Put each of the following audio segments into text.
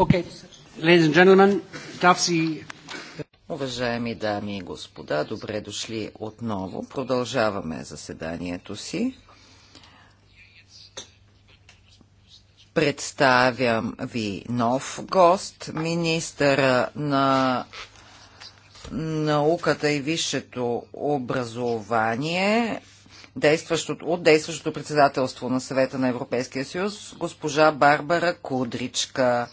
Okay. Ladies and gentlemen, Уважаеми дами и господа, добре дошли отново. Продължаваме заседанието си. Представям ви нов гост, министъра на науката и висшето образование, действащото, от действащото председателство на съвета на Европейския съюз, госпожа Барбара Кудричка.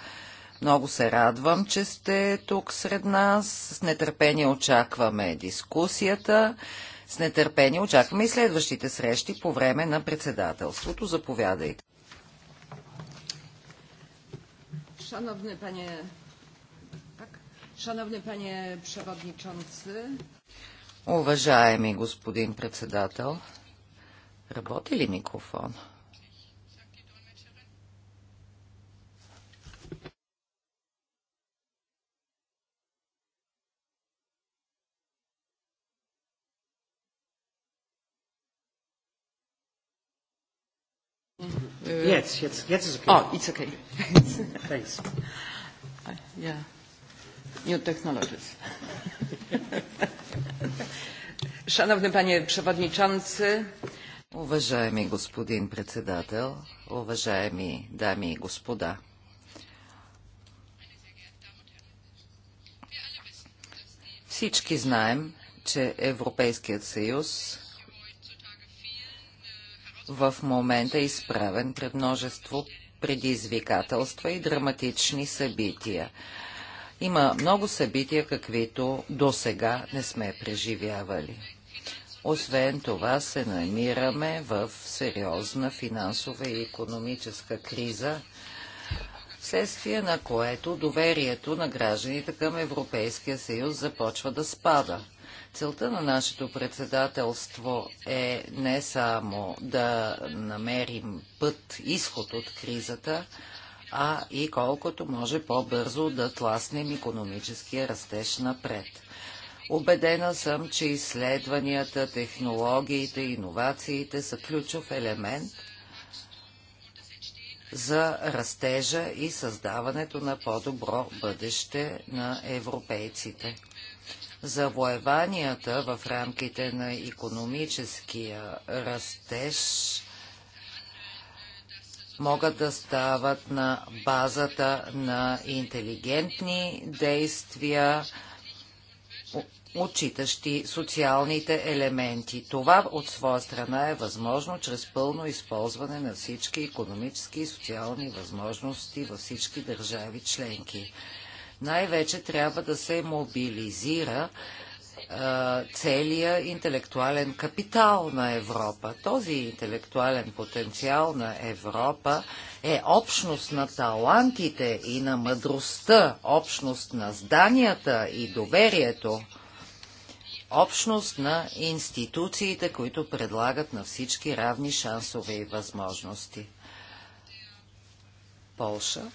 Много се радвам, че сте тук сред нас. С нетърпение очакваме дискусията. С нетърпение очакваме и следващите срещи по време на председателството. Заповядайте. Шановни пане... Шановни пане Przewodniczący. Уважаеми господин председател, работи ли микрофон? Jetzt, jetzt, jetzt ist okay. Oh, it's okay. Thanks. Uh, yeah. New technologies. Шановний пане Przewodniczący, Уважаеми господин председател, уважаеми дами и господа, всички знаем, че Европейският съюз в момента е изправен пред множество предизвикателства и драматични събития. Има много събития, каквито до сега не сме преживявали. Освен това се намираме в сериозна финансова и економическа криза, следствие на което доверието на гражданите към Европейския съюз започва да спада. Целта на нашето председателство е не само да намерим път, изход от кризата, а и колкото може по-бързо да тласнем економическия растеж напред. Обедена съм, че изследванията, технологиите, иновациите са ключов елемент за растежа и създаването на по-добро бъдеще на европейците завоеванията в рамките на економическия растеж могат да стават на базата на интелигентни действия, отчитащи социалните елементи. Това от своя страна е възможно чрез пълно използване на всички економически и социални възможности във всички държави членки. Най-вече трябва да се мобилизира целият интелектуален капитал на Европа. Този интелектуален потенциал на Европа е общност на талантите и на мъдростта, общност на зданията и доверието, общност на институциите, които предлагат на всички равни шансове и възможности. Полша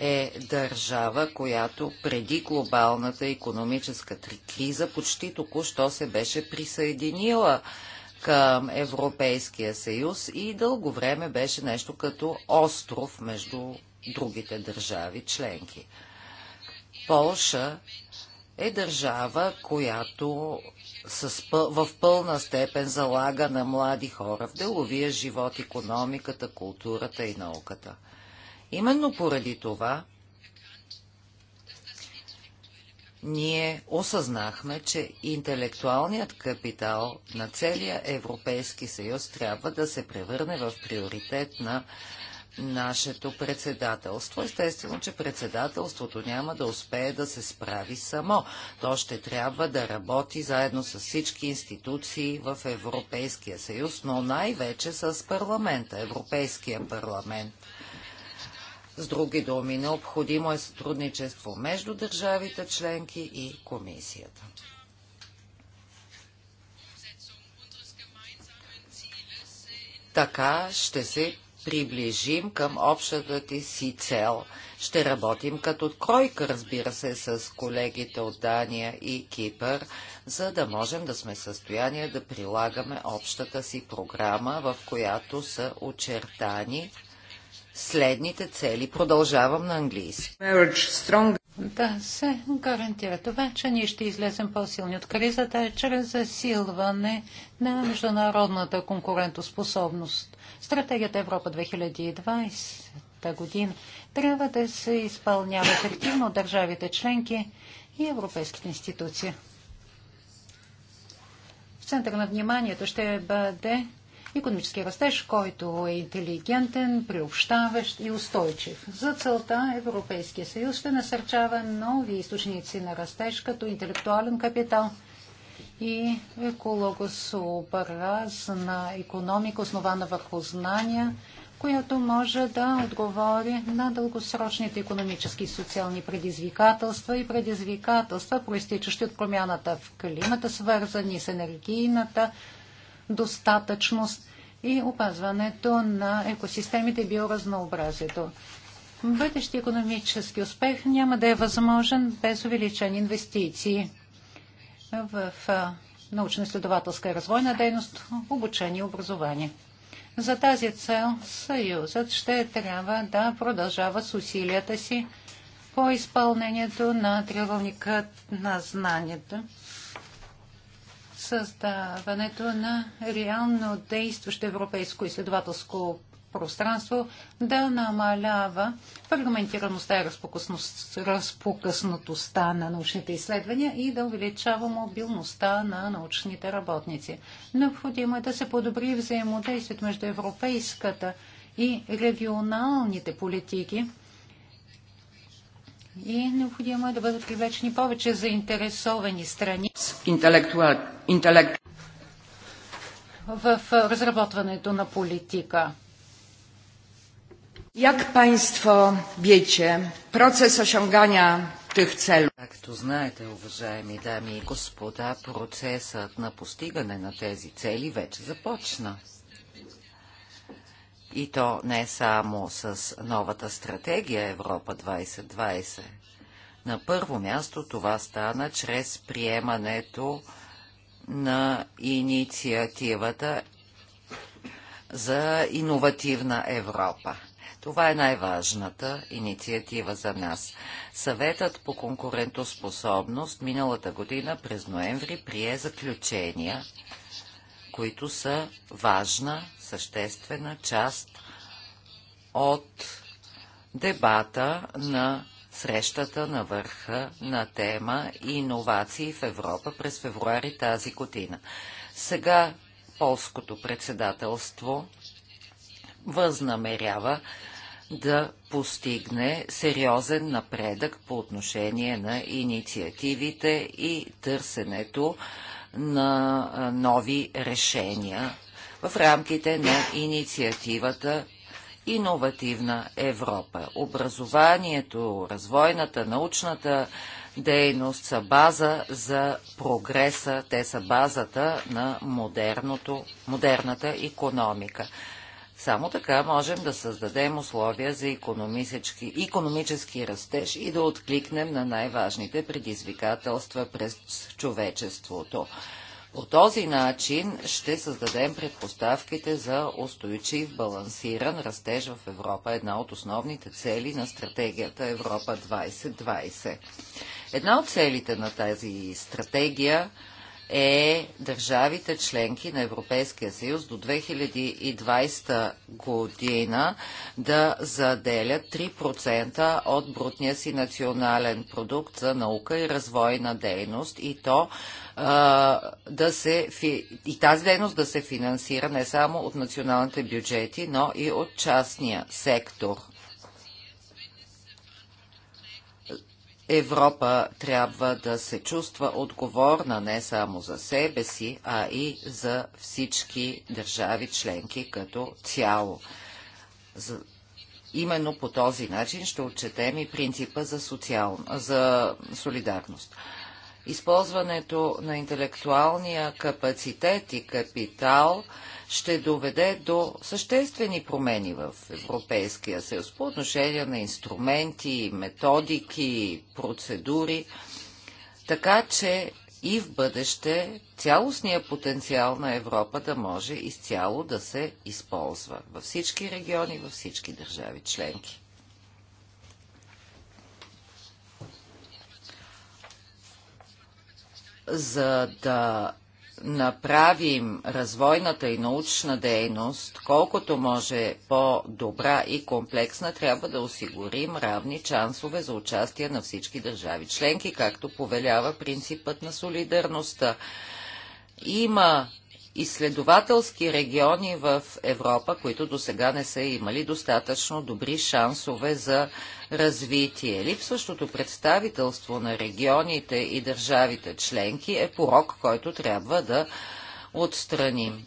е държава, която преди глобалната економическа криза почти току-що се беше присъединила към Европейския съюз и дълго време беше нещо като остров между другите държави членки. Полша е държава, която с, в пълна степен залага на млади хора в деловия живот, економиката, културата и науката. Именно поради това ние осъзнахме, че интелектуалният капитал на целия Европейски съюз трябва да се превърне в приоритет на нашето председателство. Естествено, че председателството няма да успее да се справи само. То ще трябва да работи заедно с всички институции в Европейския съюз, но най-вече с парламента, Европейския парламент. С други думи, необходимо е сътрудничество между държавите членки и комисията. Така ще се приближим към общата ти си цел. Ще работим като кройка, разбира се, с колегите от Дания и Кипър, за да можем да сме в състояние да прилагаме общата си програма, в която са очертани следните цели. Продължавам на английски. Да се гарантира това, че ние ще излезем по-силни от кризата чрез засилване на международната конкурентоспособност. Стратегията Европа 2020 година трябва да се изпълнява ефективно от държавите членки и европейските институции. В център на вниманието ще бъде економически растеж, който е интелигентен, приобщаващ и устойчив. За целта Европейския съюз ще насърчава нови източници на растеж, като интелектуален капитал и екологосообразна економика, основана върху знания, която може да отговори на дългосрочните економически и социални предизвикателства и предизвикателства, проистичащи от промяната в климата, свързани с енергийната, достатъчност и опазването на екосистемите и биоразнообразието. Бъдещи економически успех няма да е възможен без увеличени инвестиции в научно-изследователска и развойна дейност, обучение и образование. За тази цел Съюзът ще трябва да продължава с усилията си по изпълнението на триъгълника на знанието създаването на реално действащо европейско изследователско пространство да намалява фрагментираността и разпокъснатостта на научните изследвания и да увеличава мобилността на научните работници. Необходимо е да се подобри взаимодействието между европейската и регионалните политики, и необходимо е да бъдат привлечени повече заинтересовани страни интелект. в разработването на политика. Jak Państwo wiecie, процес osiągania tych celów. Както знаете, уважаеми дами и господа, процесът на постигане на тези цели вече започна. И то не само с новата стратегия Европа 2020. На първо място това стана чрез приемането на инициативата за иновативна Европа. Това е най-важната инициатива за нас. Съветът по конкурентоспособност миналата година през ноември прие заключения, които са важна съществена част от дебата на срещата на върха на тема иновации в Европа през февруари тази година. Сега полското председателство възнамерява да постигне сериозен напредък по отношение на инициативите и търсенето на нови решения в рамките на инициативата Иновативна Европа. Образованието, развойната, научната дейност са база за прогреса, те са базата на модерното, модерната економика. Само така можем да създадем условия за економически, економически растеж и да откликнем на най-важните предизвикателства през човечеството. По този начин ще създадем предпоставките за устойчив, балансиран растеж в Европа, една от основните цели на стратегията Европа 2020. Една от целите на тази стратегия е държавите членки на Европейския съюз до 2020 година да заделят 3% от брутния си национален продукт за наука и развойна дейност и то да се, и тази дейност да се финансира не само от националните бюджети, но и от частния сектор. Европа трябва да се чувства отговорна не само за себе си, а и за всички държави членки като цяло. За... Именно по този начин ще отчетем и принципа за, социал... за солидарност използването на интелектуалния капацитет и капитал ще доведе до съществени промени в Европейския съюз по отношение на инструменти, методики, процедури, така че и в бъдеще цялостния потенциал на Европа да може изцяло да се използва във всички региони, във всички държави членки. за да направим развойната и научна дейност колкото може по-добра и комплексна, трябва да осигурим равни шансове за участие на всички държави членки, както повелява принципът на солидарността. Има изследователски региони в Европа, които до сега не са имали достатъчно добри шансове за развитие. Липсващото представителство на регионите и държавите членки е порок, който трябва да отстраним.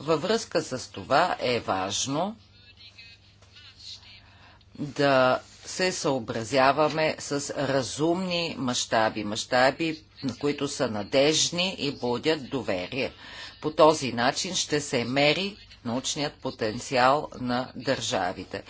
Във връзка с това е важно да се съобразяваме с разумни мащаби, мащаби, които са надежни и будят доверие. По този начин ще се мери научният потенциал на държавите.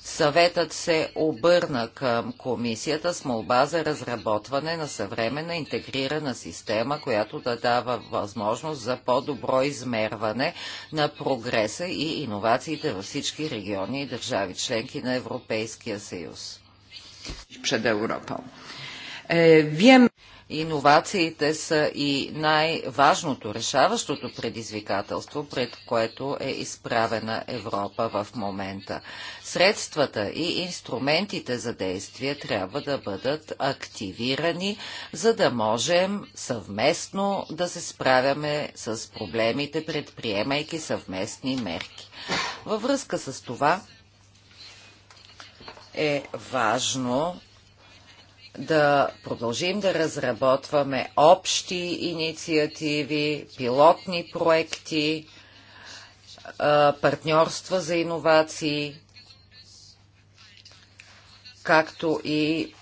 Съветът се обърна към комисията с молба за разработване на съвременна интегрирана система, която да дава възможност за по-добро измерване на прогреса и иновациите във всички региони и държави членки на Европейския съюз. Пред Европа. Е, Иновациите са и най-важното, решаващото предизвикателство, пред което е изправена Европа в момента. Средствата и инструментите за действие трябва да бъдат активирани, за да можем съвместно да се справяме с проблемите, предприемайки съвместни мерки. Във връзка с това е важно да продължим да разработваме общи инициативи, пилотни проекти, партньорства за иновации, както и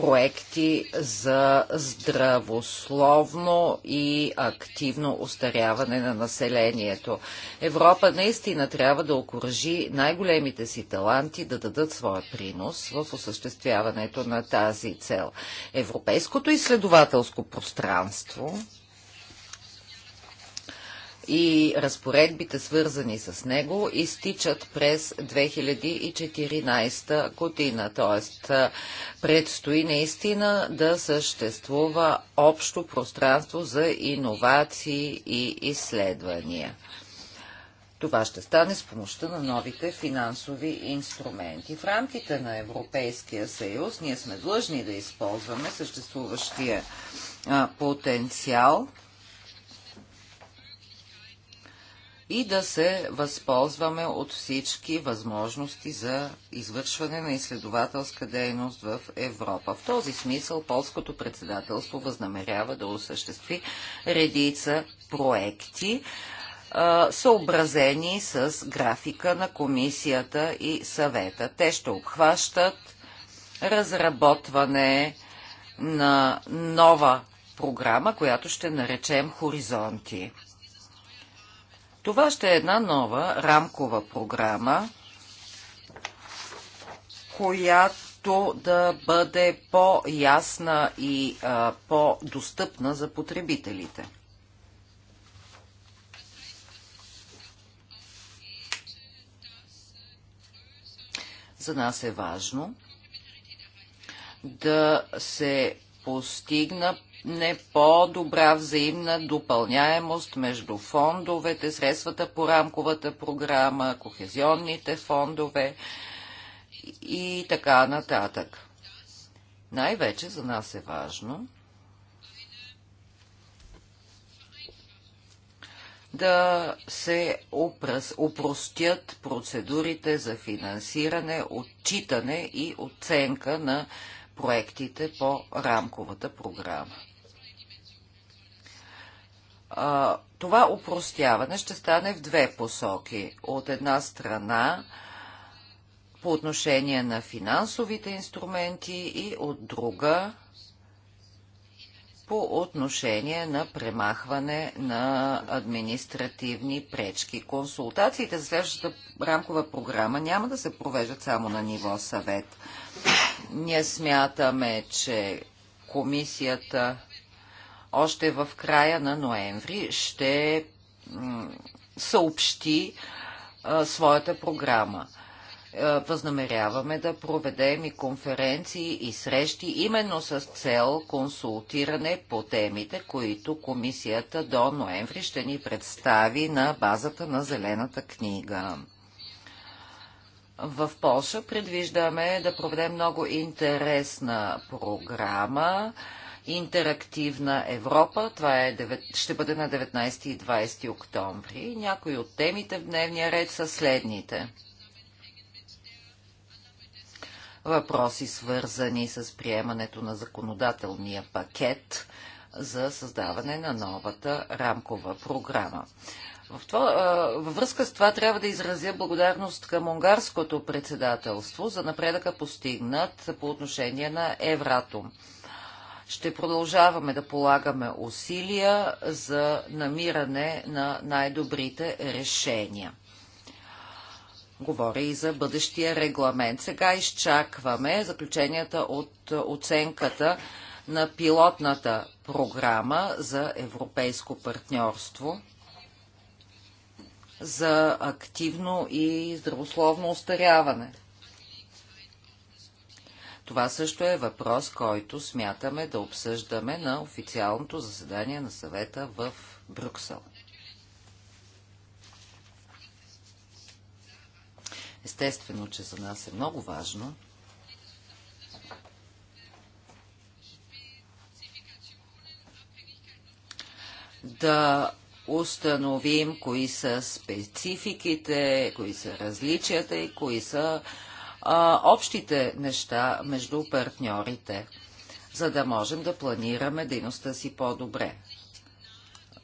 проекти за здравословно и активно устаряване на населението. Европа наистина трябва да окоръжи най-големите си таланти да дадат своя принос в осъществяването на тази цел. Европейското изследователско пространство и разпоредбите свързани с него изтичат през 2014 година. Тоест, предстои наистина да съществува общо пространство за иновации и изследвания. Това ще стане с помощта на новите финансови инструменти. В рамките на Европейския съюз ние сме длъжни да използваме съществуващия потенциал и да се възползваме от всички възможности за извършване на изследователска дейност в Европа. В този смисъл полското председателство възнамерява да осъществи редица проекти, съобразени с графика на комисията и съвета. Те ще обхващат разработване на нова програма, която ще наречем Хоризонти. Това ще е една нова рамкова програма, която да бъде по-ясна и по-достъпна за потребителите. За нас е важно да се постигна не по-добра взаимна допълняемост между фондовете, средствата по рамковата програма, кохезионните фондове и така нататък. Най-вече за нас е важно да се опростят процедурите за финансиране, отчитане и оценка на проектите по рамковата програма това упростяване ще стане в две посоки. От една страна по отношение на финансовите инструменти и от друга по отношение на премахване на административни пречки. Консултациите за следващата рамкова програма няма да се провеждат само на ниво съвет. Ние смятаме, че комисията още в края на ноември ще съобщи а, своята програма. А, възнамеряваме да проведем и конференции и срещи именно с цел консултиране по темите, които комисията до ноември ще ни представи на базата на Зелената книга. В Польша предвиждаме да проведем много интересна програма интерактивна Европа. Това е, ще бъде на 19 и 20 октомври. Някои от темите в дневния ред са следните. Въпроси свързани с приемането на законодателния пакет за създаване на новата рамкова програма. В това, във връзка с това трябва да изразя благодарност към унгарското председателство за напредъка постигнат по отношение на Евратум. Ще продължаваме да полагаме усилия за намиране на най-добрите решения. Говори и за бъдещия регламент. Сега изчакваме заключенията от оценката на пилотната програма за европейско партньорство за активно и здравословно устаряване. Това също е въпрос, който смятаме да обсъждаме на официалното заседание на съвета в Брюксел. Естествено, че за нас е много важно да установим кои са спецификите, кои са различията и кои са а, общите неща между партньорите, за да можем да планираме дейността си по-добре.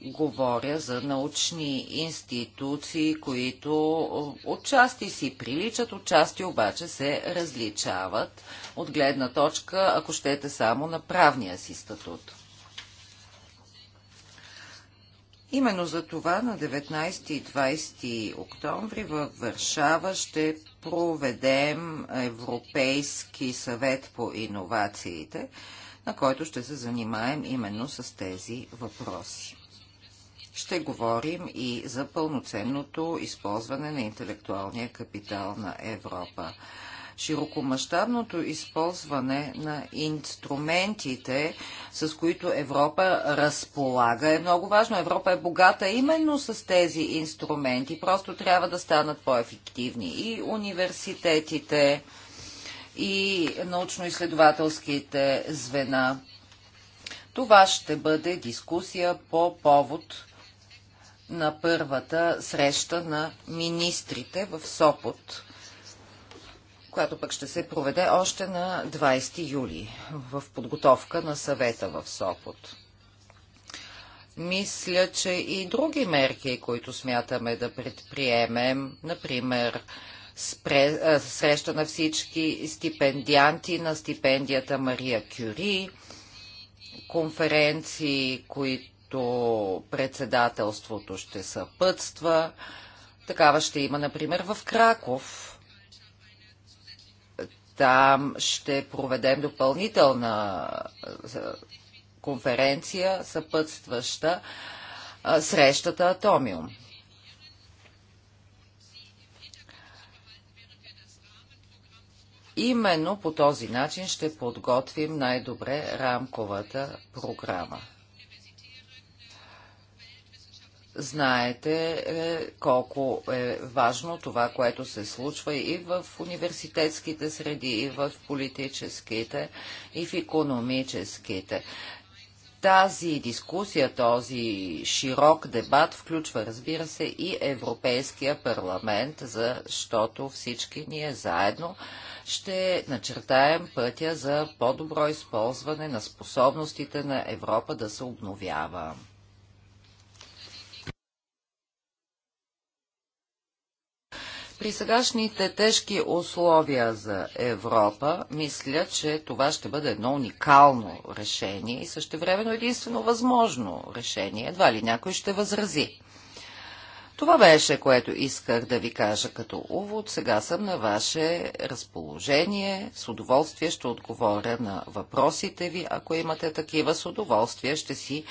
Говоря за научни институции, които отчасти си приличат, отчасти обаче се различават от гледна точка, ако щете само на правния си статут. Именно за това на 19 и 20 октомври в Варшава ще проведем Европейски съвет по иновациите, на който ще се занимаем именно с тези въпроси. Ще говорим и за пълноценното използване на интелектуалния капитал на Европа широкомащабното използване на инструментите, с които Европа разполага, е много важно. Европа е богата именно с тези инструменти. Просто трябва да станат по-ефективни. И университетите, и научно-изследователските звена. Това ще бъде дискусия по повод на първата среща на министрите в Сопот която пък ще се проведе още на 20 юли в подготовка на съвета в Сопот. Мисля, че и други мерки, които смятаме да предприемем, например спре, а, среща на всички стипендианти на стипендията Мария Кюри, конференции, които председателството ще съпътства. Такава ще има, например, в Краков там ще проведем допълнителна е, конференция, съпътстваща е, срещата Атомиум. Именно по този начин ще подготвим най-добре рамковата програма. Знаете е, колко е важно това, което се случва и в университетските среди, и в политическите, и в економическите. Тази дискусия, този широк дебат включва, разбира се, и Европейския парламент, защото всички ние заедно ще начертаем пътя за по-добро използване на способностите на Европа да се обновява. При сегашните тежки условия за Европа, мисля, че това ще бъде едно уникално решение и същевременно единствено възможно решение. Едва ли някой ще възрази. Това беше, което исках да ви кажа като увод. Сега съм на ваше разположение. С удоволствие ще отговоря на въпросите ви. Ако имате такива, с удоволствие ще си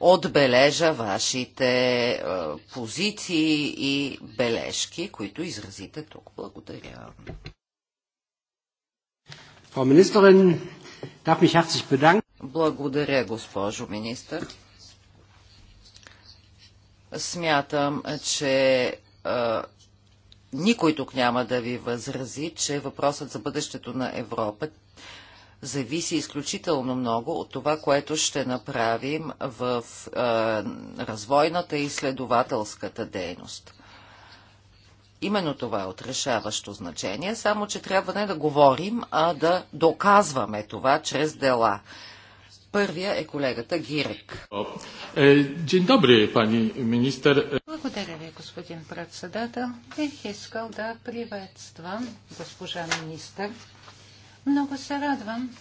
отбележа вашите позиции и бележки, които изразите тук. Благодаря. Благодаря, госпожо министър. Смятам, че никой тук няма да ви възрази, че въпросът за бъдещето на Европа зависи изключително много от това, което ще направим в а, развойната и изследователската дейност. Именно това е от решаващо значение, само че трябва не да говорим, а да доказваме това чрез дела. Първия е колегата Гирек. Е, ден добри, пани министър. Благодаря ви, господин председател. Бих искал да приветствам госпожа министър много се радвам,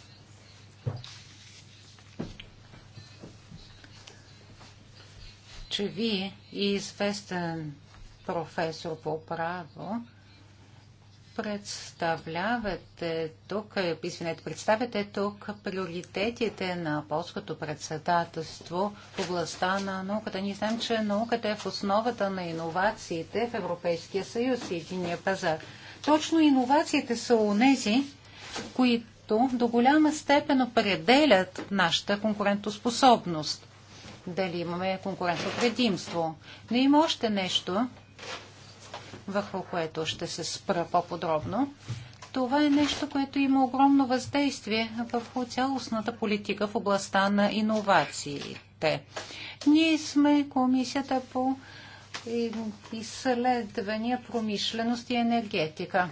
че вие и известен професор по право представлявате тук, извинете, представяте тук приоритетите на полското председателство в областта на науката. Ние знаем, че науката е в основата на иновациите в Европейския съюз и единия пазар. Точно иновациите са унези, които до голяма степен определят нашата конкурентоспособност. Дали имаме конкурентно предимство. Но има още нещо, върху което ще се спра по-подробно. Това е нещо, което има огромно въздействие върху цялостната политика в областта на иновациите. Ние сме комисията по изследвания, промишленост и енергетика.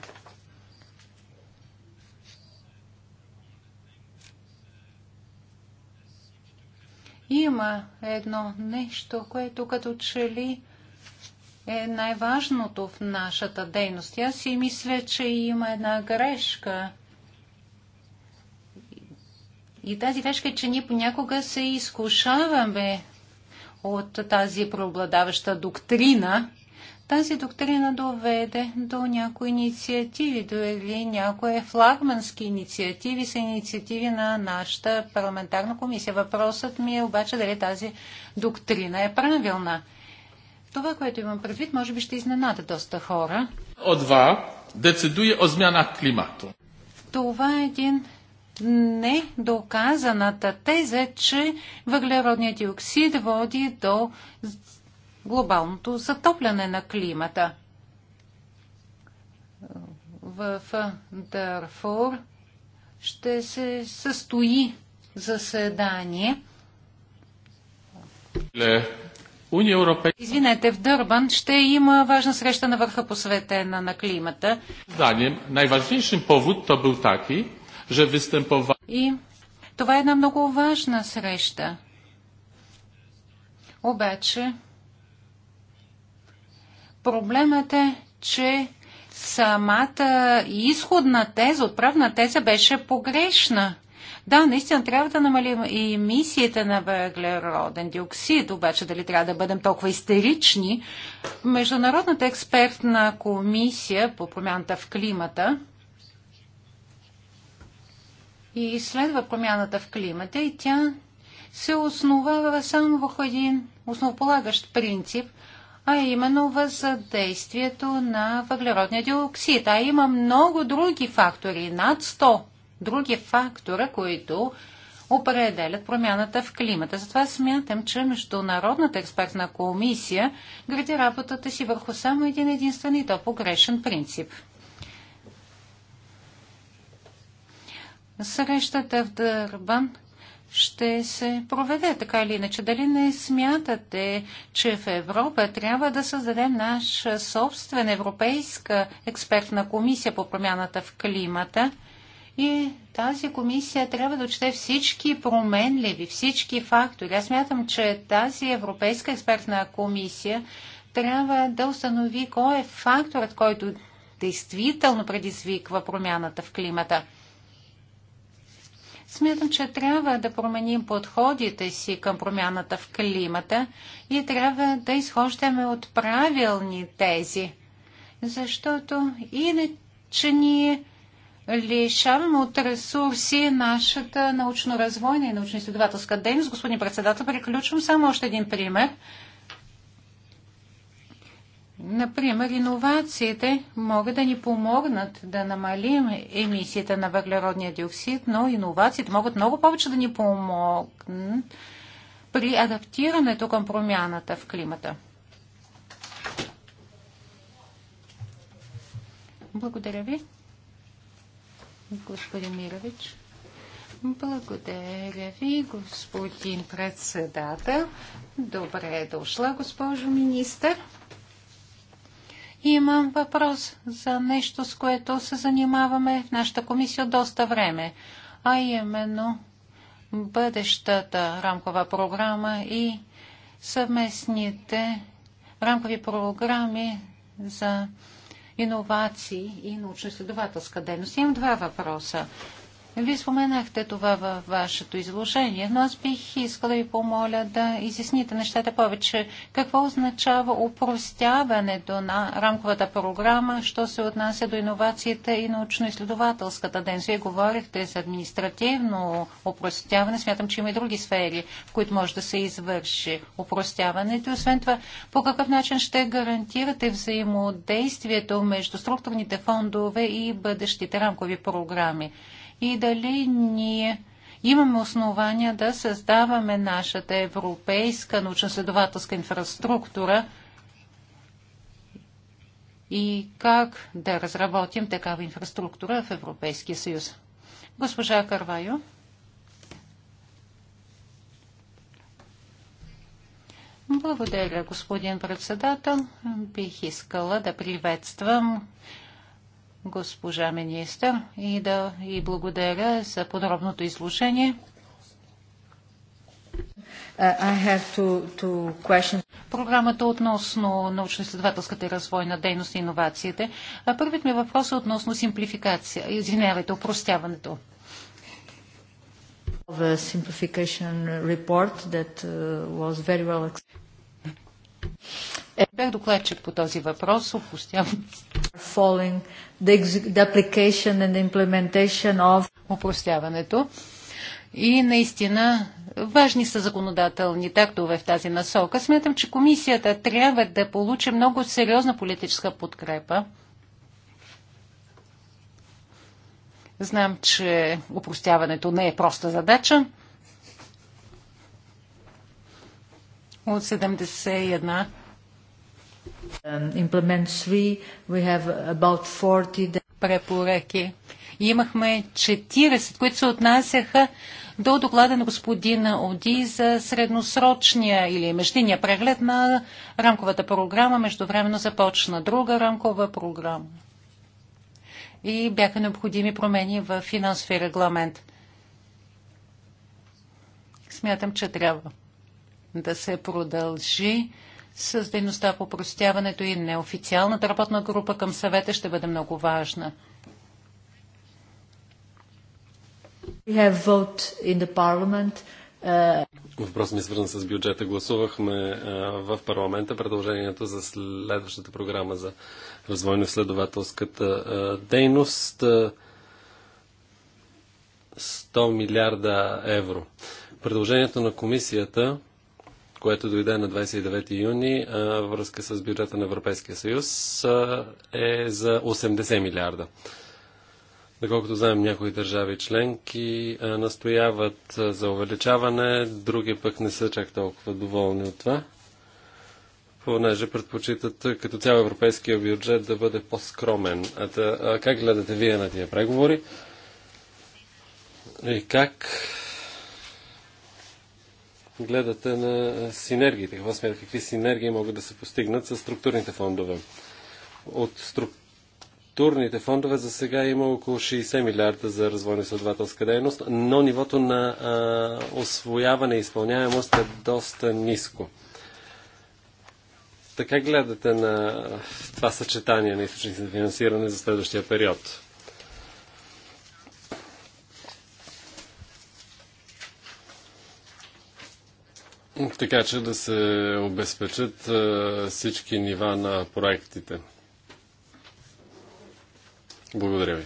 има едно нещо, което като че ли е най-важното в нашата дейност. Аз си мисля, че има една грешка. И тази грешка е, че ние понякога се изкушаваме от тази преобладаваща доктрина, тази доктрина доведе до някои инициативи, дори някои флагмански инициативи са инициативи на нашата парламентарна комисия. Въпросът ми е обаче дали тази доктрина е правилна. Това, което имам предвид, може би ще изненада доста хора. От два децидуе о змяна климату. Това е един недоказаната теза, че въглеродният диоксид води до глобалното затопляне на климата. В Дърфор ще се състои заседание. Извинете, в Дърбан ще има важна среща на върха посветена на климата. най najważniejszym повод то бил таки, że występowa... И това е една много важна среща. Обаче, Проблемът е, че самата изходна теза, отправна теза беше погрешна. Да, наистина трябва да намалим и емисиите на въглероден диоксид, обаче дали трябва да бъдем толкова истерични. Международната експертна комисия по промяната в климата и изследва промяната в климата и тя се основава само в един основополагащ принцип, а именно въздействието на въглеродния диоксид. А има много други фактори, над 100 други фактора, които определят промяната в климата. Затова смятам, че Международната експертна комисия гради работата си върху само един единствен и то погрешен принцип. Срещата в Дърбан ще се проведе така или иначе. Дали не смятате, че в Европа трябва да създадем наш собствена европейска експертна комисия по промяната в климата? И тази комисия трябва да отчете всички променливи, всички фактори. Аз мятам, че тази Европейска експертна комисия трябва да установи кой е факторът, който действително предизвиква промяната в климата – Смятам, че трябва да променим подходите си към промяната в климата и трябва да изхождаме от правилни тези, защото иначе ние лишаваме от ресурси нашата научно-развойна и научно-изследователска дейност. Господин председател, приключвам само още един пример – Например, иновациите могат да ни помогнат да намалим емисията на въглеродния диоксид, но иновациите могат много повече да ни помогнат при адаптирането към промяната в климата. Благодаря ви, господин Мирович. Благодаря ви, господин председател. Добре е дошла, госпожо министър. Имам въпрос за нещо, с което се занимаваме в нашата комисия доста време, а именно бъдещата рамкова програма и съвместните рамкови програми за иновации и научно-изследователска дейност. Имам два въпроса. Вие споменахте това във вашето изложение, но аз бих искала и помоля да изясните нещата повече. Какво означава упростяването на рамковата програма, що се отнася до иновациите и научно-изследователската ден? Вие говорихте за административно упростяване. Смятам, че има и други сфери, в които може да се извърши упростяването. Освен това, по какъв начин ще гарантирате взаимодействието между структурните фондове и бъдещите рамкови програми? и дали ние имаме основания да създаваме нашата европейска научно-следователска инфраструктура и как да разработим такава инфраструктура в Европейския съюз. Госпожа Карвайо. Благодаря, господин председател. Бих искала да приветствам госпожа министър, и да и благодаря за подробното изслушение. To, to Програмата относно научно-изследователската и развойна дейност и иновациите. Първият ми въпрос е относно симплификация, извинявайте, упростяването. Uh, well... Бях докладчик по този въпрос, упростяването following the, the application and the implementation of упростяването. И наистина важни са законодателни тактове в тази насока. Смятам, че комисията трябва да получи много сериозна политическа подкрепа. Знам, че упростяването не е проста задача. От 71 Um, препоръки. Имахме 40, които се отнасяха до доклада на господина Оди за средносрочния или междинния преглед на рамковата програма. Междувременно започна друга рамкова програма. И бяха необходими промени в финансови регламент. Смятам, че трябва да се продължи с дейността по простяването и неофициалната работна група към съвета ще бъде много важна. Uh, Въпрос ми е свързан с бюджета. Гласувахме uh, в парламента предложението за следващата програма за развойно следователската uh, дейност. 100 милиарда евро. Предложението на комисията което дойде на 29 юни във връзка с бюджета на Европейския съюз, е за 80 милиарда. Доколкото знаем, някои държави членки настояват за увеличаване, други пък не са чак толкова доволни от това, понеже предпочитат като цял европейския бюджет да бъде по-скромен. А, как гледате вие на тия преговори? И как гледате на синергиите? Какво смятате? Какви синергии могат да се постигнат с структурните фондове? От структурните фондове за сега има около 60 милиарда за развойна изследователска дейност, но нивото на а, освояване и изпълняемост е доста ниско. Така гледате на това съчетание на източници за финансиране за следващия период? така че да се обезпечат всички нива на проектите. Благодаря ви.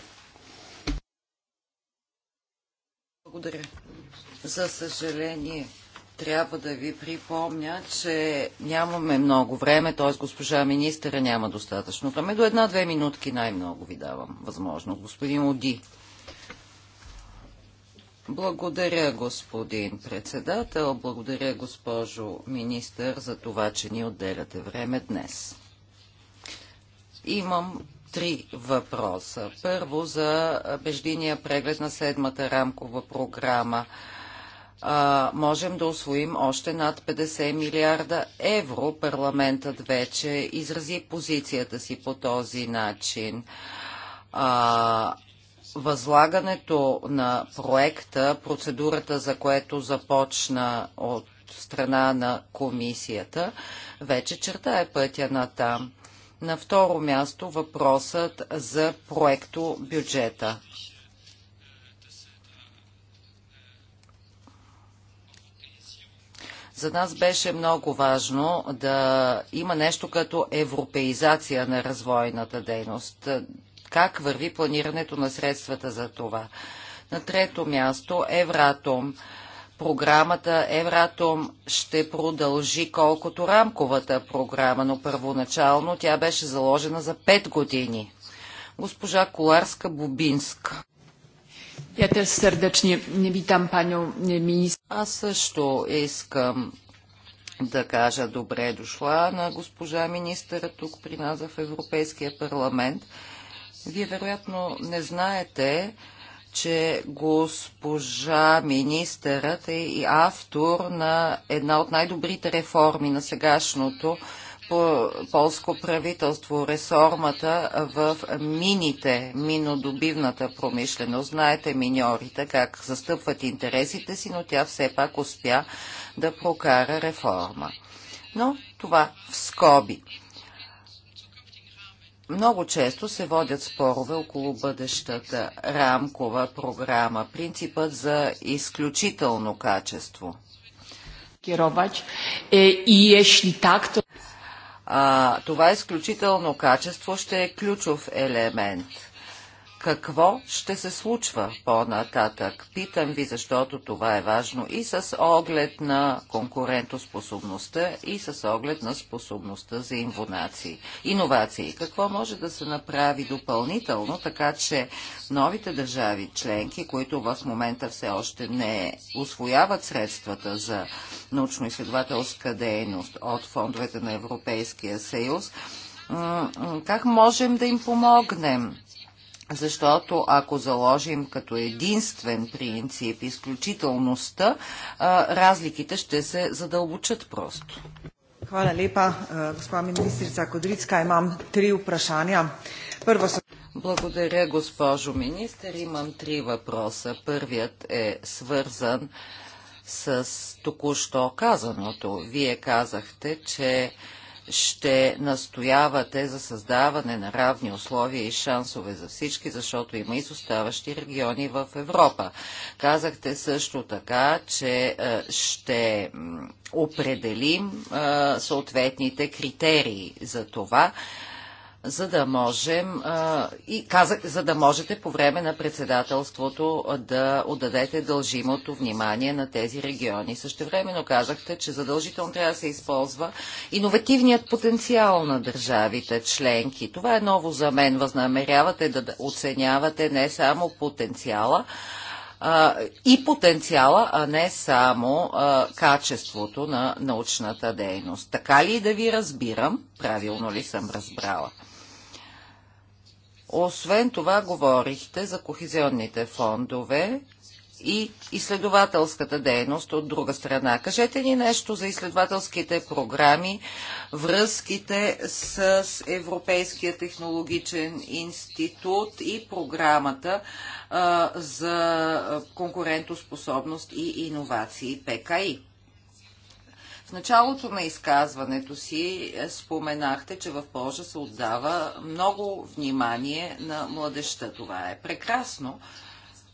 Благодаря. За съжаление, трябва да ви припомня, че нямаме много време, т.е. госпожа министъра няма достатъчно време. До една-две минутки най-много ви давам възможност. Господин Оди. Благодаря, господин председател. Благодаря, госпожо министър, за това, че ни отделяте време днес. Имам три въпроса. Първо за междиния преглед на седмата рамкова програма. А, можем да освоим още над 50 милиарда евро. Парламентът вече изрази позицията си по този начин. А, възлагането на проекта, процедурата за което започна от страна на комисията, вече е пътя на там. На второ място въпросът за проекто бюджета. За нас беше много важно да има нещо като европеизация на развойната дейност как върви планирането на средствата за това. На трето място Евратом. Програмата Евратом ще продължи колкото рамковата програма, но първоначално тя беше заложена за 5 години. Госпожа Коларска-Бубинска. Я теж сърдечно витам паню министр. Аз също искам да кажа добре дошла на госпожа министъра тук при нас в Европейския парламент. Вие вероятно не знаете, че госпожа министърът е и автор на една от най-добрите реформи на сегашното полско правителство, реформата в мините, минодобивната промишленост. Знаете миньорите как застъпват интересите си, но тя все пак успя да прокара реформа. Но това в скоби. Много често се водят спорове около бъдещата рамкова програма, принципът за изключително качество. е и ешли това изключително качество ще е ключов елемент – какво ще се случва по-нататък. Питам ви, защото това е важно и с оглед на конкурентоспособността, и с оглед на способността за инвонации, иновации. Какво може да се направи допълнително, така че новите държави членки, които в момента все още не освояват средствата за научно-изследователска дейност от фондовете на Европейския съюз, как можем да им помогнем? Защото ако заложим като единствен принцип изключителността, разликите ще се задълбочат просто. Hvala lepa, gospa ministrica Kodricka. Imam tri vprašanja. Prvo so... Благодаря, госпожо министър. Имам три въпроса. Първият е свързан с току-що казаното. Вие казахте, че ще настоявате за създаване на равни условия и шансове за всички, защото има изоставащи региони в Европа. Казахте също така, че е, ще определим е, съответните критерии за това, за да можем и казах, за да можете по време на председателството да отдадете дължимото внимание на тези региони. времено казахте, че задължително трябва да се използва иновативният потенциал на държавите членки. Това е ново за мен. Възнамерявате да оценявате не само потенциала, и потенциала, а не само а, качеството на научната дейност. Така ли да ви разбирам? Правилно ли съм разбрала? Освен това говорихте за кохезионните фондове и изследователската дейност от друга страна. Кажете ни нещо за изследователските програми, връзките с Европейския технологичен институт и програмата а, за конкурентоспособност и иновации ПКИ. В началото на изказването си е, споменахте, че в Польша се отдава много внимание на младеща. Това е прекрасно,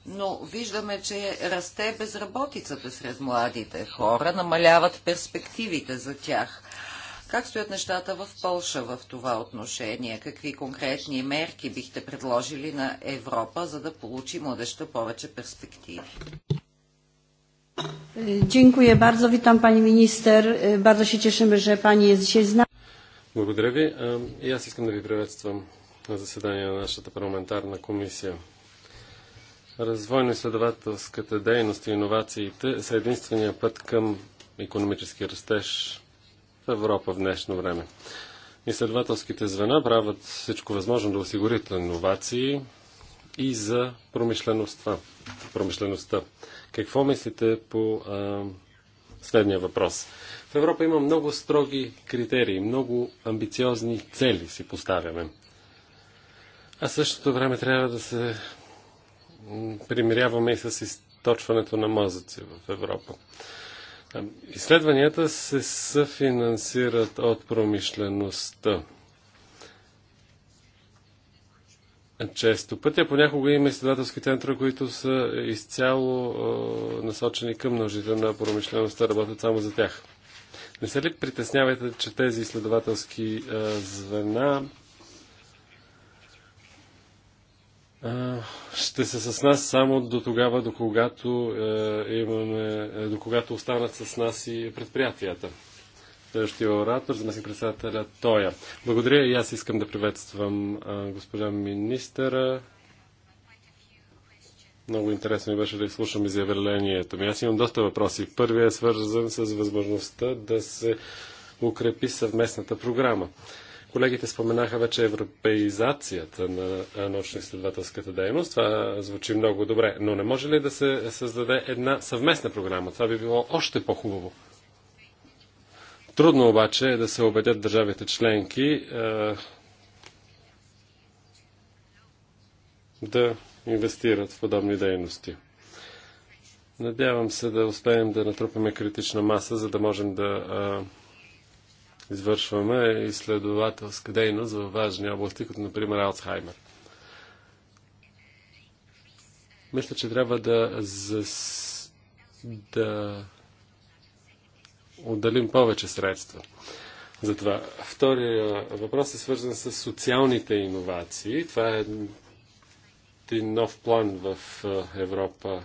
но виждаме, че расте безработицата сред младите хора, намаляват перспективите за тях. Как стоят нещата в Пълша в това отношение? Какви конкретни мерки бихте предложили на Европа, за да получи младеща повече перспективи? Dziękuję bardzo. Witam pani minister. Bardzo się cieszymy, że pani jest dzisiaj z nami. Благодаря ви. И аз искам да ви приветствам на заседание на нашата парламентарна комисия. Развойно-изследователската дейност и иновациите са единствения път към економически растеж в Европа в днешно време. Изследователските звена правят всичко възможно да осигурят иновации и за промишлеността. промишлеността. Какво мислите по а, следния въпрос? В Европа има много строги критерии, много амбициозни цели си поставяме. А същото време трябва да се примиряваме и с източването на мозъци в Европа. Изследванията се съфинансират от промишлеността. често пътя. Понякога има изследователски центрове, които са изцяло е, насочени към нуждите на промишлеността, работят само за тях. Не се ли притеснявате, че тези изследователски е, звена е, ще са с нас само до тогава, до когато, имаме, до когато останат с нас и предприятията? Следващия оратор, заместник председателя Тоя. Благодаря и аз искам да приветствам госпожа министъра. Много интересно ми беше да изслушам изявлението ми. Аз имам доста въпроси. Първият е свързан с възможността да се укрепи съвместната програма. Колегите споменаха вече европеизацията на научно-изследователската дейност. Това звучи много добре, но не може ли да се създаде една съвместна програма? Това би било още по-хубаво. Трудно обаче е да се убедят държавите членки е, да инвестират в подобни дейности. Надявам се да успеем да натрупаме критична маса, за да можем да е, извършваме изследователска дейност в важни области, като например Алцхаймер. Мисля, че трябва да, зас... да отделим повече средства. Затова втория въпрос е свързан с социалните иновации. Това е един нов план в Европа,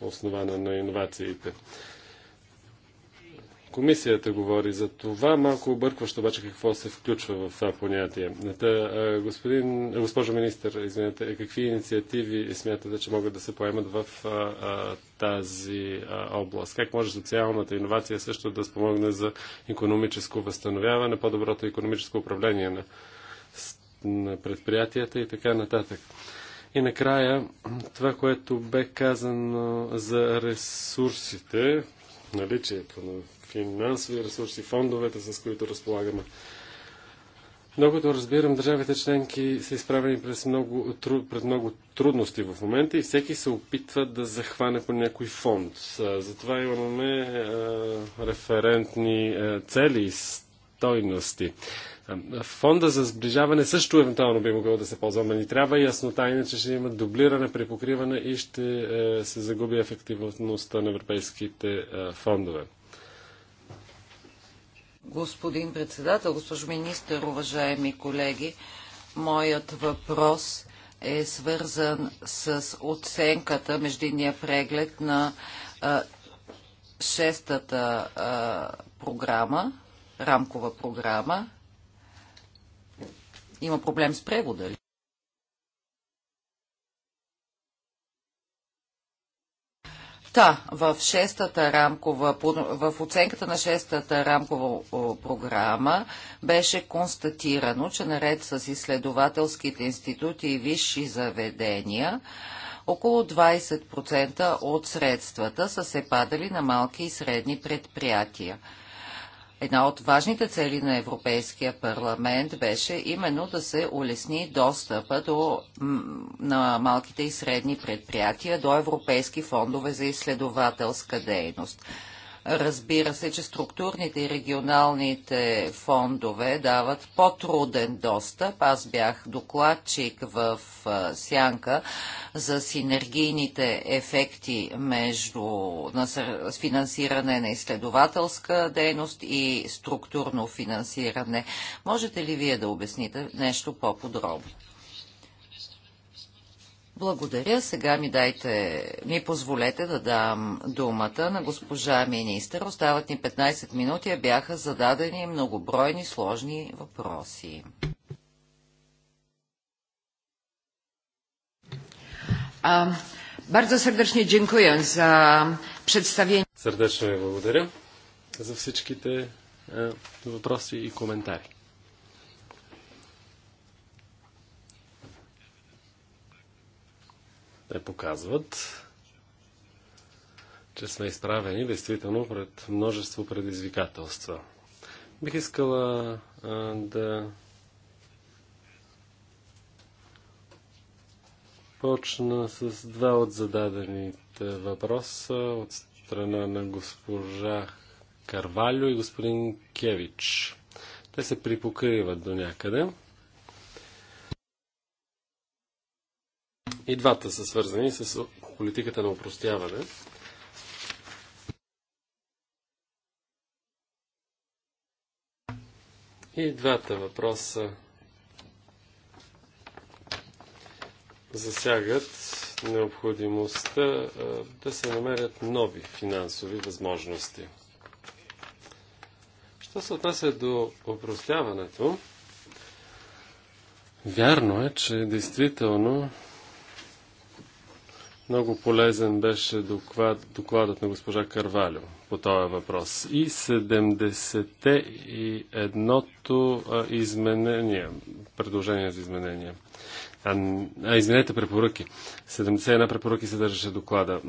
основана на иновациите. Комисията говори за това, малко объркващо обаче какво се включва в това понятие. Та, господин, госпожо министър, извинете, какви инициативи смятате, че могат да се поемат в а, а, тази а, област? Как може социалната иновация също да спомогне за економическо възстановяване, по-доброто економическо управление на, на предприятията и така нататък? И накрая, това, което бе казано за ресурсите, наличието на финансови ресурси, фондовете, с които разполагаме. Многото разбирам, държавите членки са изправени през много, пред много трудности в момента и всеки се опитва да захване по някой фонд. Затова имаме референтни цели и стойности. Фонда за сближаване също евентуално би могъл да се ползва, но ни трябва яснота, иначе ще има дублиране, при покриване и ще е, се загуби ефективността на европейските е, фондове. Господин председател, госпожо министър, уважаеми колеги, моят въпрос е свързан с оценката, междинния преглед на а, шестата а, програма, рамкова програма. Има проблем с превода ли? Та, в, шестата рамкова, в оценката на шестата рамкова програма беше констатирано, че наред с изследователските институти и висши заведения, около 20% от средствата са се падали на малки и средни предприятия. Една от важните цели на Европейския парламент беше именно да се улесни достъпа до, на малките и средни предприятия до европейски фондове за изследователска дейност. Разбира се, че структурните и регионалните фондове дават по-труден достъп. Аз бях докладчик в Сянка за синергийните ефекти между финансиране на изследователска дейност и структурно финансиране. Можете ли вие да обясните нещо по-подробно? Благодаря. Сега ми дайте, ми позволете да дам думата на госпожа министър. Остават ни 15 минути, бяха зададени многобройни сложни въпроси. А, bardzo serdecznie dziękuję za Сърдечно ви благодаря за всичките е, въпроси и коментари. Те показват, че сме изправени действително пред множество предизвикателства. Бих искала а, да почна с два от зададените въпроса от страна на госпожа Карвалю и господин Кевич. Те се припокриват до някъде. И двата са свързани с политиката на упростяване. И двата въпроса засягат необходимостта да се намерят нови финансови възможности. Що се отнася до упростяването, вярно е, че действително много полезен беше доклад, докладът на госпожа Карвалю по този въпрос. И 70-те и едното а, изменение, предложение за изменение. А, а изменете препоръки. 71 препоръки се държаше доклада.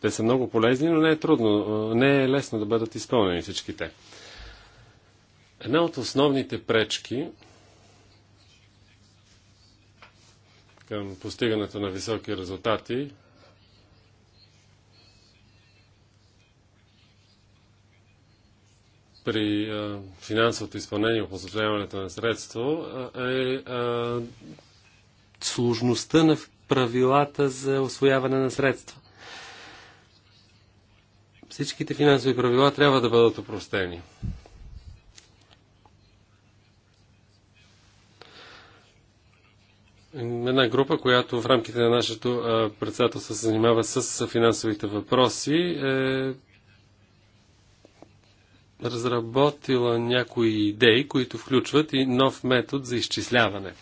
Те са много полезни, но не е трудно, не е лесно да бъдат изпълнени всичките. Една от основните пречки към постигането на високи резултати. при а, финансовото изпълнение и опозоряването на средство е а, сложността на правилата за освояване на средства. Всичките финансови правила трябва да бъдат опростени. една група, която в рамките на нашето председателство се занимава с финансовите въпроси, е разработила някои идеи, които включват и нов метод за изчисляване.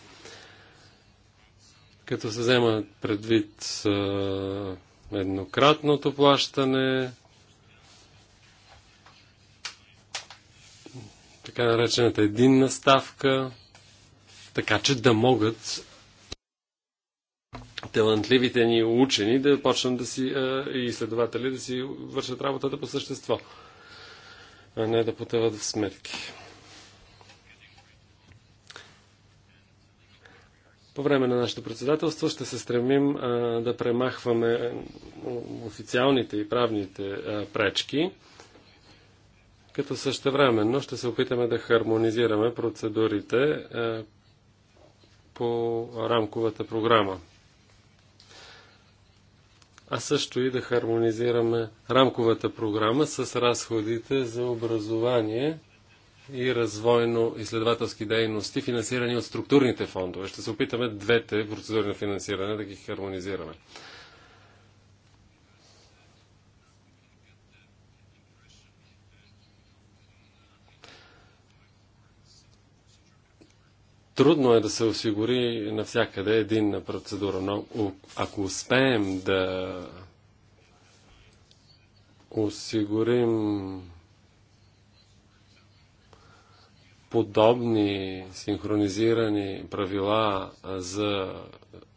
Като се взема предвид еднократното плащане, така наречената единна ставка, така че да могат талантливите ни учени да почнат да си, и изследователи да си вършат работата по същество, а не да потъват в сметки. По време на нашето председателство ще се стремим да премахваме официалните и правните пречки, като същевременно ще се опитаме да хармонизираме процедурите по рамковата програма а също и да хармонизираме рамковата програма с разходите за образование и развойно-изследователски дейности, финансирани от структурните фондове. Ще се опитаме двете процедури на финансиране да ги хармонизираме. Трудно е да се осигури навсякъде единна процедура, но ако успеем да осигурим подобни синхронизирани правила за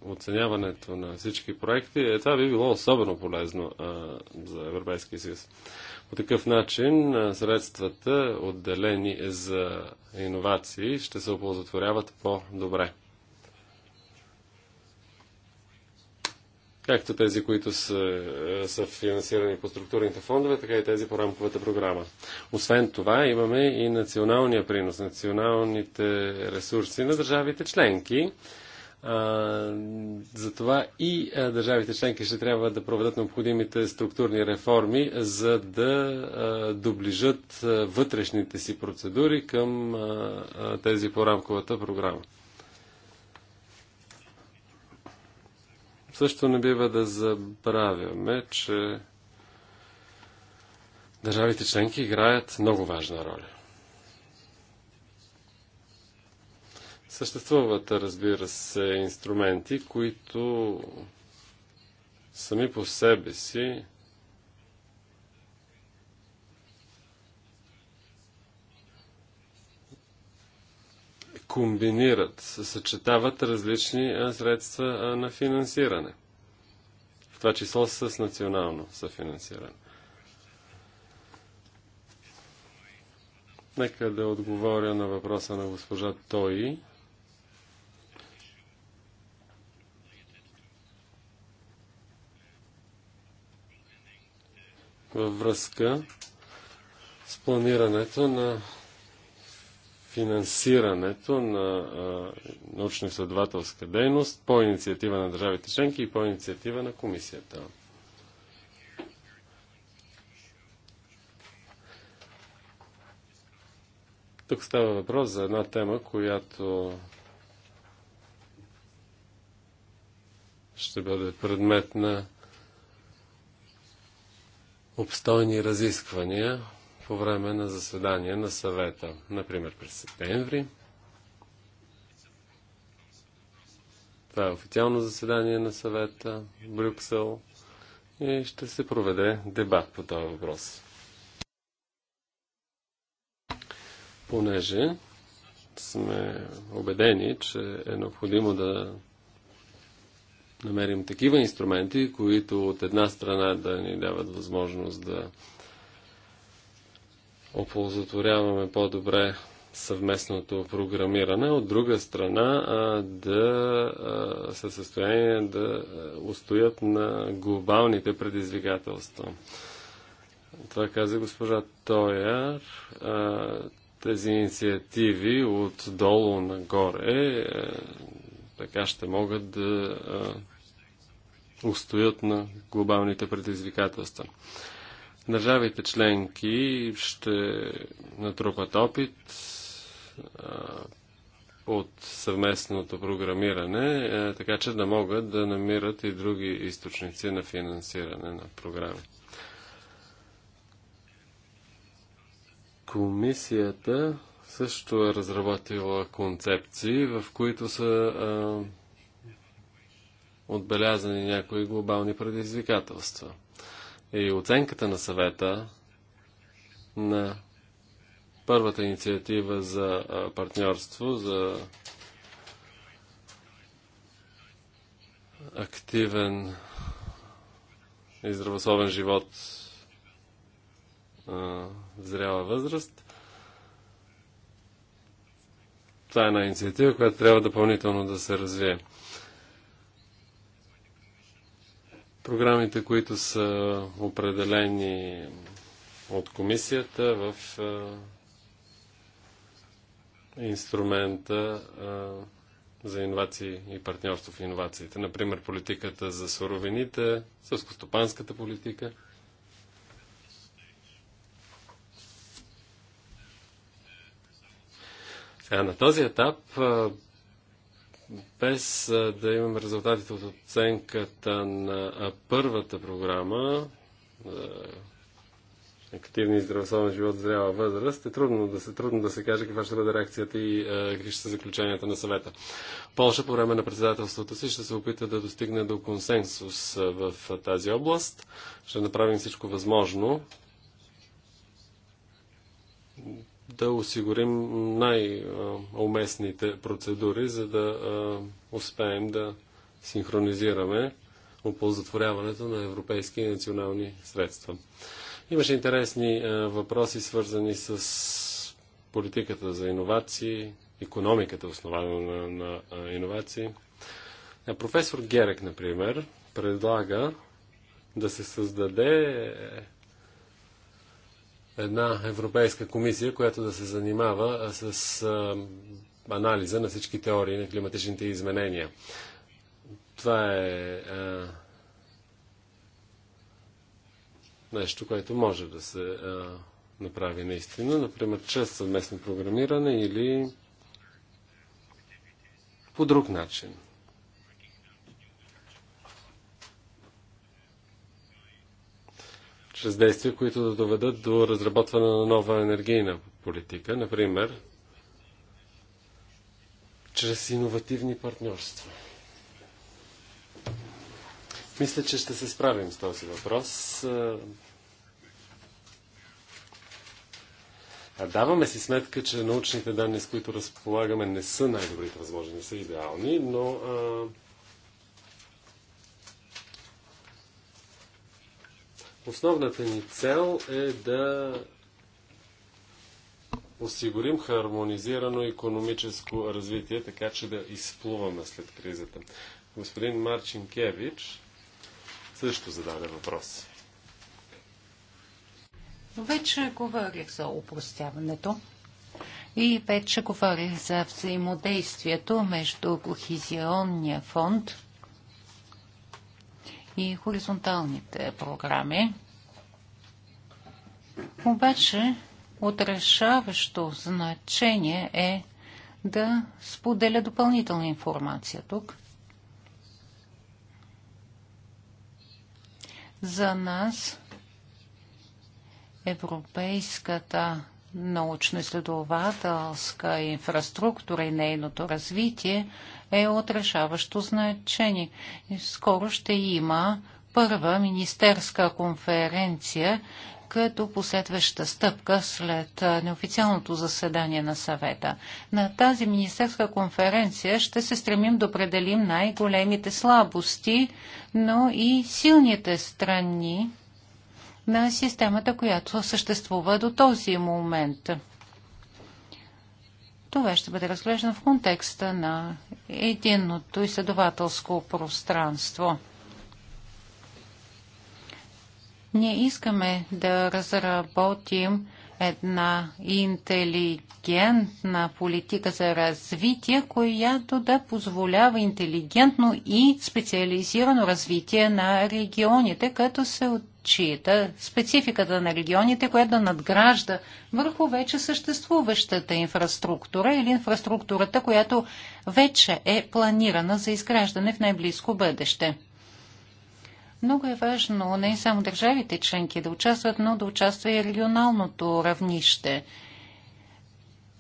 оценяването на всички проекти, е, това би било особено полезно а, за Европейския съюз. По такъв начин средствата, отделени за иновации, ще се оползотворяват по-добре. Както тези, които са, е, са финансирани по структурните фондове, така и тези по рамковата програма. Освен това, имаме и националния принос, националните ресурси на държавите членки затова и държавите членки ще трябва да проведат необходимите структурни реформи, за да доближат вътрешните си процедури към тези по рамковата програма. Също не бива да забравяме, че държавите членки играят много важна роля. Съществуват, разбира се, инструменти, които сами по себе си комбинират, съчетават различни средства на финансиране. В това число с национално съфинансиране. Нека да отговоря на въпроса на госпожа Той. във връзка с планирането на финансирането на научно-изследователска дейност по инициатива на държавите членки и по инициатива на комисията. Тук става въпрос за една тема, която ще бъде предмет на обстойни разисквания по време на заседание на съвета, например през септември. Това е официално заседание на съвета в Брюксел и ще се проведе дебат по този въпрос. Понеже сме убедени, че е необходимо да намерим такива инструменти, които от една страна да ни дават възможност да оползотворяваме по-добре съвместното програмиране, от друга страна а, да а, са състояние да устоят на глобалните предизвикателства. Това каза госпожа Тояр. А, тези инициативи отдолу нагоре а, така ще могат да а, устоят на глобалните предизвикателства. Държавите членки ще натрупат опит от съвместното програмиране, така че да могат да намират и други източници на финансиране на програми. Комисията също е разработила концепции, в които са а, отбелязани някои глобални предизвикателства. И оценката на съвета на първата инициатива за партньорство, за активен и здравословен живот в зряла възраст. Това е една инициатива, която трябва допълнително да се развие. програмите, които са определени от комисията в инструмента за иновации и партньорство в иновациите. Например, политиката за суровините, сълскостопанската политика. Сега, на този етап без да имаме резултатите от оценката на първата програма, активни и здравословен живот, зрява възраст, е трудно да се, трудно да се каже каква ще бъде реакцията и какви ще са заключенията на съвета. Полша по време на председателството си ще се опита да достигне до консенсус в тази област. Ще направим всичко възможно да осигурим най-уместните процедури, за да успеем да синхронизираме оползотворяването на европейски и национални средства. Имаше интересни въпроси, свързани с политиката за иновации, економиката, основана на, на иновации. Професор Герек, например, предлага да се създаде една Европейска комисия, която да се занимава с а, анализа на всички теории на климатичните изменения. Това е а, нещо, което може да се а, направи наистина, например, чрез съвместно програмиране или по друг начин. чрез действия, които да доведат до разработване на нова енергийна политика, например, чрез иновативни партньорства. Мисля, че ще се справим с този въпрос. А даваме си сметка, че научните данни, с които разполагаме, не са най-добрите възможни, не са идеални, но а, Основната ни цел е да осигурим хармонизирано економическо развитие, така че да изплуваме след кризата. Господин Марчин Кевич също зададе въпрос. Вече говорих за упростяването и вече говорих за взаимодействието между Кохизионния фонд и хоризонталните програми. Обаче отрешаващо значение е да споделя допълнителна информация тук. За нас европейската научно-изследователска инфраструктура и нейното развитие е от решаващо значение. Скоро ще има първа министерска конференция като последваща стъпка след неофициалното заседание на съвета. На тази министерска конференция ще се стремим да определим най-големите слабости, но и силните страни на системата, която съществува до този момент. Това ще бъде разглеждано в контекста на единното изследователско пространство. Ние искаме да разработим една интелигентна политика за развитие, която да позволява интелигентно и специализирано развитие на регионите, като се отчита спецификата на регионите, която да надгражда върху вече съществуващата инфраструктура или инфраструктурата, която вече е планирана за изграждане в най-близко бъдеще. Много е важно не само държавите членки да участват, но да участва и регионалното равнище.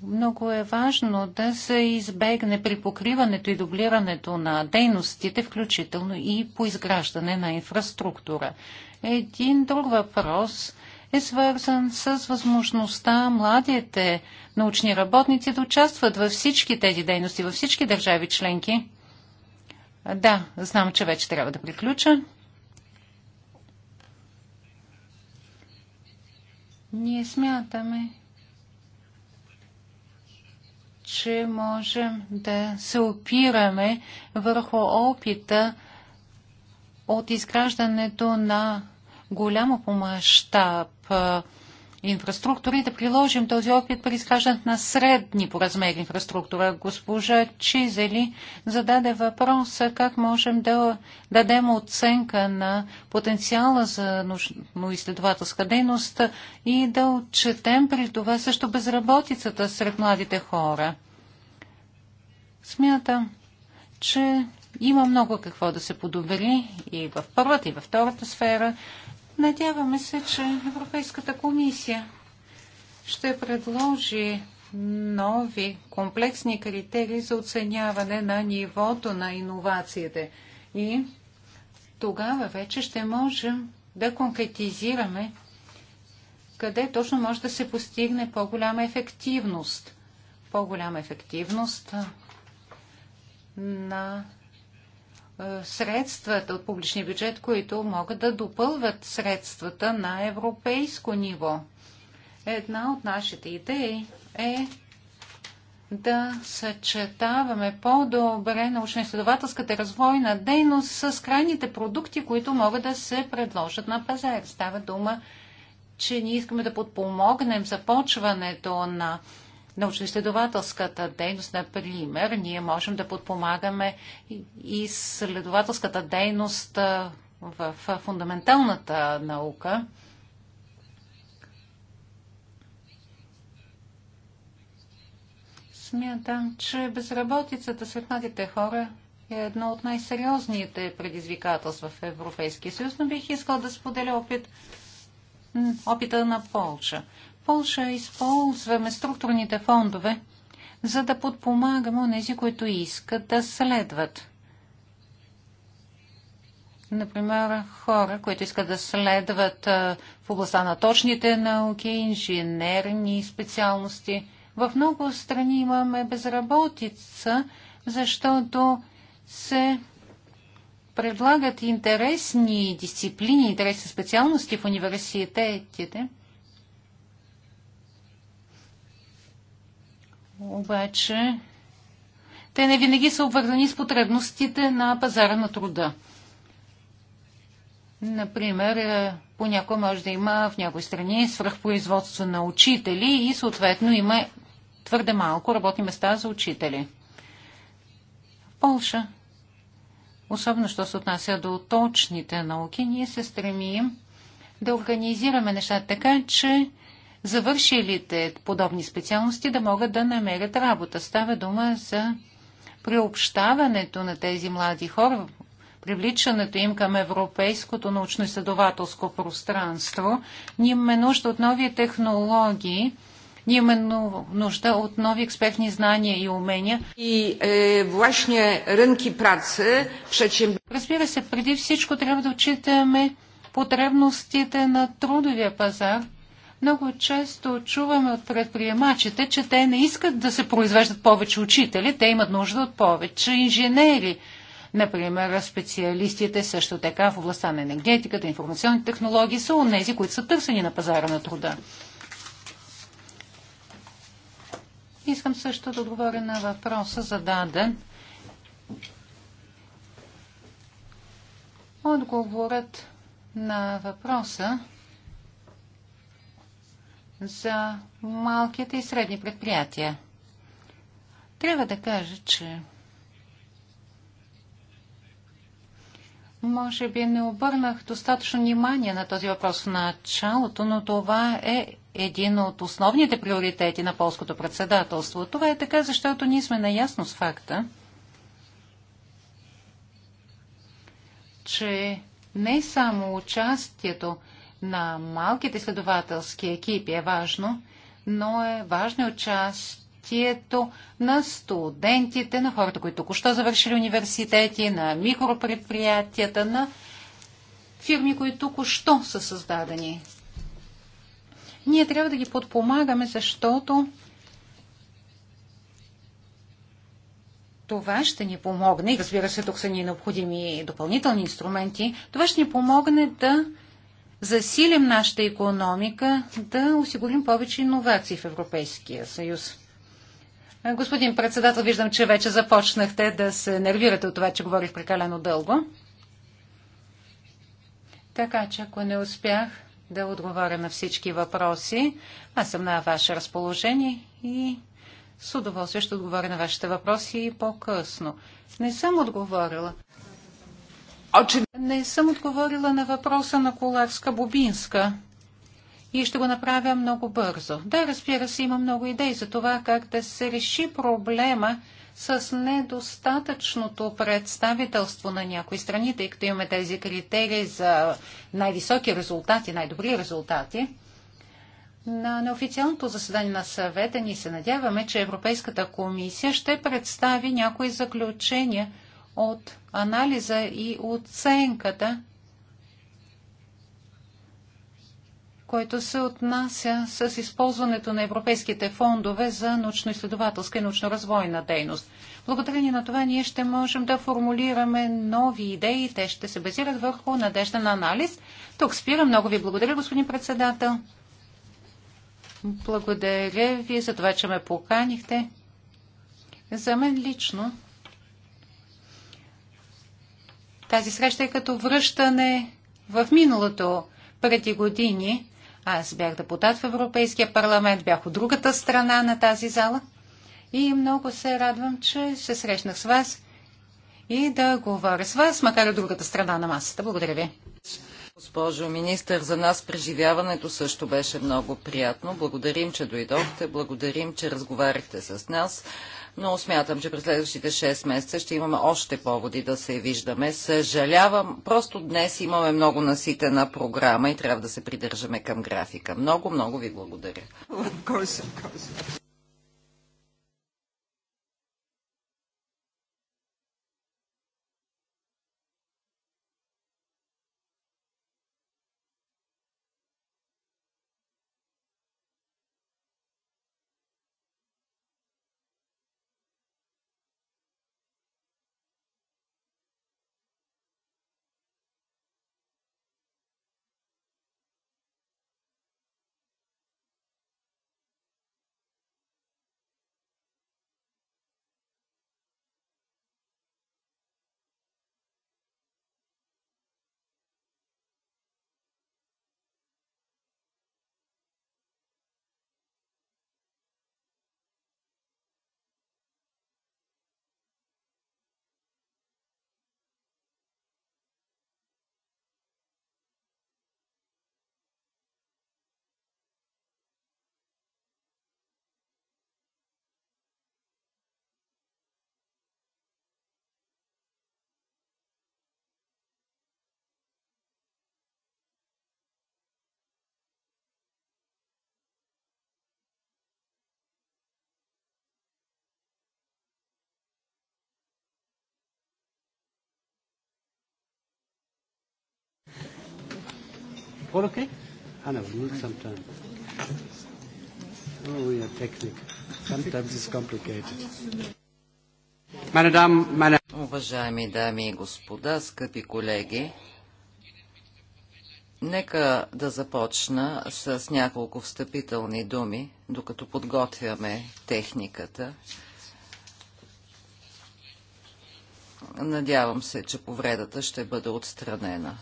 Много е важно да се избегне при покриването и дублирането на дейностите, включително и по изграждане на инфраструктура. Един друг въпрос е свързан с възможността младите научни работници да участват във всички тези дейности, във всички държави членки. Да, знам, че вече трябва да приключа. Ние смятаме, че можем да се опираме върху опита от изграждането на голямо по мащаб инфраструктури, да приложим този опит при изграждането на средни по размер инфраструктура. Госпожа Чизели зададе въпрос как можем да дадем оценка на потенциала за научно-изследователска дейност и да отчетем при това също безработицата сред младите хора. Смятам, че има много какво да се подобри и в първата, и във втората сфера. Надяваме се, че Европейската комисия ще предложи нови комплексни критерии за оценяване на нивото на иновациите. И тогава вече ще можем да конкретизираме къде точно може да се постигне по-голяма ефективност. По-голяма ефективност на е, средствата от публичния бюджет, които могат да допълват средствата на европейско ниво. Една от нашите идеи е да съчетаваме по-добре научно-изследователската развойна дейност с крайните продукти, които могат да се предложат на пазар. Става дума, че ние искаме да подпомогнем започването на научно-изследователската дейност, например, ние можем да подпомагаме и изследователската дейност в фундаменталната наука. Смятам, че безработицата сред младите хора е едно от най-сериозните предизвикателства в Европейския съюз, но бих искал да споделя опит, опита на Полша. Полша използваме структурните фондове, за да подпомагаме онези, които искат да следват. Например, хора, които искат да следват в областта на точните науки, инженерни специалности. В много страни имаме безработица, защото се предлагат интересни дисциплини, интересни специалности в университетите – обаче те не винаги са обвързани с потребностите на пазара на труда. Например, е, понякога може да има в някои страни свръхпроизводство на учители и съответно има твърде малко работни места за учители. В Полша, особено що се отнася до точните науки, ние се стремим да организираме нещата така, че завършилите подобни специалности да могат да намерят работа. Става дума за приобщаването на тези млади хора, привличането им към европейското научно-изследователско пространство. Ние имаме нужда от нови технологии, ние имаме нужда от нови експертни знания и умения. И е, рънки рынки праце, предприем... Разбира се, преди всичко трябва да отчитаме потребностите на трудовия пазар – много често чуваме от предприемачите, че те не искат да се произвеждат повече учители, те имат нужда от повече инженери. Например, специалистите също така в областта на енергетиката, информационни технологии са нези, които са търсени на пазара на труда. Искам също да отговоря на въпроса зададен. Отговорът на въпроса за малките и средни предприятия. Трябва да кажа, че може би не обърнах достатъчно внимание на този въпрос в началото, но това е един от основните приоритети на полското председателство. Това е така, защото ние сме наясно с факта, че не само участието, на малките следователски екипи е важно, но е важно участието на студентите, на хората, които току-що завършили университети, на микропредприятията, на фирми, които току-що са създадени. Ние трябва да ги подпомагаме, защото това ще ни помогне, и разбира се, тук са ни необходими допълнителни инструменти, това ще ни помогне да засилим нашата економика, да осигурим повече иновации в Европейския съюз. Е, господин председател, виждам, че вече започнахте да се нервирате от това, че говорих прекалено дълго. Така че, ако не успях да отговоря на всички въпроси, аз съм на ваше разположение и с удоволствие ще отговоря на вашите въпроси и по-късно. Не съм отговорила. Не съм отговорила на въпроса на Коларска-Бубинска и ще го направя много бързо. Да, разбира се, има много идеи за това как да се реши проблема с недостатъчното представителство на някои страни, тъй като имаме тези критерии за най-високи резултати, най-добри резултати. На неофициалното заседание на съвета ни се надяваме, че Европейската комисия ще представи някои заключения – от анализа и оценката, който се отнася с използването на европейските фондове за научно-изследователска и научно-развойна дейност. Благодарение на това ние ще можем да формулираме нови идеи и те ще се базират върху надежда на анализ. Тук спирам. Много ви благодаря, господин председател. Благодаря ви за това, че ме поканихте. За мен лично Тази среща е като връщане в миналото. Преди години аз бях депутат в Европейския парламент, бях от другата страна на тази зала и много се радвам, че се срещнах с вас и да говоря с вас, макар и от другата страна на масата. Благодаря ви. Госпожо министър, за нас преживяването също беше много приятно. Благодарим, че дойдохте, благодарим, че разговаряхте с нас но смятам, че през следващите 6 месеца ще имаме още поводи да се виждаме. Съжалявам, просто днес имаме много наситена програма и трябва да се придържаме към графика. Много, много ви благодаря. Of course, of course. All okay? Anna, we need some time. Oh, we are technical. Sometimes it's complicated. Уважаеми дами и господа, скъпи колеги, нека да започна с няколко встъпителни думи, докато подготвяме техниката. Надявам се, че повредата ще бъде отстранена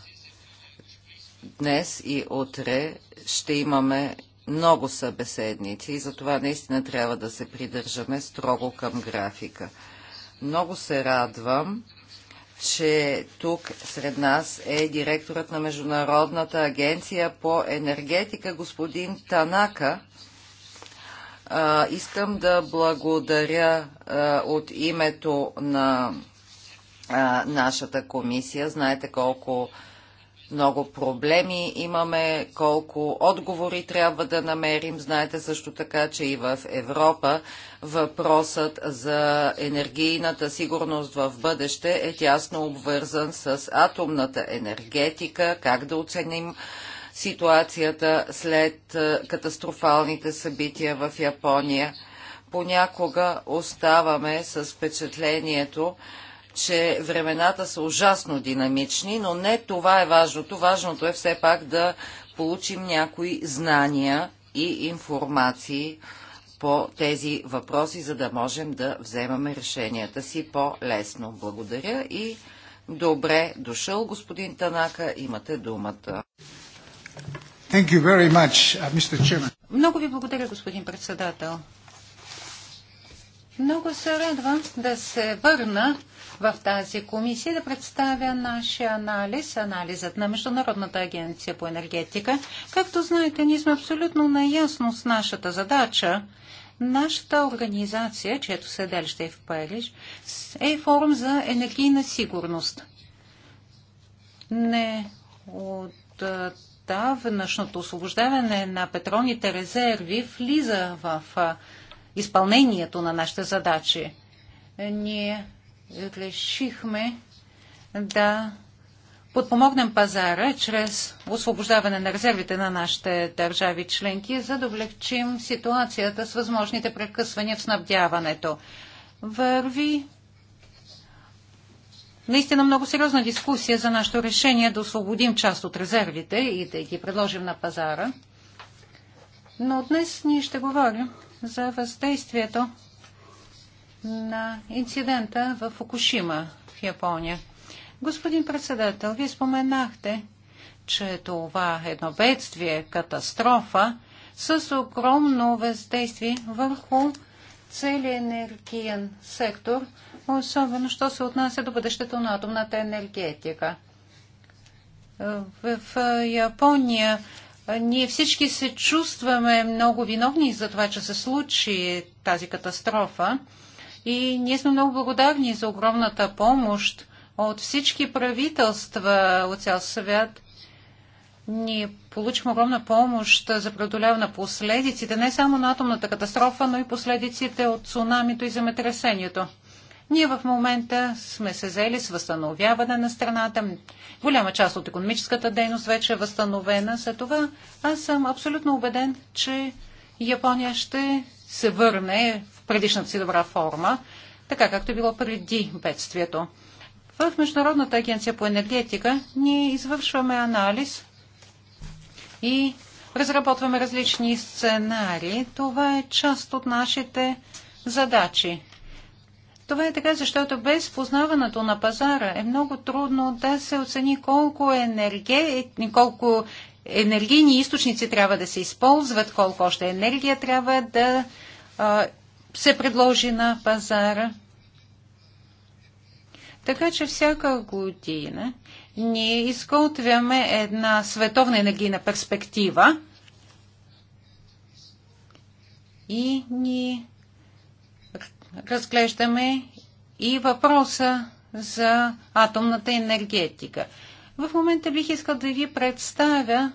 днес и утре ще имаме много събеседници и затова наистина трябва да се придържаме строго към графика. Много се радвам, че тук сред нас е директорът на Международната агенция по енергетика, господин Танака. А, искам да благодаря а, от името на а, нашата комисия. Знаете колко а, много проблеми имаме, колко отговори трябва да намерим. Знаете също така, че и в Европа въпросът за енергийната сигурност в бъдеще е тясно обвързан с атомната енергетика, как да оценим ситуацията след е, катастрофалните събития в Япония. Понякога оставаме с впечатлението, че времената са ужасно динамични, но не това е важното. Важното е все пак да получим някои знания и информации по тези въпроси, за да можем да вземаме решенията си по-лесно. Благодаря и добре дошъл, господин Танака. Имате думата. Thank you very much, uh, Mr. Много ви благодаря, господин председател. Много се радвам да се върна в тази комисия да представя нашия анализ, анализът на Международната агенция по енергетика. Както знаете, ние сме абсолютно наясно с нашата задача. Нашата организация, чието седалище е в Париж, е форум за енергийна сигурност. Не от давнашното освобождаване на петролните резерви влиза в изпълнението на нашите задачи. Ние решихме да подпомогнем пазара чрез освобождаване на резервите на нашите държави членки, за да облегчим ситуацията с възможните прекъсвания в снабдяването. Върви наистина много сериозна дискусия за нашето решение да освободим част от резервите и да ги предложим на пазара. Но днес ние ще говорим за въздействието на инцидента в Фукушима в Япония. Господин председател, вие споменахте, че това е едно бедствие, катастрофа, с огромно въздействие върху целият енергиен сектор, особено що се отнася до бъдещето на атомната енергетика. В Япония ние всички се чувстваме много виновни за това, че се случи тази катастрофа. И ние сме много благодарни за огромната помощ от всички правителства от цял свят. Ние получихме огромна помощ за преодоляване на последиците не само на атомната катастрофа, но и последиците от цунамито и земетресението. Ние в момента сме се взели с възстановяване на страната. Голяма част от економическата дейност вече е възстановена. За това аз съм абсолютно убеден, че Япония ще се върне в предишната си добра форма, така както е било преди бедствието. В Международната агенция по енергетика ние извършваме анализ и разработваме различни сценарии. Това е част от нашите задачи. Това е така, защото без познаването на пазара е много трудно да се оцени колко енергия, колко енергийни източници трябва да се използват, колко още енергия трябва да а, се предложи на пазара. Така че всяка година ние изготвяме една световна енергийна перспектива и ни разглеждаме и въпроса за атомната енергетика. В момента бих искал да ви представя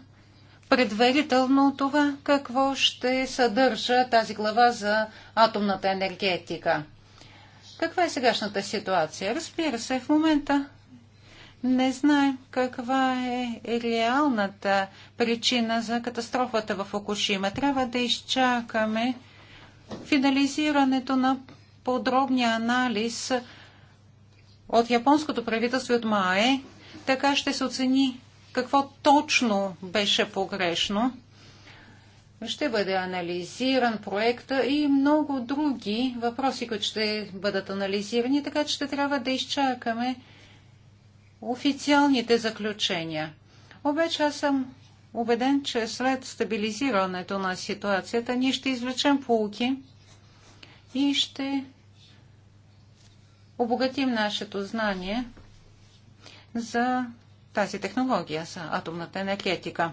предварително това, какво ще съдържа тази глава за атомната енергетика. Каква е сегашната ситуация? Разбира се, в момента не знаем каква е реалната причина за катастрофата в Окушима. Трябва да изчакаме финализирането на подробния анализ от японското правителство от МАЕ така ще се оцени какво точно беше погрешно. Ще бъде анализиран проекта и много други въпроси, които ще бъдат анализирани, така че ще трябва да изчакаме официалните заключения. Обаче аз съм убеден, че след стабилизирането на ситуацията ние ще извлечем полуки и ще обогатим нашето знание – за тази технология, за атомната енергетика.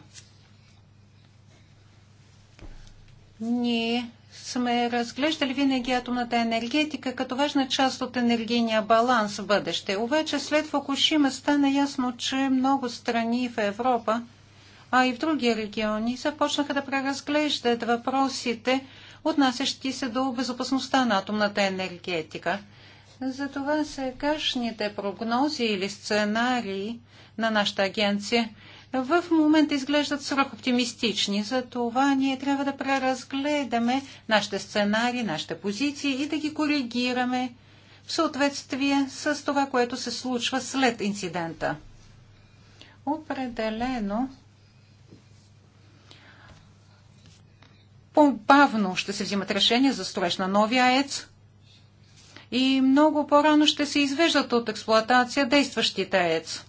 Ние сме разглеждали винаги атомната енергетика като важна част от енергийния баланс в бъдеще. Обаче след Фукушима стана ясно, че много страни в Европа, а и в други региони, започнаха да преразглеждат въпросите, отнасящи се до безопасността на атомната енергетика. Затова сегашните прогнози или сценарии на нашата агенция в момента изглеждат срок оптимистични. Затова ние трябва да преразгледаме нашите сценарии, нашите позиции и да ги коригираме в съответствие с това, което се случва след инцидента. Определено по-бавно ще се взимат решения за строеж на новия АЕЦ, и много по-рано ще се извеждат от експлоатация действащите АЕЦ.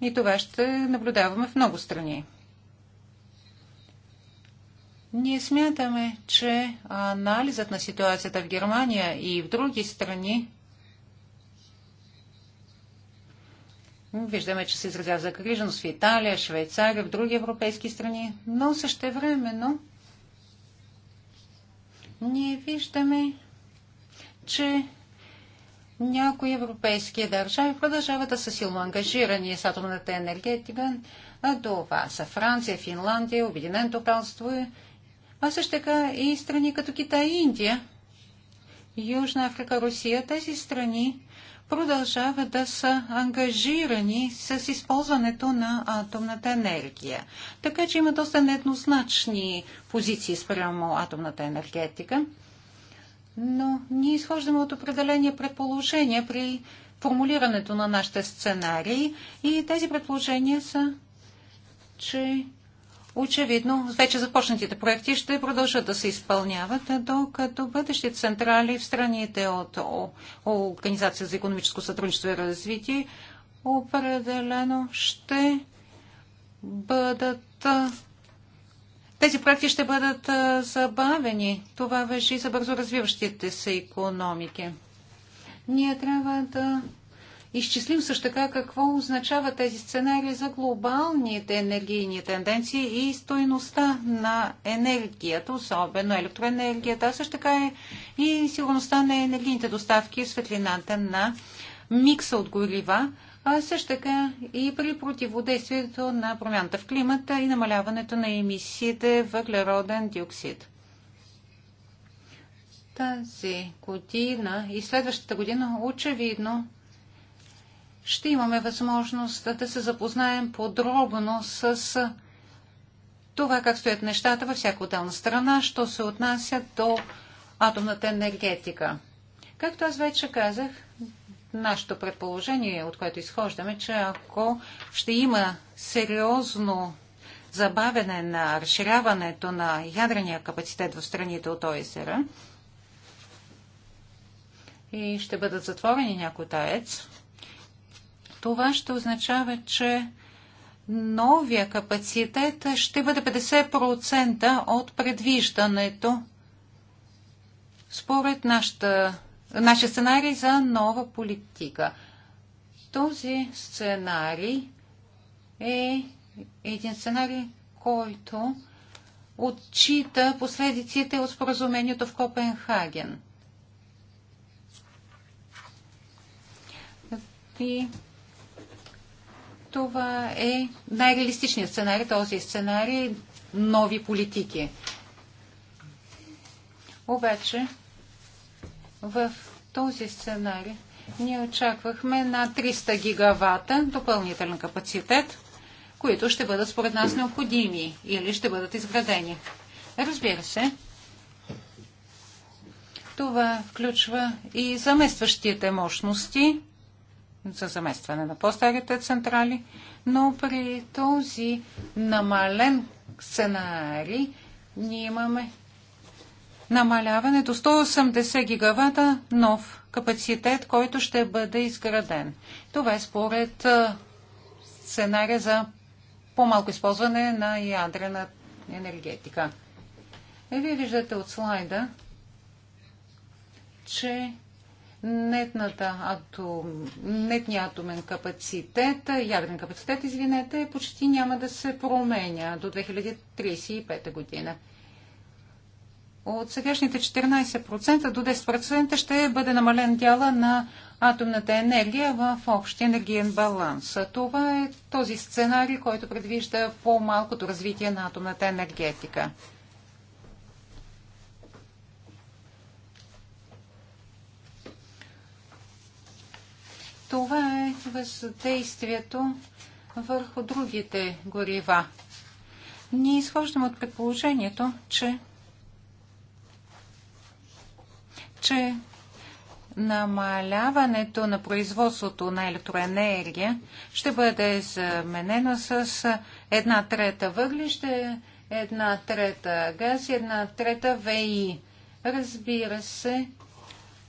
И това ще наблюдаваме в много страни. Ние смятаме, че анализът на ситуацията в Германия и в други страни Виждаме, че се изразява загриженост в Италия, Швейцария, в други европейски страни, но същевременно ние виждаме, че някои европейски държави продължават да са силно ангажирани с атомната енергетика. А това са Франция, Финландия, Обединеното кралство, а също така и страни като Китай и Индия. Южна Африка, Русия, тези страни продължават да са ангажирани с използването на атомната енергия. Така че има доста нееднозначни позиции спрямо атомната енергетика но ние изхождаме от определени предположения при формулирането на нашите сценарии и тези предположения са, че очевидно вече започнатите проекти ще продължат да се изпълняват, докато бъдещите централи в страните от Организация за економическо сътрудничество и развитие определено ще бъдат тези проекти ще бъдат забавени. Това въжи за бързо развиващите се економики. Ние трябва да изчислим също така какво означава тези сценарии за глобалните енергийни тенденции и стойността на енергията, особено електроенергията, а също така е и сигурността на енергийните доставки светлината на микса от горива, а също така и при противодействието на промяната в климата и намаляването на емисиите въглероден диоксид. Тази година и следващата година очевидно ще имаме възможност да се запознаем подробно с това как стоят нещата във всяка отделна страна, що се отнася до атомната енергетика. Както аз вече казах, Нашето предположение, от което изхождаме, че ако ще има сериозно забавяне на разширяването на ядрения капацитет в страните от ОСР и ще бъдат затворени някои таец, това ще означава, че новия капацитет ще бъде 50% от предвиждането. Според нашата нашия сценарий за нова политика. Този сценарий е един сценарий, който отчита последиците от споразумението в Копенхаген. И това е най-реалистичният сценарий, този сценарий е нови политики. Обаче, в този сценарий ние очаквахме на 300 гигавата допълнителен капацитет, които ще бъдат според нас необходими или ще бъдат изградени. Разбира се, това включва и заместващите мощности за заместване на по-старите централи, но при този намален сценарий ние имаме Намаляването 180 гигавата нов капацитет, който ще бъде изграден. Това е според сценария за по-малко използване на ядрена енергетика. вие виждате от слайда, че нетната атом, нетния атомен капацитет, ядрен капацитет, извинете, почти няма да се променя до 2035 година от сегашните 14% до 10% ще бъде намален дяла на атомната енергия в общия енергиен баланс. Това е този сценарий, който предвижда по-малкото развитие на атомната енергетика. Това е въздействието върху другите горива. Ние изхождаме от предположението, че че намаляването на производството на електроенергия ще бъде заменено с една трета въглище, една трета газ и една трета ВИ. Разбира се,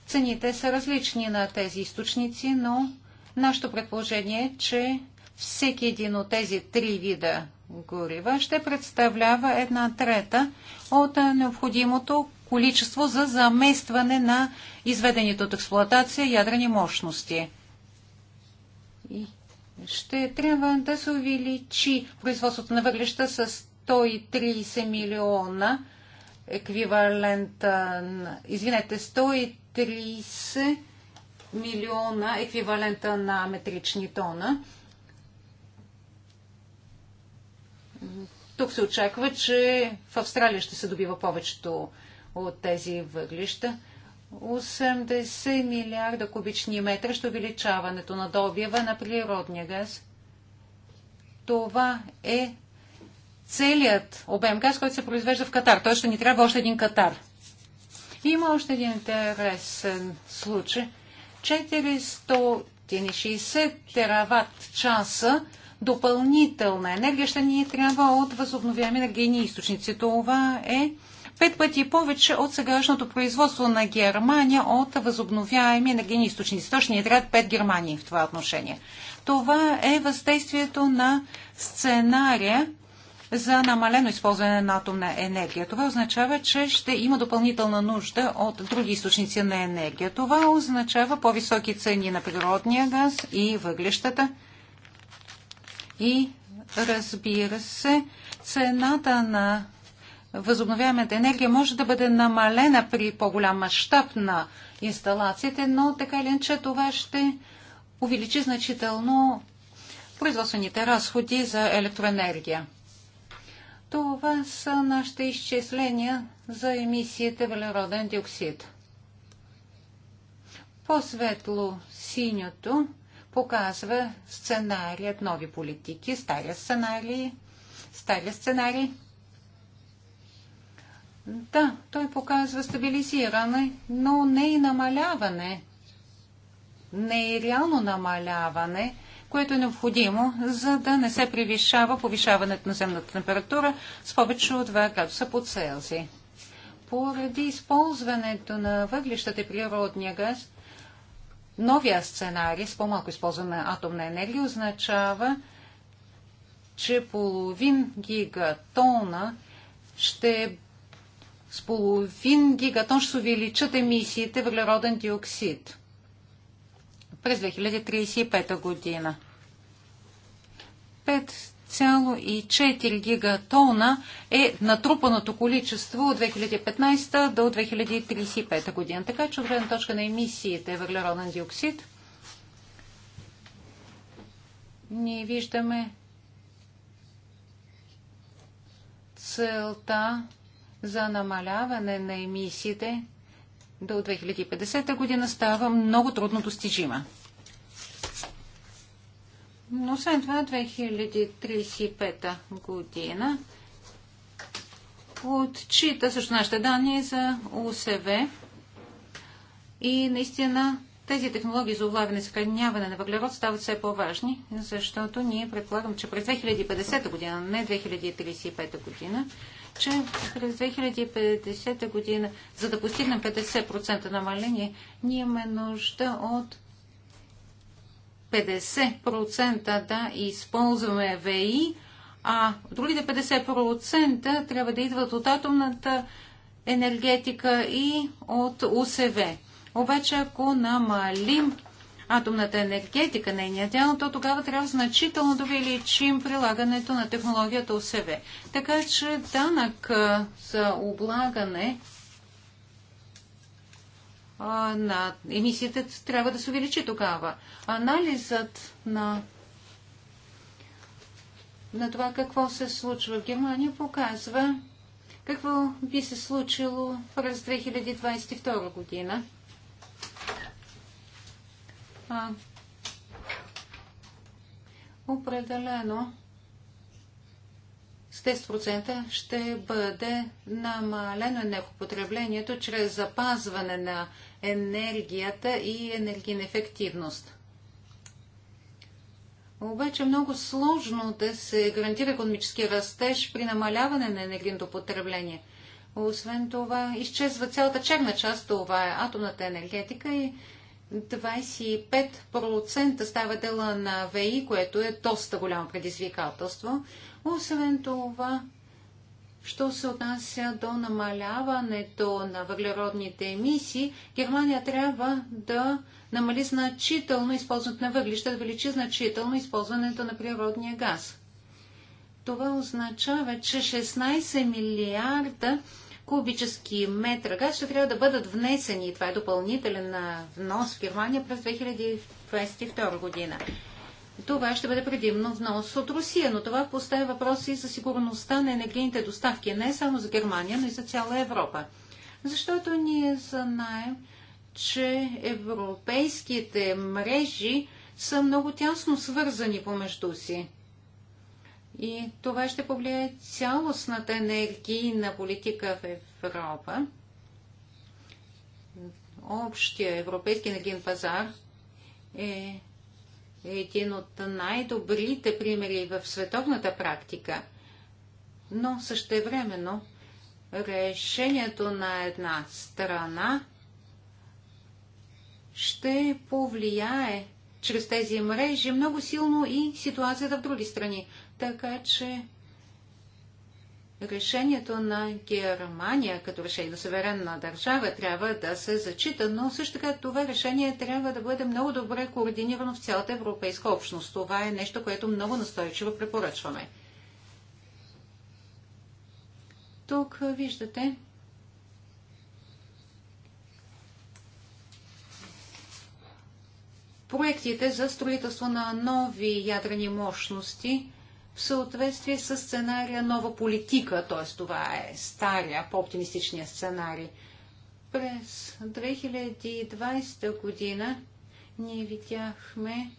цените са различни на тези източници, но нашето предположение е, че всеки един от тези три вида горива ще представлява една трета от необходимото количество за заместване на изведените от експлоатация ядрени мощности. И ще трябва да се увеличи производството на въглища с 130 милиона еквивалент, извинете, 130 милиона еквивалента на метрични тона. Тук се очаква, че в Австралия ще се добива повечето от тези въглища. 80 милиарда кубични метра ще увеличаването на добива на природния газ. Това е целият обем газ, който се произвежда в Катар. Той ще ни трябва още един Катар. Има още един интересен случай. 460 тераватт часа допълнителна енергия ще ни трябва от възобновяеми енергийни източници. Това е пет пъти повече от сегашното производство на Германия от възобновяеми енергийни източници. Точно ни трябват пет Германии в това отношение. Това е въздействието на сценария за намалено използване на атомна енергия. Това означава, че ще има допълнителна нужда от други източници на енергия. Това означава по-високи цени на природния газ и въглищата. И разбира се, цената на възобновяемата енергия може да бъде намалена при по-голям мащаб на инсталациите, но така или иначе това ще увеличи значително производствените разходи за електроенергия. Това са нашите изчисления за емисиите въглероден диоксид. По-светло синьото показва сценарият нови политики, стария сценарий, стария сценарий – да, той показва стабилизиране, но не и намаляване. Не и реално намаляване, което е необходимо, за да не се превишава повишаването на земната температура с повече от 2 градуса по Целзий. Поради използването на въглищата и природния газ, новия сценарий с по-малко използване на атомна енергия означава, че половин гигатона ще с половин гигатон ще се увеличат емисиите въглероден диоксид през 2035 година. 5,4 гигатона е натрупаното количество от 2015 до 2035 година. Така че от гледна точка на емисиите въглероден диоксид ние виждаме целта за намаляване на емисиите до 2050 година става много трудно достижима. Но освен това 2035 година отчита също нашите данни за ОСВ и наистина тези технологии за облавяне и съхраняване на въглерод стават все по-важни, защото ние предполагам, че през 2050 година, не 2035 година, че през 2050 година, за да постигнем 50% намаление, ние имаме нужда от 50% да използваме ВИ, а другите 50% трябва да идват от атомната енергетика и от УСВ. Обаче ако намалим атомната енергетика, нейния дял, то тогава трябва значително да увеличим прилагането на технологията ОСВ. Така че данък за облагане на емисиите трябва да се увеличи тогава. Анализът на на това какво се случва в Германия показва какво би се случило през 2022 година. А, определено с 10% ще бъде намалено енергопотреблението чрез запазване на енергията и енергийна ефективност. Обаче е много сложно да се гарантира економически растеж при намаляване на енергийното потребление. Освен това, изчезва цялата черна част, това е атомната енергетика и 25% става дела на ВИ, което е доста голямо предизвикателство. Освен това, що се отнася до намаляването на въглеродните емисии, Германия трябва да намали значително използването на въглища, да величи значително използването на природния газ. Това означава, че 16 милиарда кубически метра газ ще трябва да бъдат внесени. Това е допълнителен внос в Германия през 2022 година. Това ще бъде предимно внос от Русия, но това поставя въпроси за сигурността на енергийните доставки не само за Германия, но и за цяла Европа. Защото ние знаем, че европейските мрежи са много тясно свързани помежду си. И това ще повлияе цялостната енергийна политика в Европа. Общия европейски енергиен пазар е един от най-добрите примери в световната практика, но същевременно решението на една страна ще повлияе чрез тези мрежи много силно и ситуацията в други страни. Така че решението на Германия като решение на суверенна държава трябва да се зачита, но също така това решение трябва да бъде много добре координирано в цялата европейска общност. Това е нещо, което много настойчиво препоръчваме. Тук виждате проектите за строителство на нови ядрени мощности – в съответствие с сценария нова политика, т.е. това е стария, по-оптимистичния сценарий. През 2020 година ние видяхме,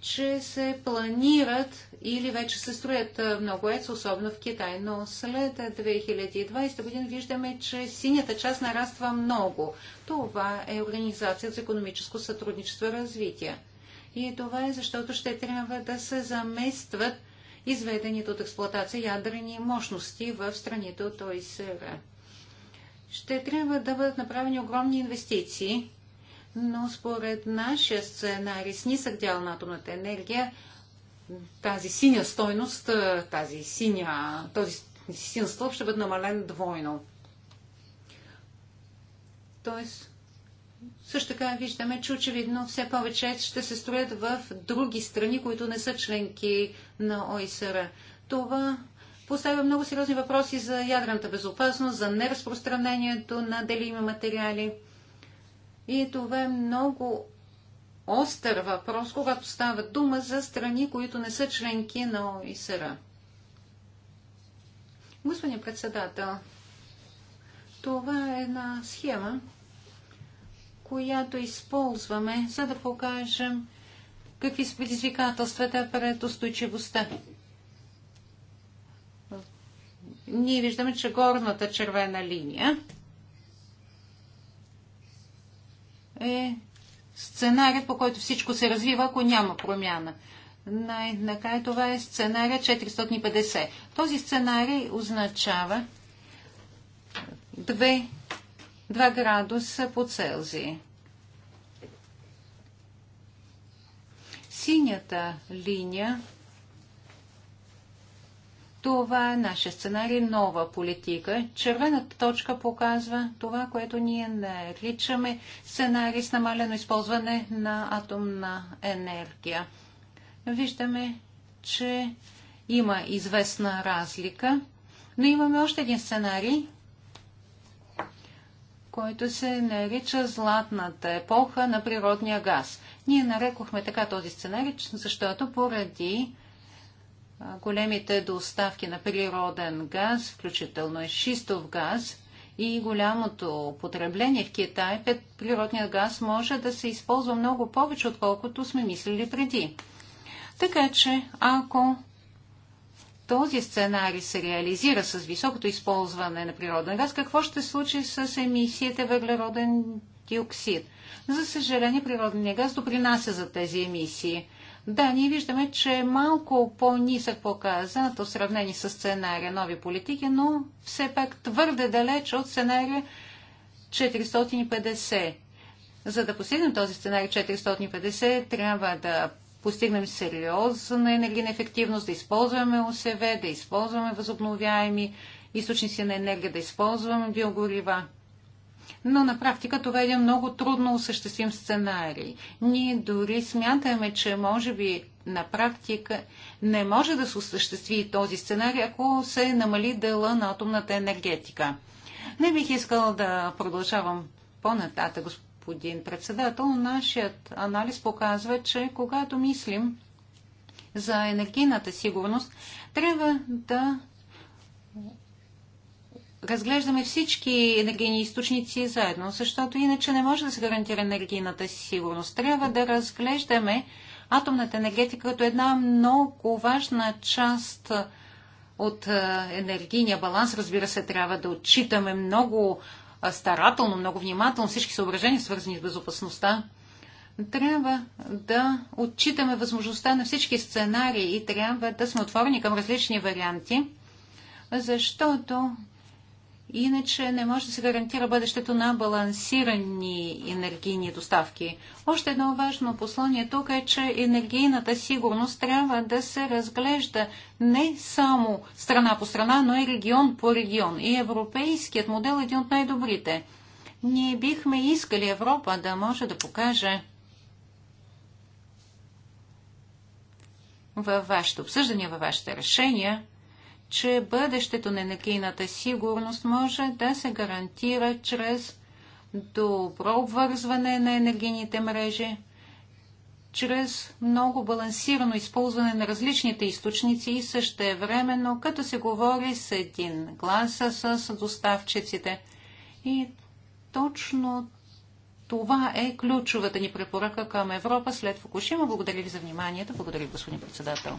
че се планират или вече се строят много ЕЦ, особено в Китай. Но след 2020 година виждаме, че синята част нараства много. Това е Организация за економическо сътрудничество и развитие. И това е защото ще трябва да се заместват изведените от експлоатация ядрени мощности в страните от ОИСР. Ще трябва да бъдат направени огромни инвестиции, но според нашия сценарий с нисък дял на атомната енергия, тази синя стойност, тази синя, този син стълб ще бъде намален двойно. Тоест, също така виждаме, че очевидно все повече ще се строят в други страни, които не са членки на ОИСР. Това поставя много сериозни въпроси за ядрената безопасност, за неразпространението на делими материали. И това е много остър въпрос, когато става дума за страни, които не са членки на ОИСР. Господин председател, това е една схема, която използваме, за да покажем какви са предизвикателствата пред устойчивостта. Ние виждаме, че горната червена линия е сценария, по който всичко се развива, ако няма промяна. Най-накрая това е сценария 450. Този сценарий означава две 2 градуса по Целзий. Синята линия това е нашия сценарий, нова политика. Червената точка показва това, което ние наричаме сценарий с намалено използване на атомна енергия. Виждаме, че има известна разлика, но имаме още един сценарий, който се нарича златната епоха на природния газ. Ние нарекохме така този сценарий, защото поради големите доставки на природен газ, включително и шистов газ и голямото потребление в Китай, природният газ може да се използва много повече, отколкото сме мислили преди. Така че, ако този сценарий се реализира с високото използване на природен газ, какво ще случи с емисиите въглероден диоксид? За съжаление, природният газ допринася за тези емисии. Да, ние виждаме, че е малко по-нисък показател в сравнение с сценария нови политики, но все пак твърде далеч от сценария 450. За да постигнем този сценарий 450, трябва да постигнем сериозна енергийна ефективност, да използваме ОСВ, да използваме възобновяеми източници на енергия, да използваме биогорива. Но на практика това е един много трудно осъществим сценарий. Ние дори смятаме, че може би на практика не може да се осъществи този сценарий, ако се намали дела на атомната енергетика. Не бих искала да продължавам по-нататък, господин господин председател. Нашият анализ показва, че когато мислим за енергийната сигурност, трябва да разглеждаме всички енергийни източници заедно, защото иначе не може да се гарантира енергийната сигурност. Трябва да разглеждаме атомната енергетика като една много важна част от енергийния баланс. Разбира се, трябва да отчитаме много старателно, много внимателно всички съображения, свързани с безопасността. Трябва да отчитаме възможността на всички сценарии и трябва да сме отворени към различни варианти, защото Иначе не може да се гарантира бъдещето на балансирани енергийни доставки. Още едно важно послание тук е, че енергийната сигурност трябва да се разглежда не само страна по страна, но и регион по регион. И европейският модел е един от най-добрите. Ние бихме искали Европа да може да покаже във вашето обсъждане, във вашите решения, че бъдещето на енергийната сигурност може да се гарантира чрез добро обвързване на енергийните мрежи, чрез много балансирано използване на различните източници и същевременно, като се говори с един глас с доставчиците. И точно това е ключовата ни препоръка към Европа след Фукушима. Благодаря ви за вниманието. Благодаря ви, господин председател.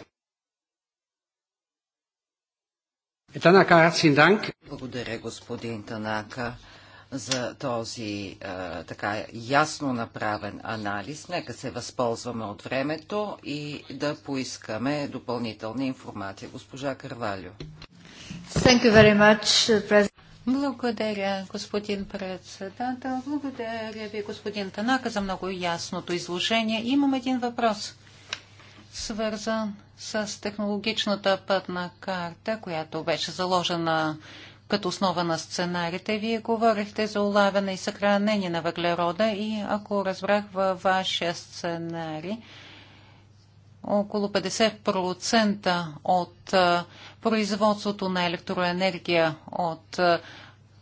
Благодаря, господин Танака, за този а, така ясно направен анализ. Нека се възползваме от времето и да поискаме допълнителна информация. Госпожа Карвалю. Much, Благодаря, господин председател. Благодаря ви, господин Танака, за много ясното изложение. Имам един въпрос, свързан с технологичната пътна карта, която беше заложена като основа на сценарите, вие говорихте за улавяне и съхранение на въглерода и ако разбрах във вашия сценарий, около 50% от производството на електроенергия от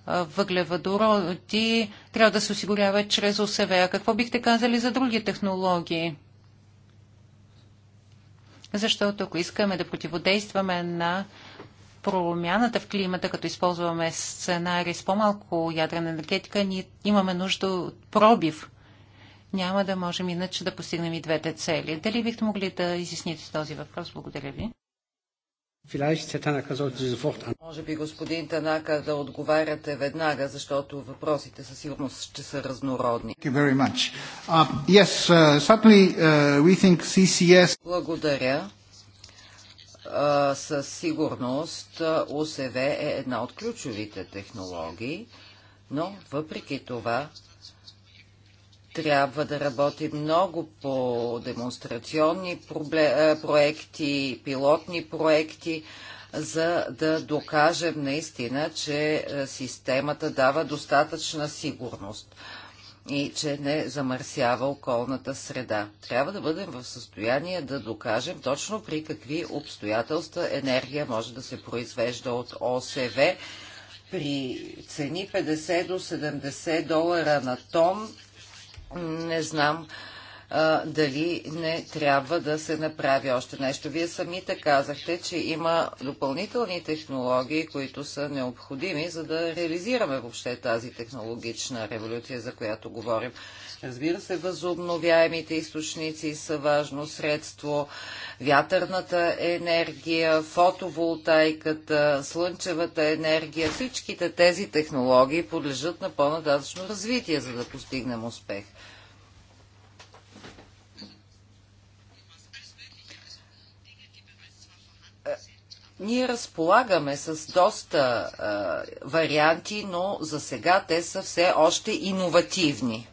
въглеводороди трябва да се осигурява чрез ОСВ. А какво бихте казали за други технологии? защото ако искаме да противодействаме на промяната в климата, като използваме сценари с по-малко ядрена енергетика, ние имаме нужда от пробив. Няма да можем иначе да постигнем и двете цели. Дали бихте могли да изясните този въпрос? Благодаря ви. Може би, господин Танака, да отговаряте веднага, защото въпросите със сигурност ще са разнородни. Um, uh, uh, Благодаря. Със сигурност ОСВ е една от ключовите технологии, но въпреки това трябва да работи много по демонстрационни проекти, пилотни проекти, за да докажем наистина, че системата дава достатъчна сигурност и че не замърсява околната среда. Трябва да бъдем в състояние да докажем точно при какви обстоятелства енергия може да се произвежда от ОСВ при цени 50 до 70 долара на тон не знам а, дали не трябва да се направи още нещо. Вие самите казахте, че има допълнителни технологии, които са необходими, за да реализираме въобще тази технологична революция, за която говорим. Разбира се, възобновяемите източници са важно средство. Вятърната енергия, фотоволтайката, слънчевата енергия, всичките тези технологии подлежат на по-нататъчно развитие, за да постигнем успех. Ние разполагаме с доста а, варианти, но за сега те са все още иновативни.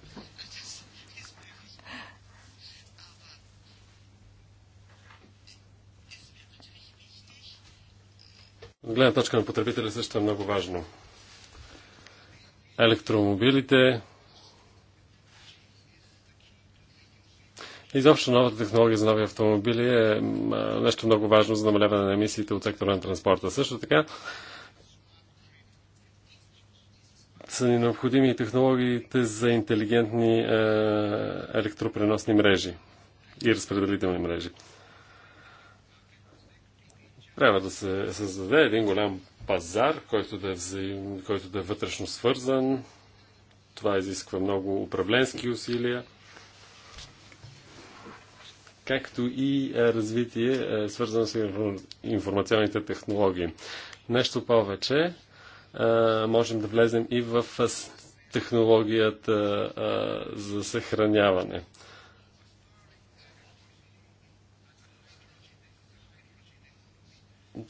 От гледна точка на потребителя също е много важно. Електромобилите, Изобщо новата технология за нови автомобили е нещо много важно за намаляване на емисиите от сектора на транспорта. Също така са ни необходими технологиите за интелигентни е, електропреносни мрежи и разпределителни мрежи. Трябва да се създаде един голям пазар, който да е, взаим, който да е вътрешно свързан. Това изисква много управленски усилия, както и е, развитие, е, свързано с информационните технологии. Нещо повече, е, можем да влезем и в технологията за съхраняване.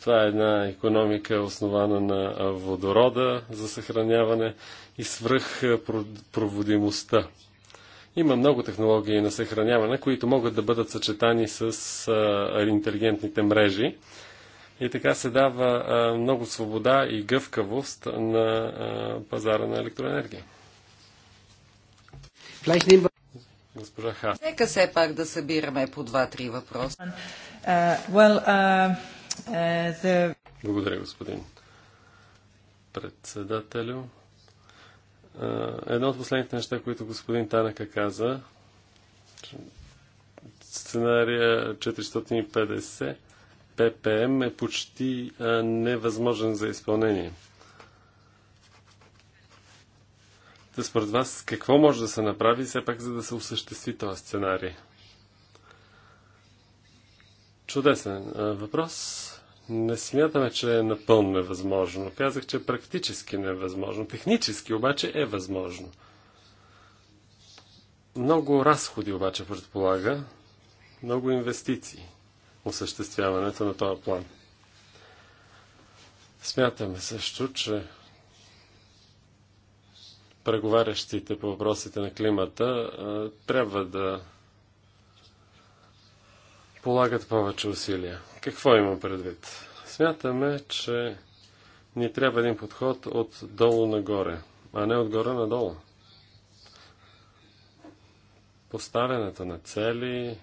Това е една економика основана на водорода за съхраняване и свръхпроводимостта. Има много технологии на съхраняване, които могат да бъдат съчетани с интелигентните мрежи. И така се дава много свобода и гъвкавост на пазара на електроенергия. Госпожа Ха. Нека все пак да събираме по два-три въпроса. Uh, well, uh... Благодаря, господин председателю. Едно от последните неща, които господин Танака каза, сценария 450 ППМ е почти невъзможен за изпълнение. Да според вас какво може да се направи все пак, за да се осъществи този сценарий? Чудесен въпрос. Не смятаме, че е напълно невъзможно. Казах, че е практически невъзможно. Технически обаче е възможно. Много разходи обаче предполага, много инвестиции осъществяването на този план. Смятаме също, че преговарящите по въпросите на климата трябва да полагат повече усилия. Какво имам предвид? Смятаме, че ни трябва един подход от долу нагоре, а не отгоре надолу. Поставянето на цели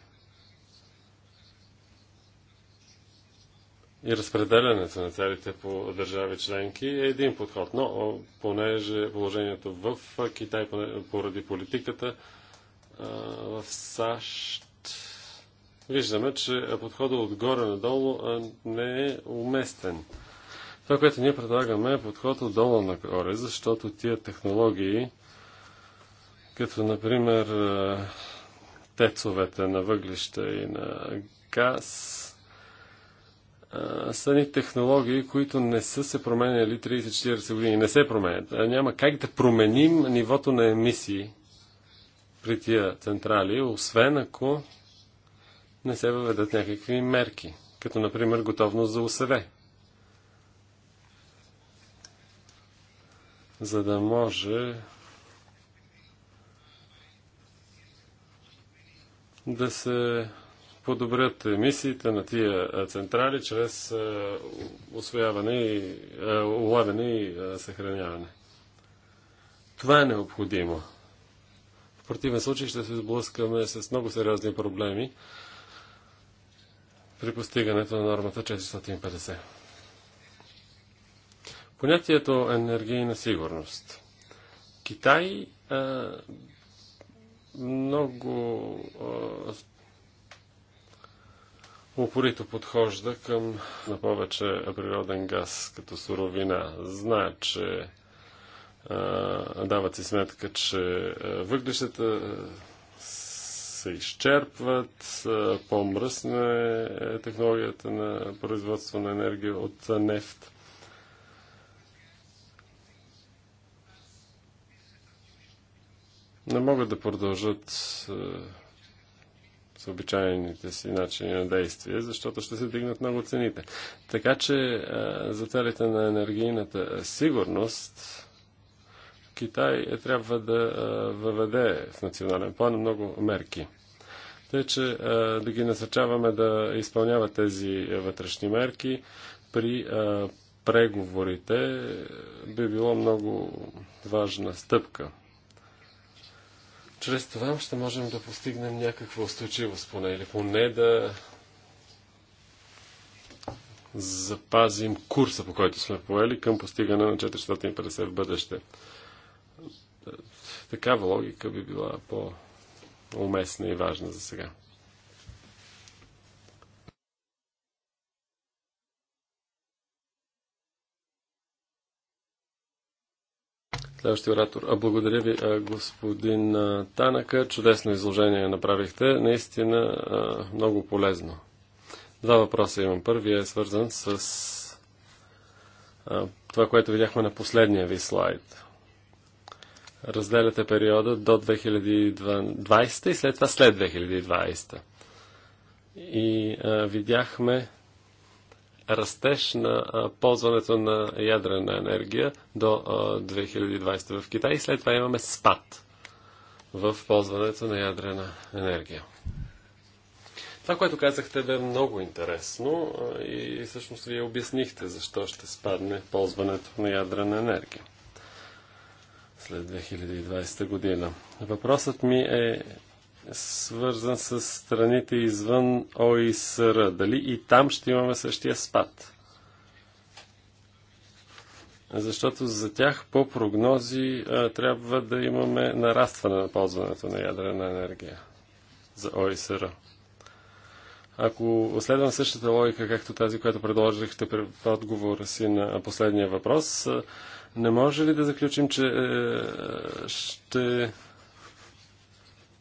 и разпределянето на целите по държави членки е един подход, но понеже положението в Китай поради политиката в САЩ виждаме, че подходът отгоре надолу не е уместен. Това, което ние предлагаме е подход отдолу нагоре, защото тия технологии, като например тецовете на въглища и на газ, са ни технологии, които не са се променяли 30-40 години. Не се променят. Няма как да променим нивото на емисии при тия централи, освен ако не се въведат някакви мерки, като например готовност за усъве. За да може да се подобрят емисиите на тия централи чрез освояване и улавяне и съхраняване. Това е необходимо. В противен случай ще се сблъскаме с много сериозни проблеми при постигането на нормата 450. Понятието енергийна сигурност. Китай а, много а, упорито подхожда към на повече природен газ като суровина. Знае, че а, дават си сметка, че въглищата се изчерпват, по-мръсна е технологията на производство на енергия от нефт. Не могат да продължат е, с обичайните си начини на действие, защото ще се дигнат много цените. Така че е, за целите на енергийната сигурност Китай е, трябва да въведе в национален план много мерки. Тъй, че да ги насърчаваме да изпълняват тези вътрешни мерки при преговорите би било много важна стъпка. Чрез това ще можем да постигнем някаква устойчивост поне или поне да запазим курса, по който сме поели към постигане на 450 в бъдеще такава логика би била по-уместна и важна за сега. Следващия оратор. А благодаря ви, господин Танака. Чудесно изложение направихте. Наистина много полезно. Два въпроса имам. Първият е свързан с това, което видяхме на последния ви слайд разделяте периода до 2020 и след това след 2020. И а, видяхме растеж на а, ползването на ядрена енергия до а, 2020 в Китай и след това имаме спад в ползването на ядрена енергия. Това, което казахте, бе много интересно и всъщност вие обяснихте защо ще спадне ползването на ядрена енергия след 2020 година. Въпросът ми е свързан с страните извън ОИСР. Дали и там ще имаме същия спад? Защото за тях по прогнози трябва да имаме нарастване на ползването на ядрена енергия за ОИСР. Ако следвам същата логика, както тази, която предложихте при отговора си на последния въпрос, не може ли да заключим, че е, ще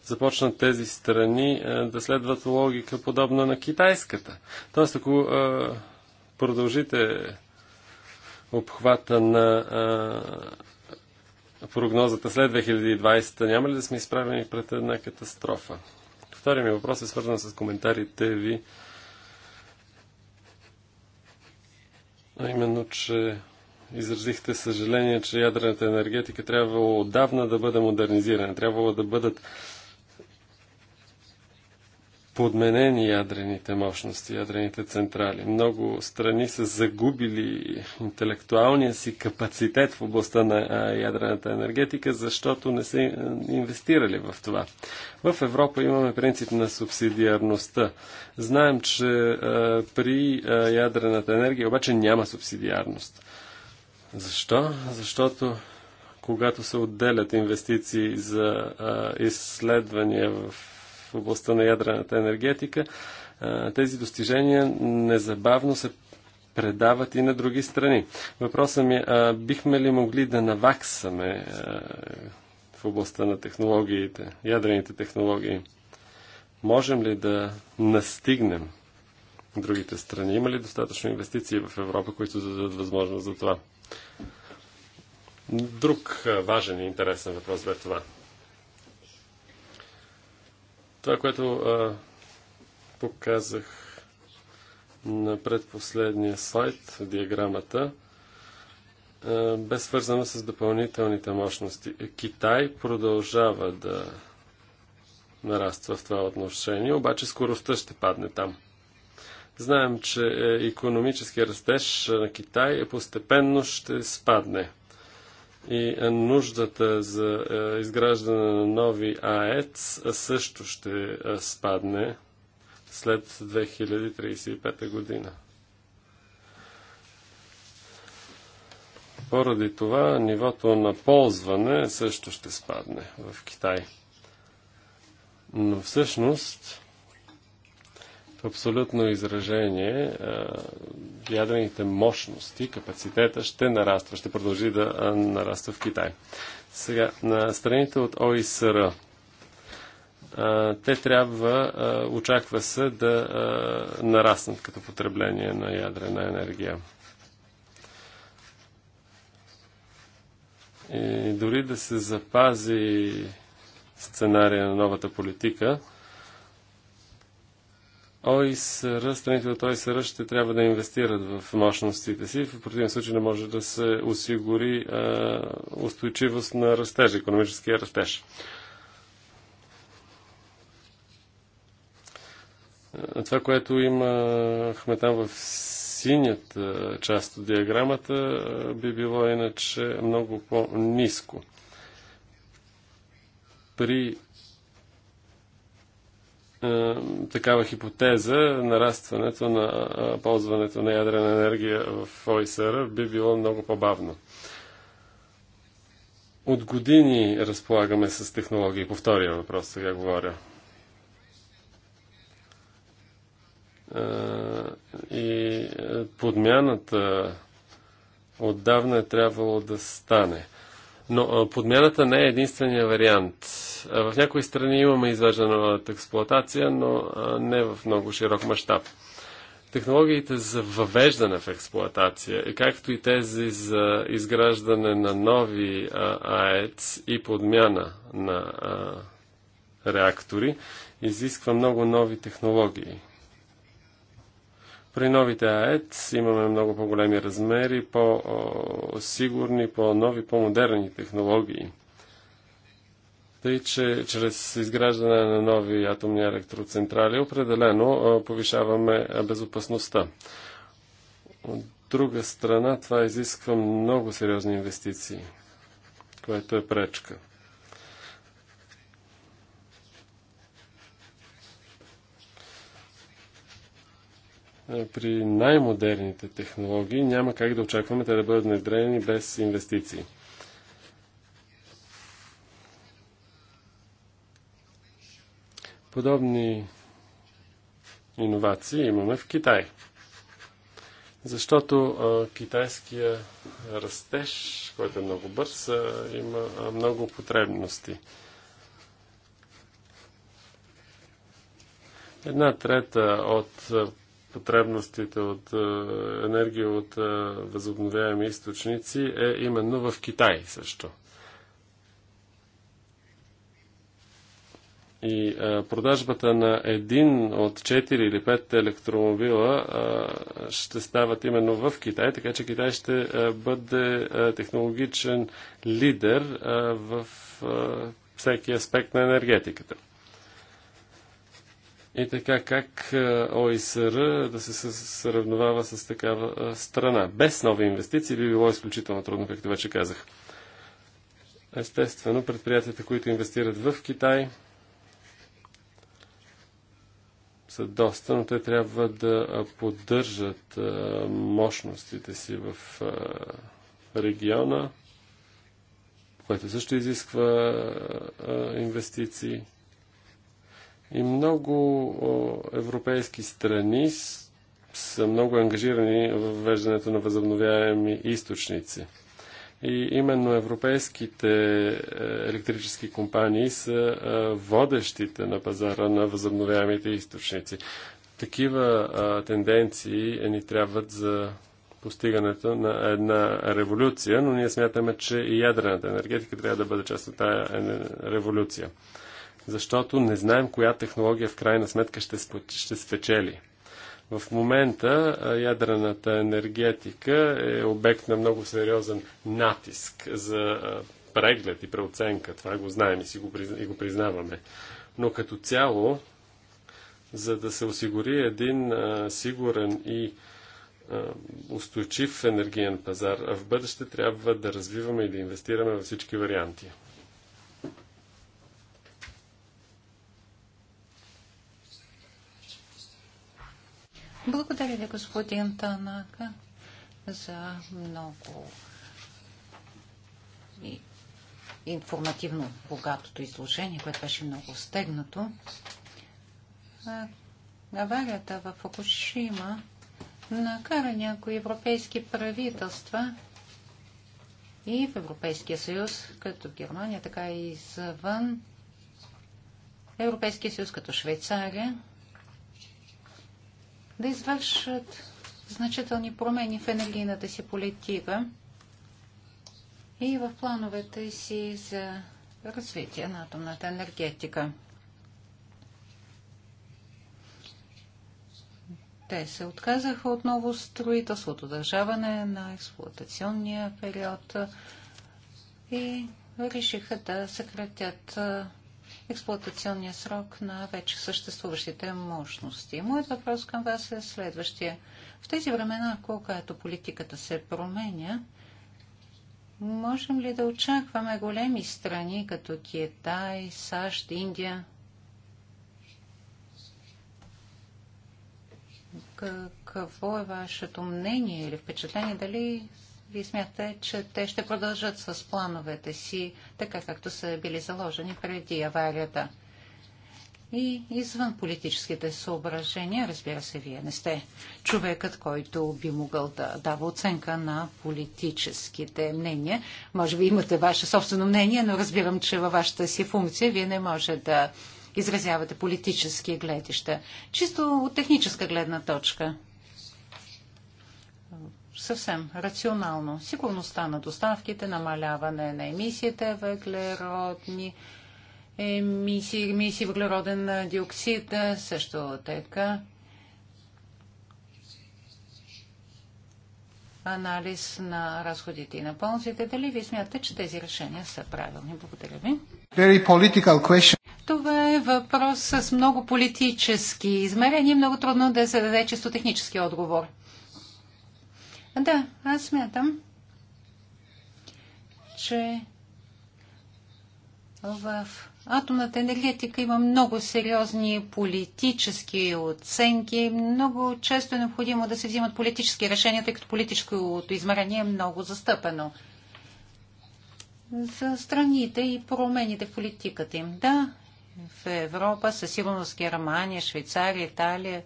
започнат тези страни е, да следват логика подобна на китайската? Тоест, ако е, продължите обхвата на е, прогнозата след 2020, няма ли да сме изправени пред една катастрофа? Втория ми въпрос е свързан с коментарите ви. А именно, че изразихте съжаление, че ядрената енергетика трябвало отдавна да бъде модернизирана, трябвало да бъдат подменени ядрените мощности, ядрените централи. Много страни са загубили интелектуалния си капацитет в областта на ядрената енергетика, защото не са инвестирали в това. В Европа имаме принцип на субсидиарността. Знаем, че при ядрената енергия обаче няма субсидиарност. Защо? Защото когато се отделят инвестиции за а, изследвания в областта на ядрената енергетика, а, тези достижения незабавно се предават и на други страни. Въпросът ми е, бихме ли могли да наваксаме а, в областта на технологиите, ядрените технологии? Можем ли да настигнем другите страни? Има ли достатъчно инвестиции в Европа, които да дадат възможност за това? Друг важен и интересен въпрос бе това. Това, което а, показах на предпоследния слайд, диаграмата, а, бе свързана с допълнителните мощности. Китай продължава да нараства в това отношение, обаче скоростта ще падне там. Знаем, че економическия растеж е, на Китай е постепенно ще спадне. И е, нуждата за изграждане на нови АЕЦ също ще спадне след 2035 година. Поради това нивото на ползване също ще спадне в Китай. Но всъщност в абсолютно изражение ядрените мощности, капацитета ще нараства, ще продължи да нараства в Китай. Сега, на страните от ОИСР, те трябва, очаква се да нараснат като потребление на ядрена енергия. И дори да се запази сценария на новата политика, ОИСР, страните от ОИСР ще трябва да инвестират в мощностите си, в противен случай не може да се осигури а, устойчивост на растежа, економическия растеж. Това, което имахме там в синята част от диаграмата, би било иначе много по-низко. При е, такава хипотеза, нарастването на е, ползването на ядрена енергия в ОИСР би било много по-бавно. От години разполагаме с технологии. По втория въпрос сега говоря. Е, и подмяната отдавна е трябвало да стане. Но подмяната не е единствения вариант. В някои страни имаме извеждане от експлоатация, но не в много широк мащаб. Технологиите за въвеждане в експлоатация, както и тези за изграждане на нови АЕЦ и подмяна на реактори, изисква много нови технологии. При новите АЕЦ имаме много по-големи размери, по-сигурни, по-нови, по-модерни технологии. Тъй, че чрез изграждане на нови атомни електроцентрали определено повишаваме безопасността. От друга страна, това изисква много сериозни инвестиции, което е пречка. при най-модерните технологии няма как да очакваме те да бъдат внедрени без инвестиции. Подобни иновации имаме в Китай. Защото а, китайския растеж, който е много бърз, а, има а, много потребности. Една трета от потребностите от е, енергия от е, възобновяеми източници е именно в Китай също. И е, продажбата на един от 4 или 5 електромобила ще стават именно в Китай, така че Китай ще бъде технологичен лидер в всеки аспект на енергетиката. И така, как е, ОИСР да се сравновава с такава е, страна? Без нови инвестиции би било изключително трудно, както вече казах. Естествено, предприятията, които инвестират в Китай, са доста, но те трябва да е, поддържат мощностите си в региона, което също изисква инвестиции. И много европейски страни са много ангажирани в въвеждането на възобновяеми източници. И именно европейските е, електрически компании са е, водещите на пазара на възобновяемите източници. Такива е, тенденции ни трябват за постигането на една революция, но ние смятаме, че и ядрената енергетика трябва да бъде част от тази революция защото не знаем коя технология в крайна сметка ще, ще спечели. В момента ядрената енергетика е обект на много сериозен натиск за преглед и преоценка. Това го знаем и, си го, призна, и го признаваме. Но като цяло, за да се осигури един а, сигурен и а, устойчив енергиен пазар в бъдеще, трябва да развиваме и да инвестираме във всички варианти. Благодаря ви, господин Танака, за много информативно богатото изложение, което беше много стегнато. Аварията в Фукушима накара някои европейски правителства и в Европейския съюз, като в Германия, така и извън Европейския съюз, като Швейцария, да извършат значителни промени в енергийната си политика и в плановете си за развитие на атомната енергетика. Те се отказаха от ново строителството, държаване на експлуатационния период и решиха да съкратят експлуатационния срок на вече съществуващите мощности. Моят въпрос към вас е следващия. В тези времена, когато политиката се променя, можем ли да очакваме големи страни като Китай, САЩ, Индия? Какво е вашето мнение или впечатление? Дали вие смятате, че те ще продължат с плановете си, така както са били заложени преди аварията. И извън политическите съображения, разбира се, вие не сте човекът, който би могъл да дава оценка на политическите мнения. Може би имате ваше собствено мнение, но разбирам, че във вашата си функция вие не може да изразявате политически гледища. Чисто от техническа гледна точка съвсем рационално. Сигурността на доставките, намаляване на емисиите въглеродни, емисии, емисии въглероден диоксид, също така анализ на разходите и на ползите. Дали ви смятате, че тези решения са правилни? Благодаря ви. Very political question. Това е въпрос с много политически измерения. Много трудно да се даде чисто технически отговор. Да, аз смятам, че в атомната енергетика има много сериозни политически оценки. Много често е необходимо да се взимат политически решения, тъй като политическото измерение е много застъпено за страните и промените в политиката им. Да, в Европа, със сигурност Германия, Швейцария, Италия,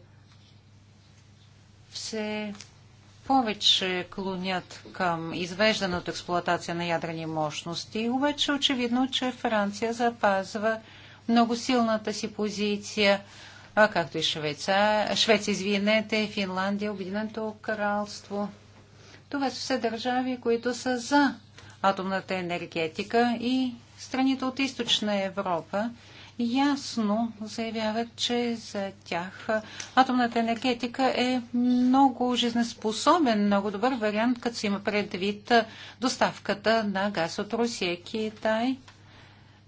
все повече клонят към извеждане от експлуатация на ядрени мощности, обаче е очевидно, че Франция запазва много силната си позиция, а както и Швеция, Швеция, извинете, Финландия, Обединеното кралство. Това са все държави, които са за атомната енергетика и страните от източна Европа, ясно заявяват, че за тях атомната енергетика е много жизнеспособен, много добър вариант, като се има предвид доставката на газ от Русия, Китай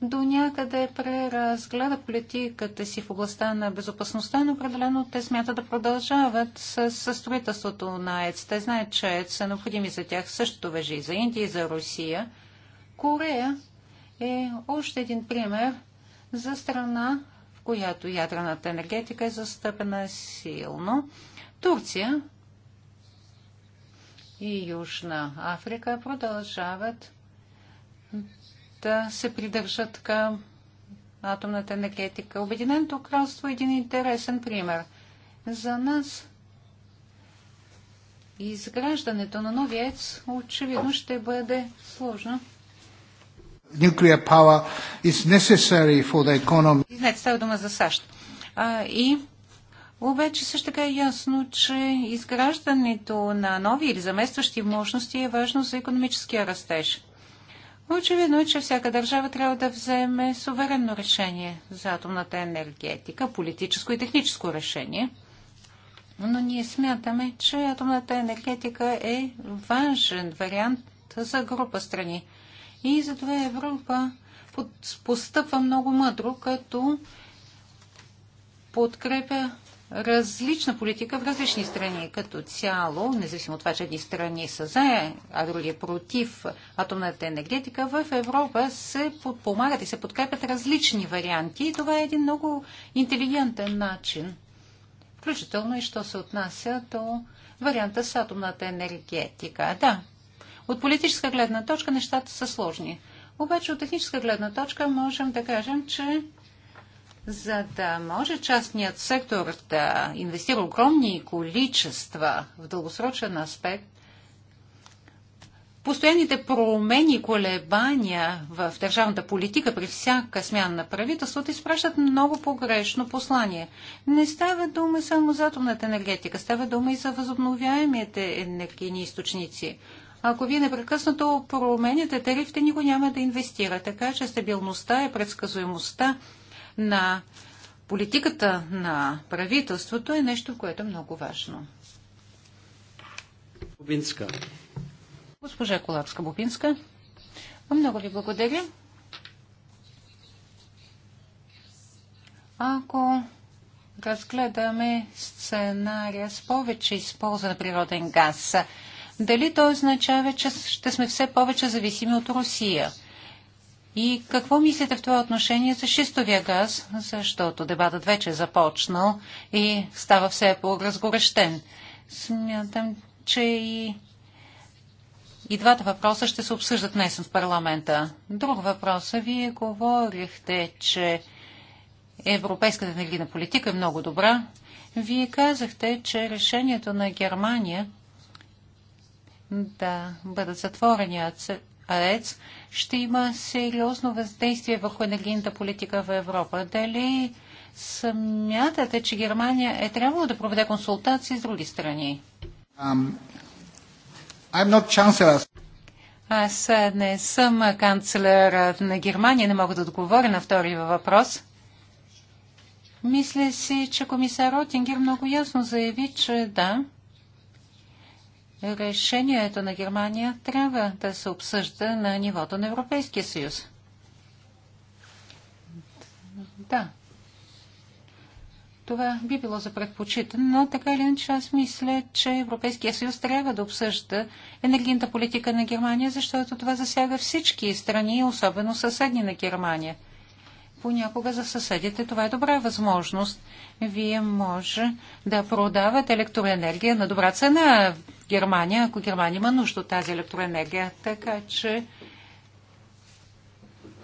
до някъде преразгледа политиката си в областта на безопасността, но определено те смятат да продължават с, с строителството на ЕЦ. Те знаят, че ЕЦ са необходими за тях. Същото въжи и за Индия и за Русия. Корея е още един пример за страна, в която ядрената енергетика е застъпена силно. Турция и Южна Африка продължават да се придържат към атомната енергетика. Обединеното кралство е един интересен пример. За нас изграждането на новиец очевидно ще бъде сложно. Nuclear power is necessary for the economy. Знаете, става дума за САЩ. А, и обаче също така е ясно, че изграждането на нови или заместващи мощности е важно за економическия растеж. Очевидно е, че всяка държава трябва да вземе суверенно решение за атомната енергетика, политическо и техническо решение. Но ние смятаме, че атомната енергетика е важен вариант за група страни. И затова Европа постъпва много мъдро, като подкрепя различна политика в различни страни като цяло, независимо от това, че едни страни са за, а други е против атомната енергетика, в Европа се подпомагат и се подкрепят различни варианти и това е един много интелигентен начин. Включително и що се отнася до варианта с атомната енергетика. Да, от политическа гледна точка нещата са сложни. Обаче от техническа гледна точка можем да кажем, че за да може частният сектор да инвестира огромни количества в дългосрочен аспект, постоянните промени и колебания в държавната политика при всяка смяна на правителството изпращат много погрешно послание. Не става дума само за атомната енергетика, става дума и за възобновяемите енергийни източници. Ако вие непрекъснато променяте тарифите, никой няма да инвестира. Така че стабилността и предсказуемостта на политиката на правителството е нещо, което е много важно. Бубинска. Госпожа Колапска-Бубинска, много ви благодаря. Ако разгледаме сценария с повече на природен газ, дали то означава, че ще сме все повече зависими от Русия? И какво мислите в това отношение за шистовия газ? Защото дебатът вече е започнал и става все по-разгорещен. Смятам, че и, и двата въпроса ще се обсъждат днес в парламента. Друг въпрос. Вие говорихте, че европейската енергийна политика е много добра. Вие казахте, че решението на Германия да бъдат затворени АЕЦ, ще има сериозно въздействие върху енергийната политика в Европа. Дали смятате, че Германия е трябвало да проведе консултации с други страни? Um, Аз не съм канцлер на Германия, не мога да отговоря на втория въпрос. Мисля си, че комисар Ротингер много ясно заяви, че да, решението на Германия трябва да се обсъжда на нивото на Европейския съюз. Да. Това би било за предпочитане, но така или иначе аз мисля, че Европейския съюз трябва да обсъжда енергийната политика на Германия, защото това засяга всички страни, особено съседни на Германия понякога за съседите това е добра възможност. Вие може да продавате електроенергия на добра цена в Германия, ако Германия има нужда от тази електроенергия. Така че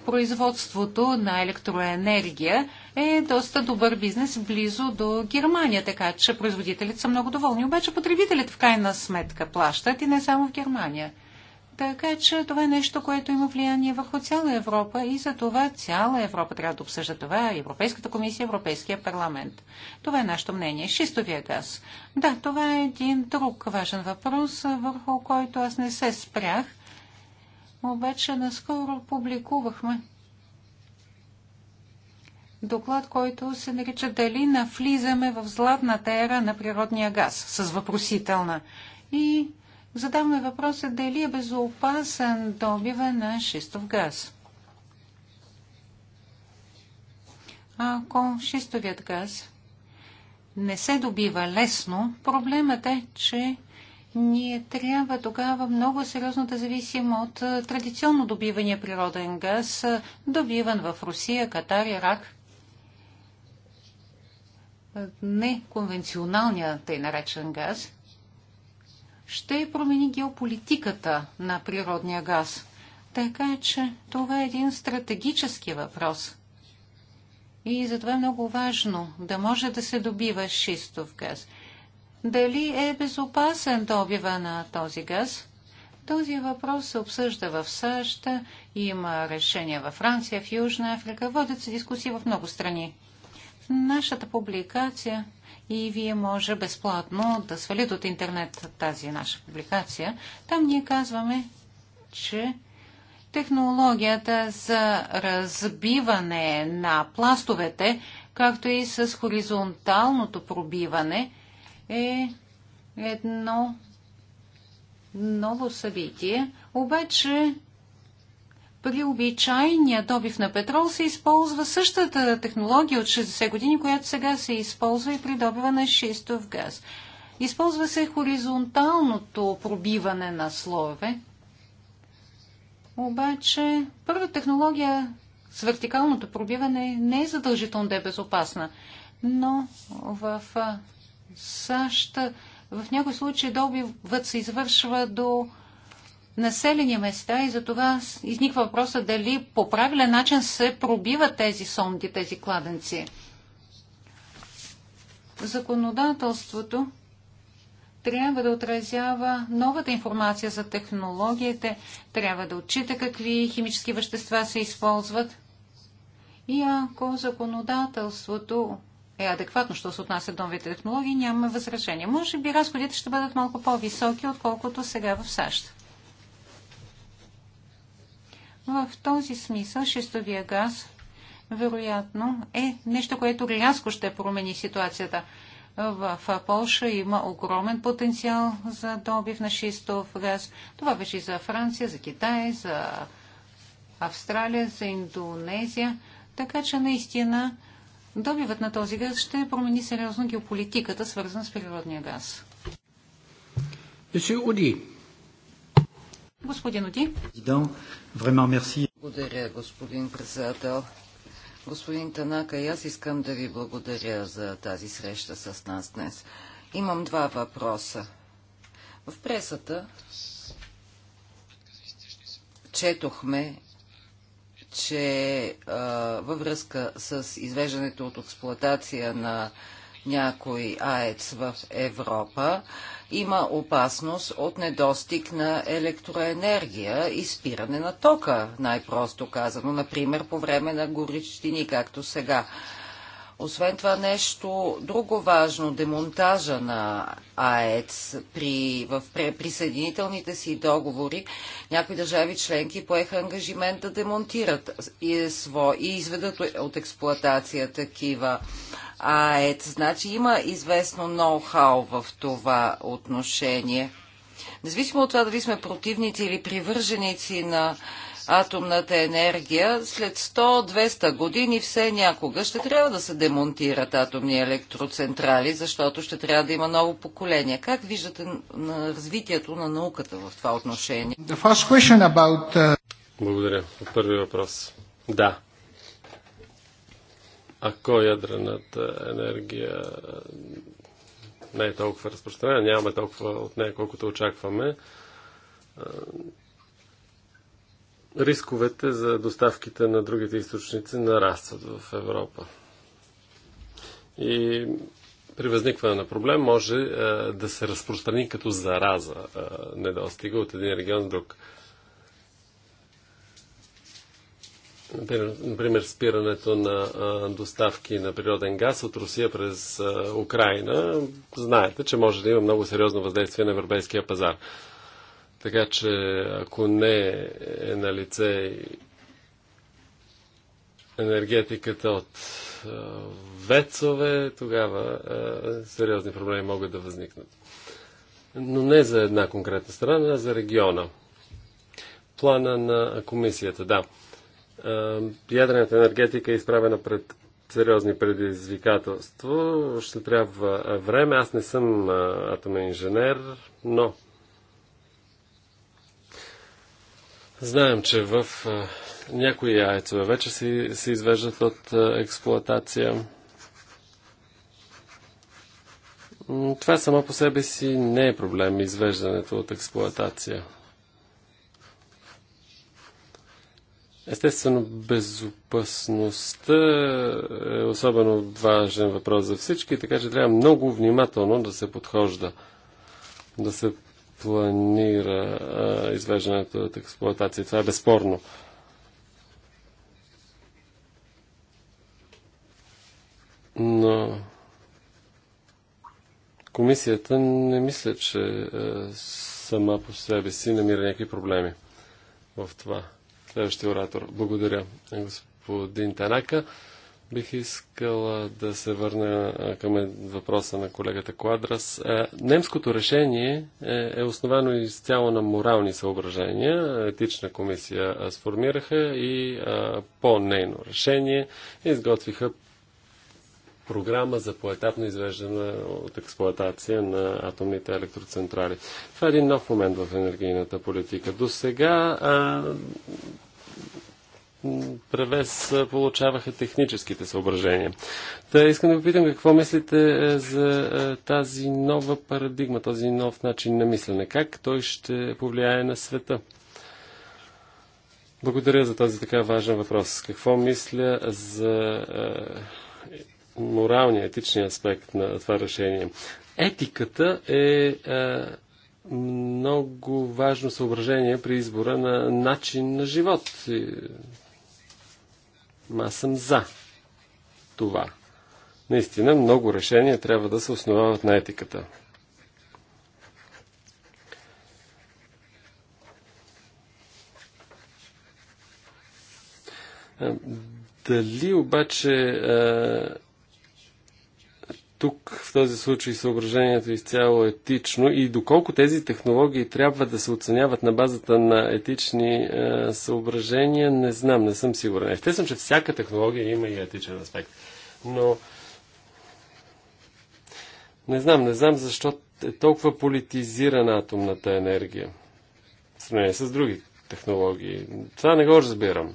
производството на електроенергия е доста добър бизнес близо до Германия, така че производителите са много доволни. Обаче потребителите в крайна сметка плащат и не само в Германия. Така че това е нещо, което има влияние върху цяла Европа и за това цяла Европа трябва да обсъжда това. Европейската комисия, Европейския парламент. Това е нашето мнение. Шистовия газ. Да, това е един друг важен въпрос, върху който аз не се спрях. Обаче наскоро публикувахме доклад, който се нарича Дали навлизаме в златната ера на природния газ с въпросителна. И задаваме въпроса дали е безопасен добива на шистов газ. Ако шистовият газ не се добива лесно, проблемът е, че ние трябва тогава много сериозно да зависим от традиционно добивания природен газ, добиван в Русия, Катар, Ирак. Неконвенционалният тъй наречен газ – ще промени геополитиката на природния газ. Така е, че това е един стратегически въпрос. И затова е много важно да може да се добива шистов газ. Дали е безопасен добива на този газ? Този въпрос се обсъжда в САЩ, има решения във Франция, в Южна Африка, водят се дискусии в много страни. В нашата публикация и вие може безплатно да свалите от интернет тази наша публикация. Там ние казваме, че технологията за разбиване на пластовете, както и с хоризонталното пробиване, е едно ново събитие, обаче при обичайния добив на петрол се използва същата технология от 60 години, която сега се използва и при добива на шистов газ. Използва се хоризонталното пробиване на слове, Обаче първа технология с вертикалното пробиване не е задължително да е безопасна. Но в САЩ в някои случаи добивът се извършва до населени места и за това изниква въпроса дали по правилен начин се пробиват тези сонди, тези кладенци. Законодателството трябва да отразява новата информация за технологиите, трябва да отчита какви химически вещества се използват. И ако законодателството е адекватно, що се отнася до новите технологии, нямаме възражение. Може би разходите ще бъдат малко по-високи, отколкото сега в САЩ. В този смисъл шестовия газ вероятно е нещо, което рязко ще промени ситуацията. В Польша има огромен потенциал за добив на шистов газ. Това беше и за Франция, за Китай, за Австралия, за Индонезия. Така че наистина добивът на този газ ще промени сериозно геополитиката, свързана с природния газ. Monsieur Уди. Господин Оди. Благодаря, господин председател. Господин Танака, и аз искам да ви благодаря за тази среща с нас днес. Имам два въпроса. В пресата четохме, че а, във връзка с извеждането от експлоатация на някой АЕЦ в Европа, има опасност от недостиг на електроенергия и спиране на тока, най-просто казано, например по време на горещини, както сега. Освен това нещо друго важно, демонтажа на АЕЦ при, в присъединителните си договори, някои държави членки поеха ангажимент да демонтират и, е сво, и изведат от експлоатация такива ето, Значи има известно ноу-хау в това отношение. Независимо от това дали сме противници или привърженици на атомната енергия, след 100-200 години все някога ще трябва да се демонтират атомни електроцентрали, защото ще трябва да има ново поколение. Как виждате на развитието на науката в това отношение? About... Uh, Благодаря. Първи въпрос. Да, ако е ядрената енергия не е толкова разпространена, нямаме толкова от нея, колкото очакваме, рисковете за доставките на другите източници нарастват в Европа. И при възникване на проблем може е, да се разпространи като зараза е, недостига от един регион в друг. например, спирането на доставки на природен газ от Русия през Украина, знаете, че може да има много сериозно въздействие на европейския пазар. Така че, ако не е на лице енергетиката от вецове, тогава сериозни проблеми могат да възникнат. Но не за една конкретна страна, а за региона. Плана на комисията, да. Е, ядрената енергетика е изправена пред сериозни предизвикателства. Ще трябва време. Аз не съм е, атомен инженер, но знаем, че в е, някои яйцове вече се, се извеждат от експлоатация. Това само по себе си не е проблем извеждането от експлоатация. Естествено, безопасността е особено важен въпрос за всички, така че трябва много внимателно да се подхожда, да се планира извеждането от експлуатация. Това е безспорно. Но комисията не мисля, че сама по себе си намира някакви проблеми в това. Следващия оратор. Благодаря, господин Танака. Бих искал да се върна към въпроса на колегата Квадрас. Е, немското решение е, е основано изцяло на морални съображения. Етична комисия сформираха и по нейно решение изготвиха програма за поетапно извеждане от експлоатация на атомните електроцентрали. Това е един нов момент в енергийната политика. До сега превес получаваха техническите съображения. Та искам да попитам какво мислите е, за е, тази нова парадигма, този нов начин на мислене. Как той ще повлияе на света? Благодаря за този така важен въпрос. Какво мисля за е, моралния, етичния аспект на това решение? Етиката е много важно съображение при избора на начин на живот. Аз съм за това. Наистина много решения трябва да се основават на етиката. Е, дали обаче е, тук в този случай съображението изцяло етично и доколко тези технологии трябва да се оценяват на базата на етични е, съображения, не знам, не съм сигурен. Естествено, че всяка технология има и етичен аспект. Но не знам, не знам защо е толкова политизирана атомната енергия в сравнение с други технологии. Това не го разбирам.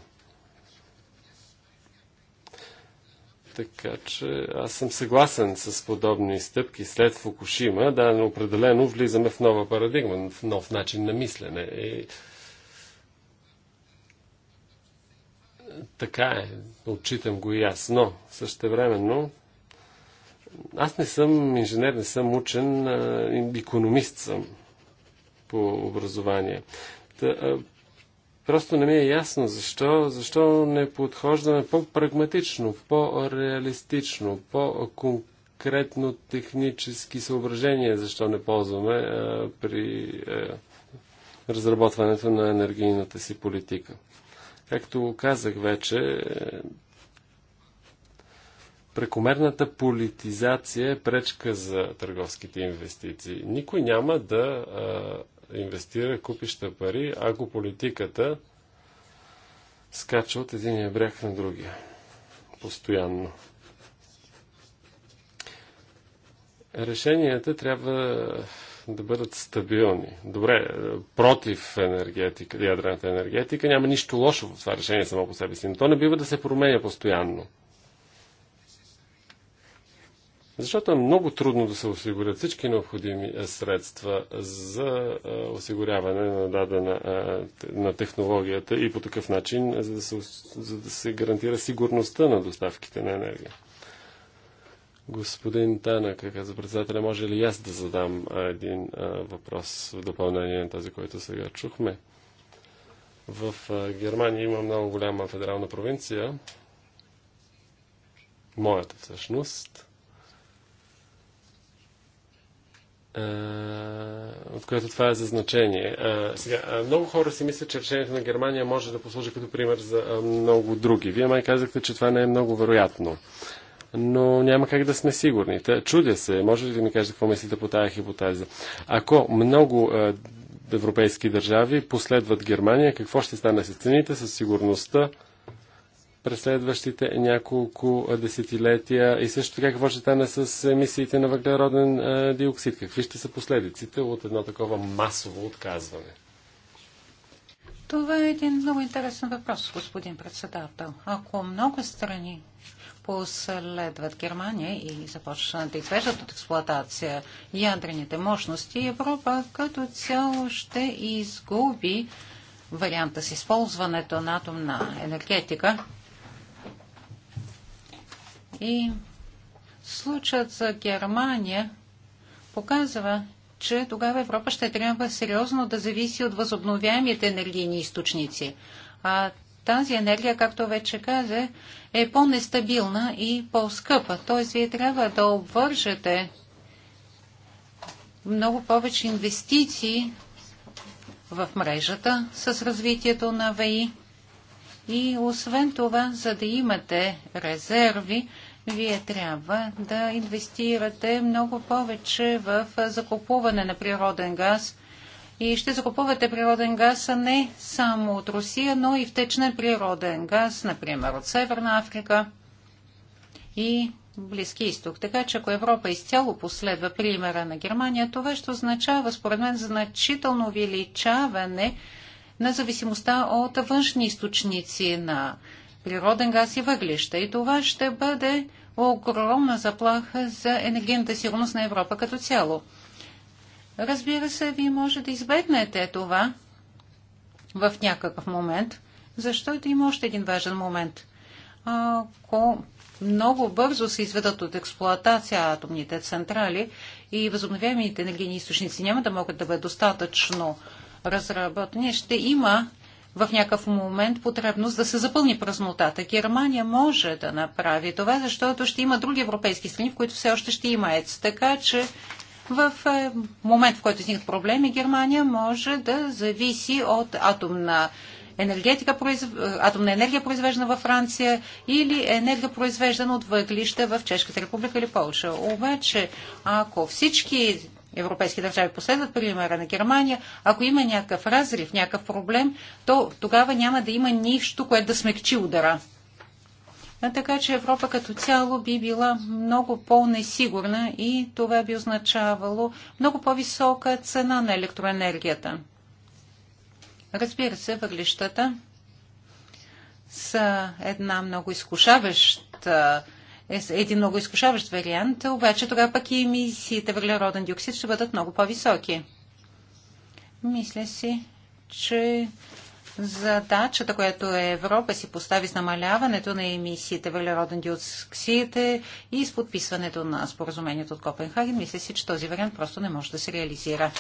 Така че аз съм съгласен с подобни стъпки след Фукушима. Да, но определено влизаме в нова парадигма, в нов начин на мислене. И... Така е, отчитам го и аз. Но същевременно аз не съм инженер, не съм учен, економист съм по образование. Та, Просто не ми е ясно защо, защо не подхождаме по-прагматично, по-реалистично, по-конкретно технически съображения, защо не ползваме а, при а, разработването на енергийната си политика. Както казах вече, прекомерната политизация е пречка за търговските инвестиции. Никой няма да а, инвестира купища пари, ако политиката скача от единия бряг на другия. Постоянно. Решенията трябва да бъдат стабилни. Добре, против енергетика, ядрената енергетика няма нищо лошо в това решение само по себе си, но то не бива да се променя постоянно. Защото е много трудно да се осигурят всички необходими е, средства за е, осигуряване на дадена е, на технологията и по такъв начин, за да се, за да се гарантира сигурността на доставките на енергия. Господин Танък, за председателя, може ли аз да задам един въпрос в допълнение на тази, който сега чухме? В Германия има много голяма федерална провинция, моята всъщност – от което това е за значение. А, сега, много хора си мислят, че решението на Германия може да послужи като пример за много други. Вие май казахте, че това не е много вероятно. Но няма как да сме сигурни. Та, чудя се, може ли да ми кажете какво мислите по тази хипотеза? Ако много а, европейски държави последват Германия, какво ще стане с цените, с сигурността? през следващите няколко десетилетия и също така какво ще стане с емисиите на въглероден диоксид? Какви ще са последиците от едно такова масово отказване? Това е един много интересен въпрос, господин председател. Ако много страни последват Германия и започнат да извеждат от експлоатация ядрените мощности, Европа като цяло ще изгуби варианта с използването на атомна енергетика и случаят за Германия показва, че тогава Европа ще трябва сериозно да зависи от възобновяемите енергийни източници. А тази енергия, както вече каза, е по-нестабилна и по-скъпа. Т.е. вие трябва да обвържете много повече инвестиции в мрежата с развитието на ВИ. И освен това, за да имате резерви, вие трябва да инвестирате много повече в закупуване на природен газ и ще закупувате природен газ не само от Русия, но и втечнен природен газ, например от Северна Африка и Близки изток. Така че ако Европа изцяло последва примера на Германия, това ще означава, според мен, значително увеличаване на зависимостта от външни източници на природен газ и въглища. И това ще бъде огромна заплаха за енергийната сигурност на Европа като цяло. Разбира се, вие може да избегнете това в някакъв момент, защото има още един важен момент. Ако много бързо се изведат от експлоатация атомните централи и възобновяемите енергийни източници няма да могат да бъдат достатъчно разработени, ще има в някакъв момент потребност да се запълни празнотата. Германия може да направи това, защото ще има други европейски страни, в които все още ще има ЕЦ. Така че в е, момент, в който изникнат проблеми, Германия може да зависи от атомна енергетика, атомна енергия, произвеждана във Франция или енергия, произвеждана от въглища в Чешката република или Полша. Обаче, ако всички европейски държави. последват, примера на Германия. Ако има някакъв разрив, някакъв проблем, то тогава няма да има нищо, което да смекчи удара. А така че Европа като цяло би била много по-несигурна и това би означавало много по-висока цена на електроенергията. Разбира се, въглищата са една много изкушаваща е един много изкушаващ вариант, обаче тогава пък и емисиите въглероден диоксид ще бъдат много по-високи. Мисля си, че задачата, която Европа си постави с намаляването на емисиите въглероден диоксид е и с подписването на споразумението от Копенхаген, мисля си, че този вариант просто не може да се реализира.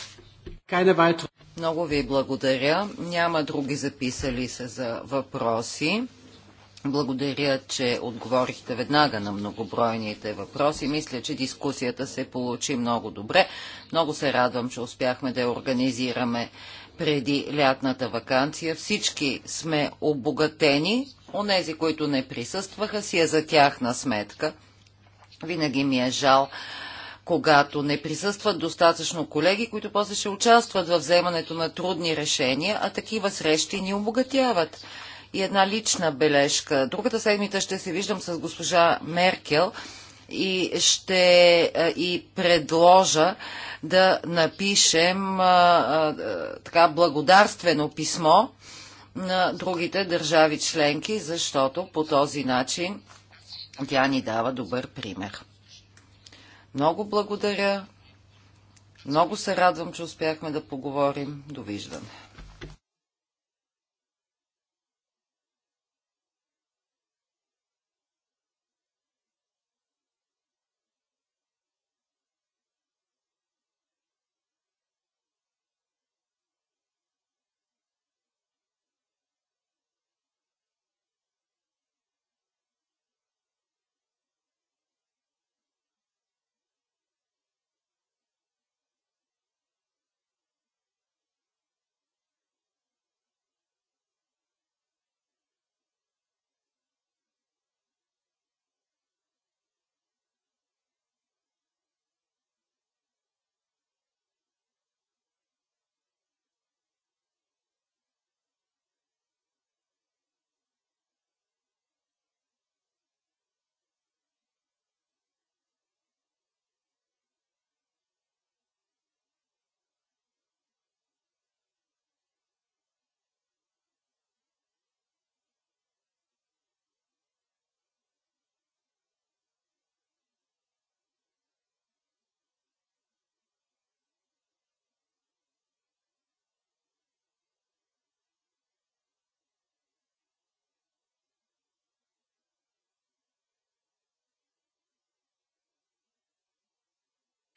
Много ви благодаря. Няма други записали се за въпроси. Благодаря, че отговорихте веднага на многобройните въпроси. Мисля, че дискусията се получи много добре. Много се радвам, че успяхме да я организираме преди лятната вакансия. Всички сме обогатени. Онези, които не присъстваха, си е за тяхна сметка. Винаги ми е жал, когато не присъстват достатъчно колеги, които после ще участват в вземането на трудни решения, а такива срещи ни обогатяват. И една лична бележка. Другата седмица ще се виждам с госпожа Меркел и ще е, и предложа да напишем е, е, така благодарствено писмо на другите държави членки, защото по този начин тя ни дава добър пример. Много благодаря. Много се радвам, че успяхме да поговорим. Довиждане.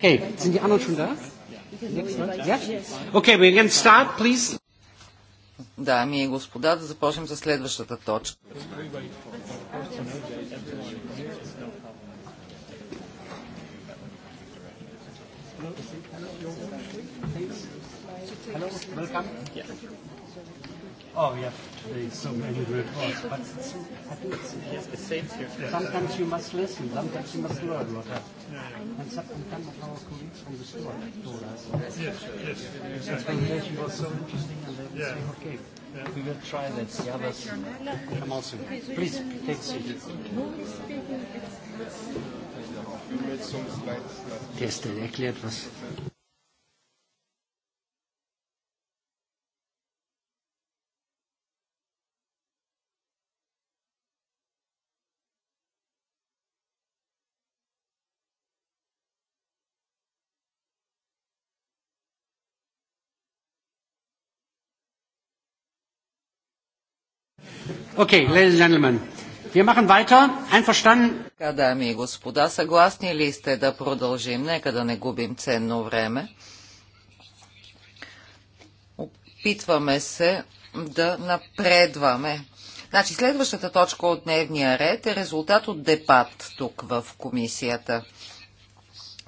Okay, sind die anderen schon da? Okay, we can start, please. Дами и господа, да започнем с следващата точка. Hello, welcome. Yeah. Oh, yeah. There's so many reports, but it's, I think it's, yes, it saves here. Sometimes you must listen, sometimes you must learn what happened. And sometimes our colleagues from the store told us. Yes, yes. The explanation was so interesting, and they would say, okay, we will try that. The others come also. Please, take seat. Gäste, erklärt was. Okay, ladies and gentlemen. Wir machen weiter. Einverstanden? Дами и господа, съгласни ли сте да продължим? Нека да не губим ценно време. Опитваме се да напредваме. Значи, следващата точка от дневния ред е резултат от дебат тук в комисията.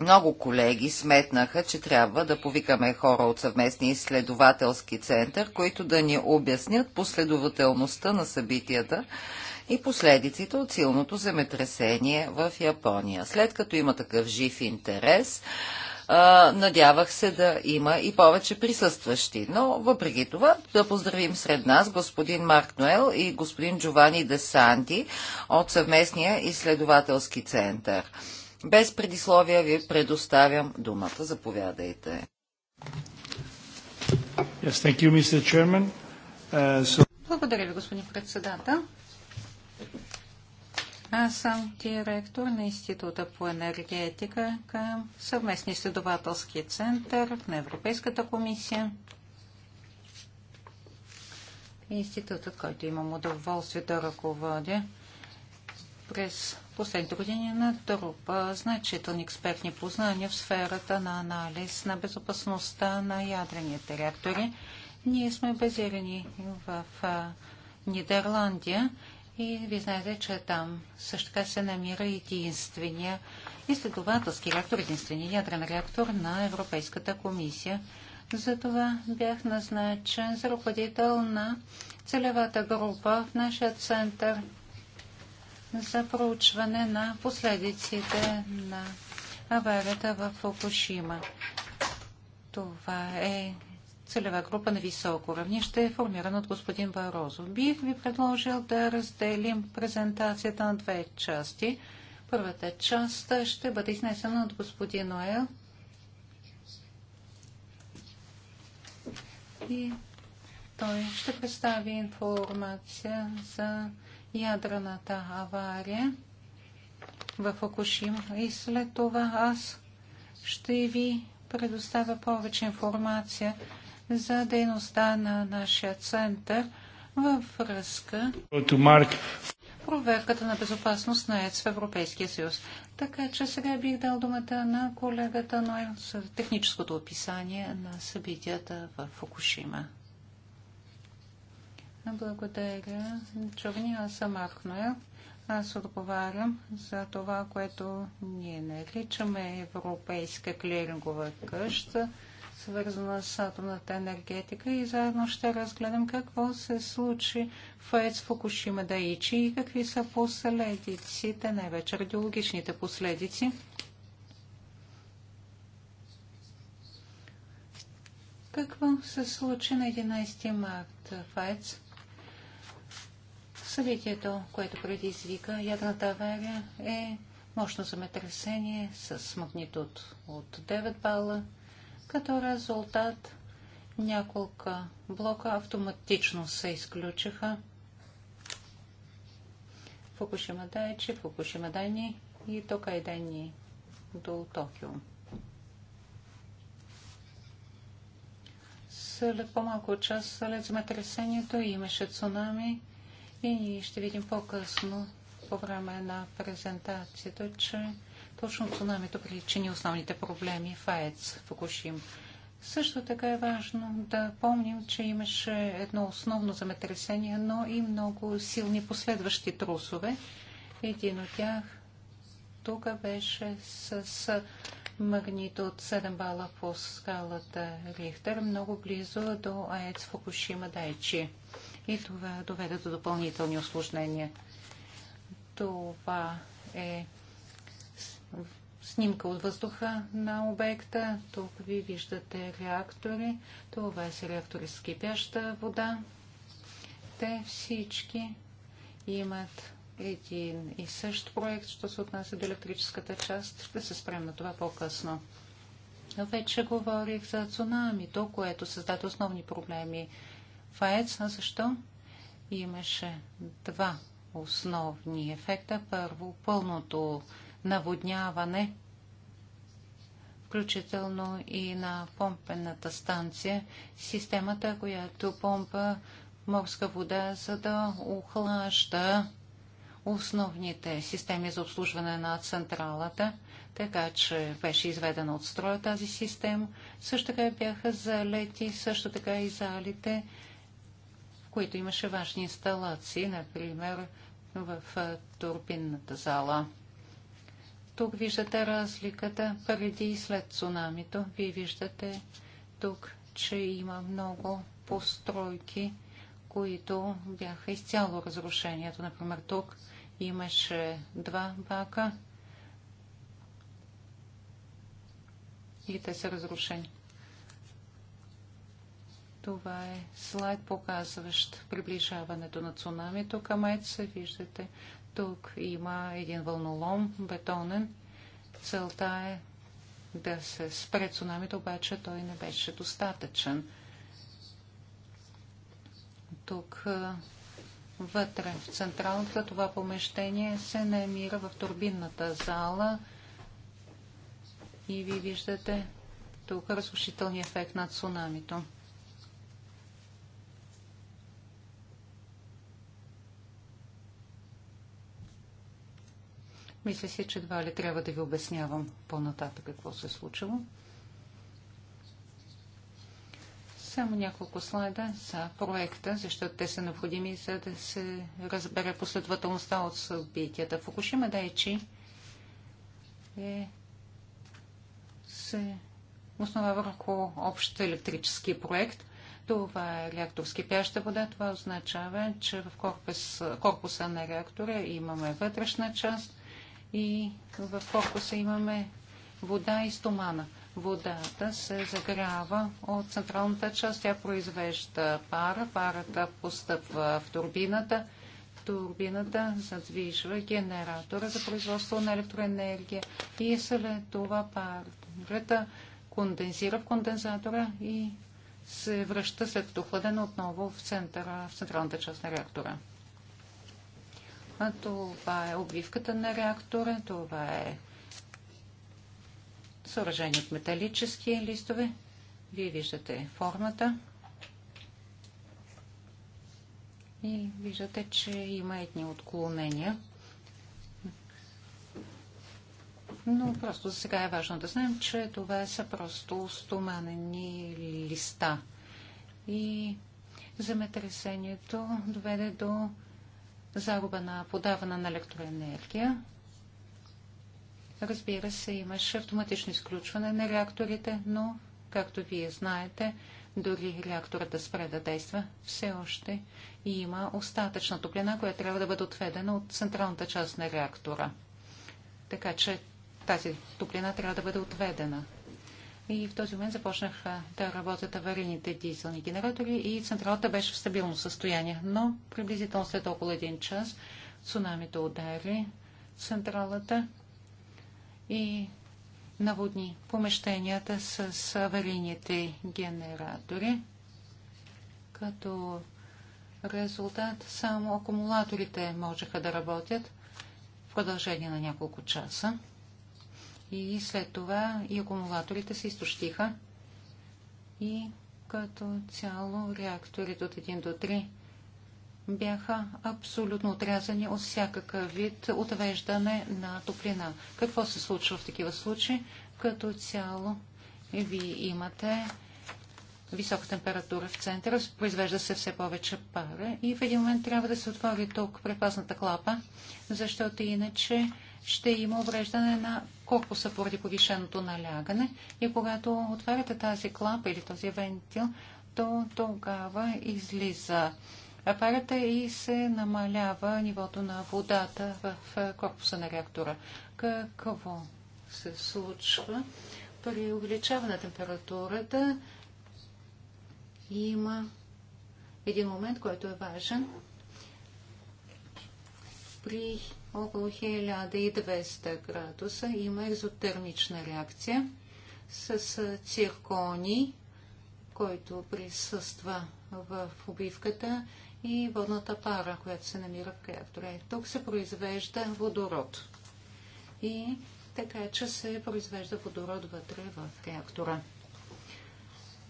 Много колеги сметнаха, че трябва да повикаме хора от съвместния изследователски център, които да ни обяснят последователността на събитията и последиците от силното земетресение в Япония. След като има такъв жив интерес, надявах се да има и повече присъстващи. Но въпреки това да поздравим сред нас господин Марк Ноел и господин Джовани Десанти от съвместния изследователски център. Без предисловия ви предоставям думата. Заповядайте. Yes, thank you, Mr. Uh, so... Благодаря ви, господин председател. Аз съм директор на Института по енергетика към съвместни изследователски център на Европейската комисия. Институтът, който имам удоволствие да ръководя, през последните години на труп. значителни експертни познания в сферата на анализ на безопасността на ядрените реактори. Ние сме базирани в Нидерландия и ви знаете, че там също така се намира единствения изследователски реактор, единствения ядрен реактор на Европейската комисия. Затова бях назначен за ръководител на целевата група в нашия център за проучване на последиците на аварията в Фукушима. Това е целева група на високо равнище, е формирана от господин Барозов. Бих ви предложил да разделим презентацията на две части. Първата част ще бъде изнесена от господин Оел. И той ще представи информация за ядрената авария в Фукушима. И след това аз ще ви предоставя повече информация за дейността на нашия център във връзка проверката на безопасност на ЕЦ в Европейския съюз. Така че сега бих дал думата на колегата Ной с техническото описание на събитията в Фукушима. Благодаря. Джовни, аз съм Аркноер. Аз отговарям за това, което ние наричаме Европейска клирингова къща, свързана с атомната енергетика и заедно ще разгледам какво се случи в ЕЦ Фукушима Даичи и какви са последиците, най-вече радиологичните последици. Какво се случи на 11 марта в ЕЦ? Събитието, което предизвика ядрената авария е мощно земетресение с магнитуд от 9 бала, като резултат няколко блока автоматично се изключиха. Фукушима Дайчи, е, Фукушима Дайни е и Токай Дайни до Токио. След по-малко час след земетресението имаше цунами и ние ще видим по-късно по време на презентацията, че точно цунамито причини основните проблеми в АЕЦ Фукушим. Също така е важно да помним, че имаше едно основно земетресение, но и много силни последващи трусове. Един от тях тук беше с, магнит от 7 бала по скалата Рихтер, много близо до АЕЦ Фукушима Дайчи и това доведе до допълнителни осложнения. Това е снимка от въздуха на обекта. Тук ви виждате реактори. Това са реактори с кипяща вода. Те всички имат един и същ проект, що се отнася до електрическата част. Ще се спрем на това по-късно. Вече говорих за цунамито, което създаде основни проблеми в защо имаше два основни ефекта. Първо, пълното наводняване, включително и на помпената станция, системата, която помпа морска вода, за да охлажда основните системи за обслужване на централата, така че беше изведена от строя тази система. Също така бяха залети, също така и залите които имаше важни инсталации, например в турбинната зала. Тук виждате разликата преди и след цунамито. Вие виждате тук, че има много постройки, които бяха изцяло разрушението. Например, тук имаше два бака и те са разрушени. Това е слайд, показващ приближаването на цунамито към еца. Виждате, тук има един вълнолом, бетонен. Целта е да се спре цунамито, обаче той не беше достатъчен. Тук вътре, в централната това помещение се намира в турбинната зала и ви виждате тук разрушителния ефект на цунамито. Мисля си, че едва ли трябва да ви обяснявам по-нататък какво се е случило. Само няколко слайда за проекта, защото те са необходими, за да се разбере последователността от събитията. Фукушима Дайчи е, се основа върху общ електрически проект. Това е реакторски пяща вода. Това означава, че в корпус, корпуса на реактора имаме вътрешна част – и в фокуса имаме вода и стомана. Водата се загрява от централната част. Тя произвежда пара. Парата постъпва в турбината. Турбината задвижва генератора за производство на електроенергия и след това парата кондензира в кондензатора и се връща след като хладен отново в, центъра, в централната част на реактора. А това е обвивката на реактора, това е съоръжение от металически листове. Вие виждате формата. И виждате, че има едни отклонения. Но просто за сега е важно да знаем, че това са просто стоманени листа. И земетресението доведе до загуба на подаване на електроенергия. Разбира се, имаше автоматично изключване на реакторите, но, както вие знаете, дори реакторът да спре да действа, все още има остатъчна топлина, която трябва да бъде отведена от централната част на реактора. Така че тази топлина трябва да бъде отведена и в този момент започнаха да работят аварийните дизелни генератори и централата беше в стабилно състояние. Но приблизително след около един час цунамито удари централата и наводни помещенията с аварийните генератори. Като резултат само акумулаторите можеха да работят в продължение на няколко часа. И след това и акумулаторите се изтощиха. И като цяло реакторите от 1 до 3 бяха абсолютно отрязани от всякакъв вид отвеждане на топлина. Какво се случва в такива случаи? Като цяло вие имате висока температура в центъра, произвежда се все повече пара и в един момент трябва да се отвори тук препазната клапа, защото иначе ще има увреждане на корпуса поради повишеното налягане. И когато отваряте тази клапа или този вентил, то тогава излиза апарата и се намалява нивото на водата в корпуса на реактора. Какво се случва? При увеличаване на температурата има един момент, който е важен. При около 1200 градуса има екзотермична реакция с циркони, който присъства в обивката и водната пара, която се намира в реактора. Е, тук се произвежда водород. И така, че се произвежда водород вътре в реактора.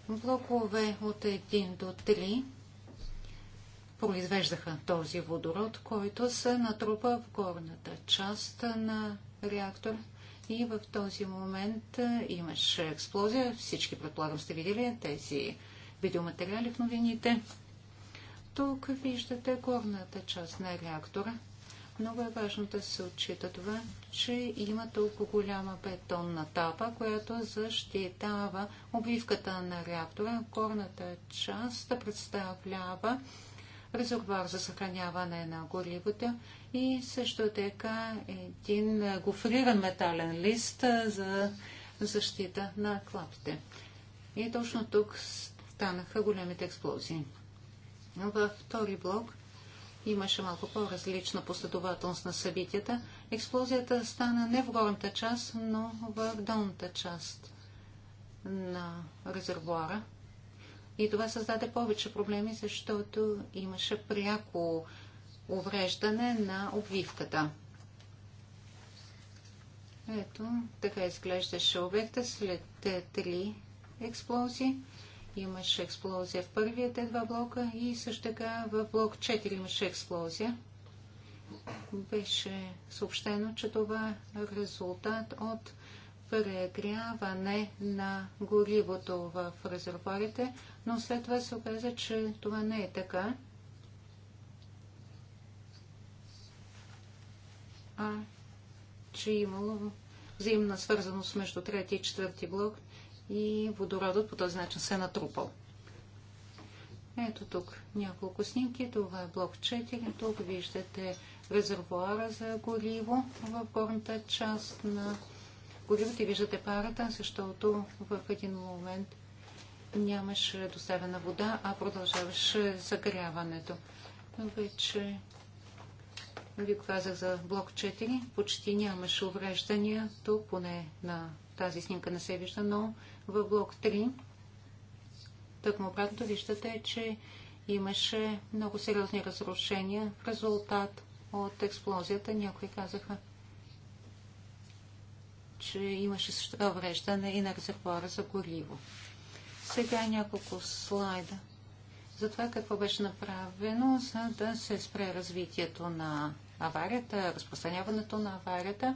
Блокове от 1 до 3 произвеждаха този водород, който се натрупа в горната част на реактора. И в този момент имаше експлозия. Всички, предполагам, сте видели тези видеоматериали в новините. Тук виждате горната част на реактора. Много е важно да се отчита това, че има толкова голяма бетонна тапа, която защитава обвивката на реактора. Горната част представлява резервуар за съхраняване на горивата и също така един гофриран метален лист за защита на клапите. И точно тук станаха големите експлозии. Във втори блок имаше малко по-различна последователност на събитията. Експлозията стана не в горната част, но в долната част на резервуара. И това създаде повече проблеми, защото имаше пряко увреждане на обвивката. Ето, така изглеждаше обекта след три експлозии. Имаше експлозия в първите два блока и също така в блок 4 имаше експлозия. Беше съобщено, че това е резултат от прегряване на горивото в резервуарите, но след това се оказа, че това не е така. А че е имало взаимна свързаност между трети и четвърти блок и водородът по този начин се е натрупал. Ето тук няколко снимки. Това е блок 4. Тук виждате резервуара за гориво в горната част на горилото и виждате парата, защото в един момент нямаше доставена вода, а продължаваше загряването. Вече ви казах за блок 4. Почти нямаше увреждания, то поне на тази снимка не се вижда, но в блок 3 тъкмо обратно виждате, че имаше много сериозни разрушения в резултат от експлозията. Някои казаха, че имаше също така увреждане и на резервуара за гориво. Сега е няколко слайда за това какво беше направено, за да се спре развитието на аварията, разпространяването на аварията.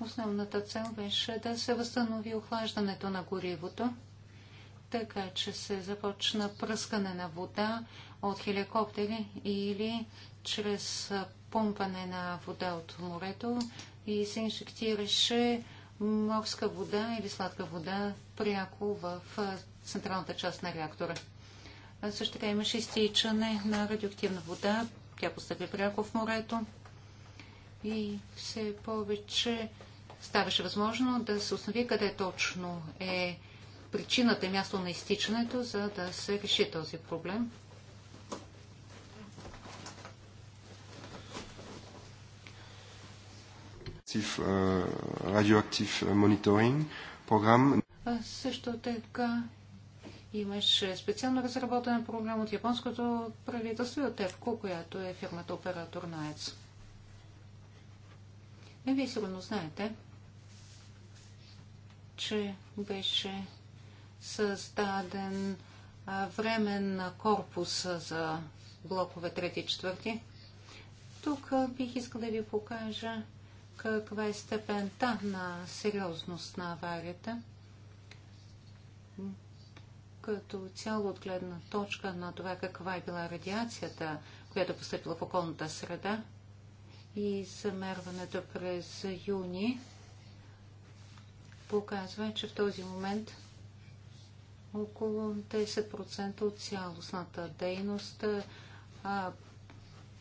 Основната цел беше да се възстанови охлаждането на горивото, така че се започна пръскане на вода от хеликоптери или чрез помпане на вода от морето и се инжектираше морска вода или сладка вода пряко в централната част на реактора. също така имаше изтичане на радиоактивна вода. Тя постъпи пряко в морето и все повече ставаше възможно да се установи къде точно е причината и място на изтичането, за да се реши този проблем. радиоактив мониторинг програм. Също така имаше специално разработена програма от японското правителство и от ЕФКО, която е фирмата оператор на ЕЦ. И вие сигурно знаете, че беше създаден времен корпус за блокове 3 и 4. Тук бих искал да ви покажа каква е степента на сериозност на аварията. Като цяло от гледна точка на това каква е била радиацията, която е поступила в околната среда и замерването през юни показва, че в този момент около 10% от цялостната дейност а,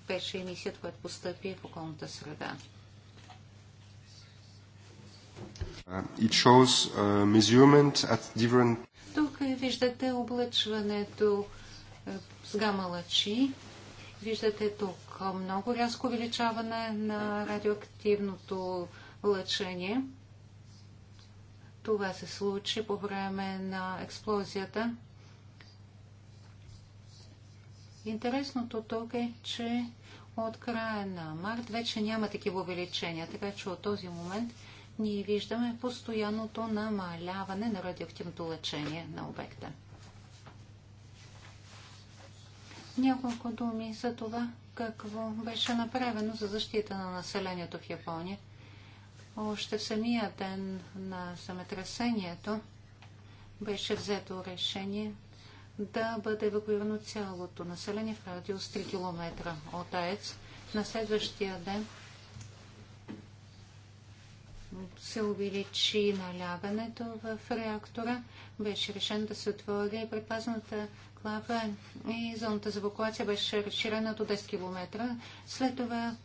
беше емисията, която постъпи в околната среда. Uh, uh, тук виждате облъчването е, с гама лъчи. Виждате тук много рязко увеличаване на радиоактивното лъчение. Това се случи по време на експлозията. Интересното тук е, че от края на март вече няма такива увеличения, така че от този момент ние виждаме постоянното намаляване на радиоактивното лечение на обекта. Няколко думи за това, какво беше направено за защита на населението в Япония. Още в самия ден на земетресението беше взето решение да бъде евакуирано цялото население в радиус 3 км от АЕЦ. На следващия ден се увеличи налягането в реактора, беше решено да се отвори предпазната клапа и зоната за евакуация беше разширена до 10 км. След това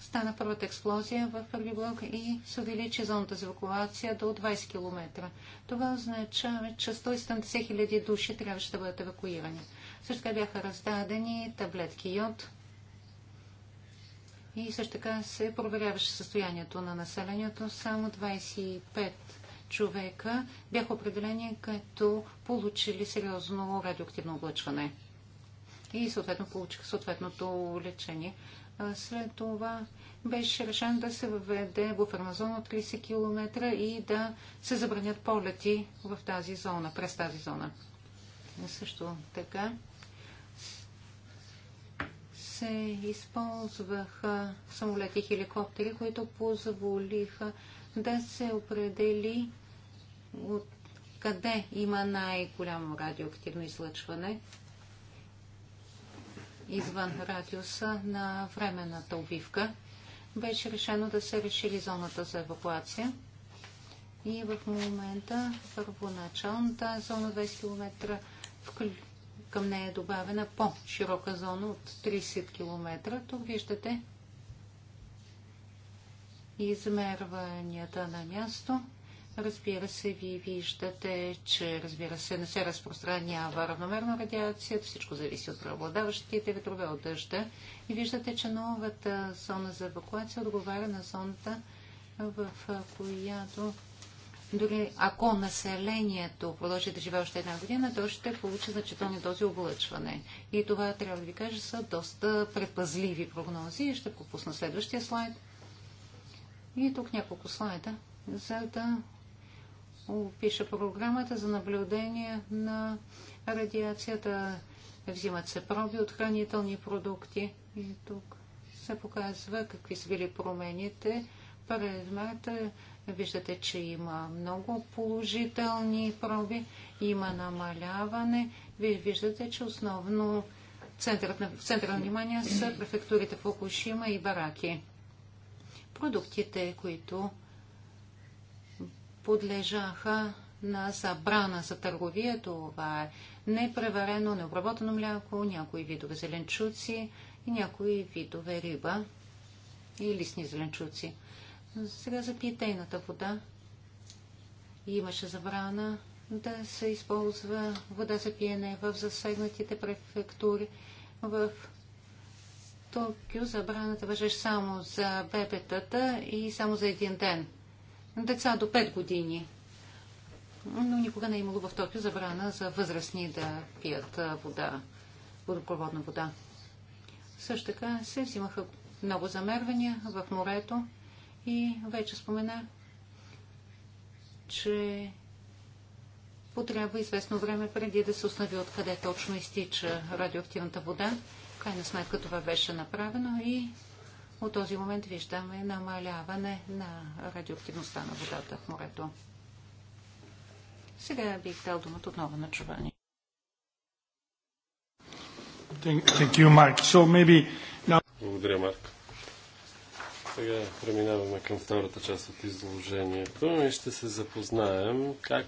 стана първата експлозия в първи блок и се увеличи зоната за евакуация до 20 км. Това означава, че 170 000 души трябваше да бъдат евакуирани. Също така бяха раздадени таблетки йод и също така се проверяваше състоянието на населението. Само 25 човека бяха определени като получили сериозно радиоактивно облъчване. И съответно получиха съответното лечение. След това беше решен да се въведе буферна зона от 30 км и да се забранят полети в тази зона, през тази зона. Също така се използваха самолети и хеликоптери, които позволиха да се определи от къде има най-голямо радиоактивно излъчване извън радиуса на временната обивка. Беше решено да се решили зоната за евакуация. И в момента първоначалната зона 20 км към нея е добавена по-широка зона от 30 км. Тук виждате измерванията на място. Разбира се, вие виждате, че разбира се, не се разпространява равномерно радиацията, всичко зависи от преобладаващите ветрове от дъжда. И виждате, че новата зона за евакуация отговаря на зоната, в която дори ако населението продължи да живее още една година, то ще получи значителни дози облъчване. И това, трябва да ви кажа, са доста предпазливи прогнози. Ще пропусна следващия слайд. И тук няколко слайда, за да опиша програмата за наблюдение на радиацията. Взимат се проби от хранителни продукти. И тук се показва какви са били промените през марта Виждате, че има много положителни проби, има намаляване. Вие виждате, че основно в центъра на внимание са префектурите Фукушима и Бараки. Продуктите, които подлежаха на забрана за търговия, това е непреварено, необработено мляко, някои видове зеленчуци и някои видове риба и листни зеленчуци. Сега за питейната вода имаше забрана да се използва вода за пиене в засегнатите префектури. В Токио забраната въжеш само за бебетата и само за един ден. Деца до 5 години. Но никога не е имало в Токио забрана за възрастни да пият вода, водопроводна вода. Също така се взимаха много замервания в морето. И вече спомена, че потрябва известно време преди да се установи откъде точно изтича радиоактивната вода. В крайна сметка това беше направено и от този момент виждаме намаляване на радиоактивността на водата в морето. Сега бих дал думата отново на Чувани. Благодаря, Марк. Сега преминаваме към втората част от изложението и ще се запознаем как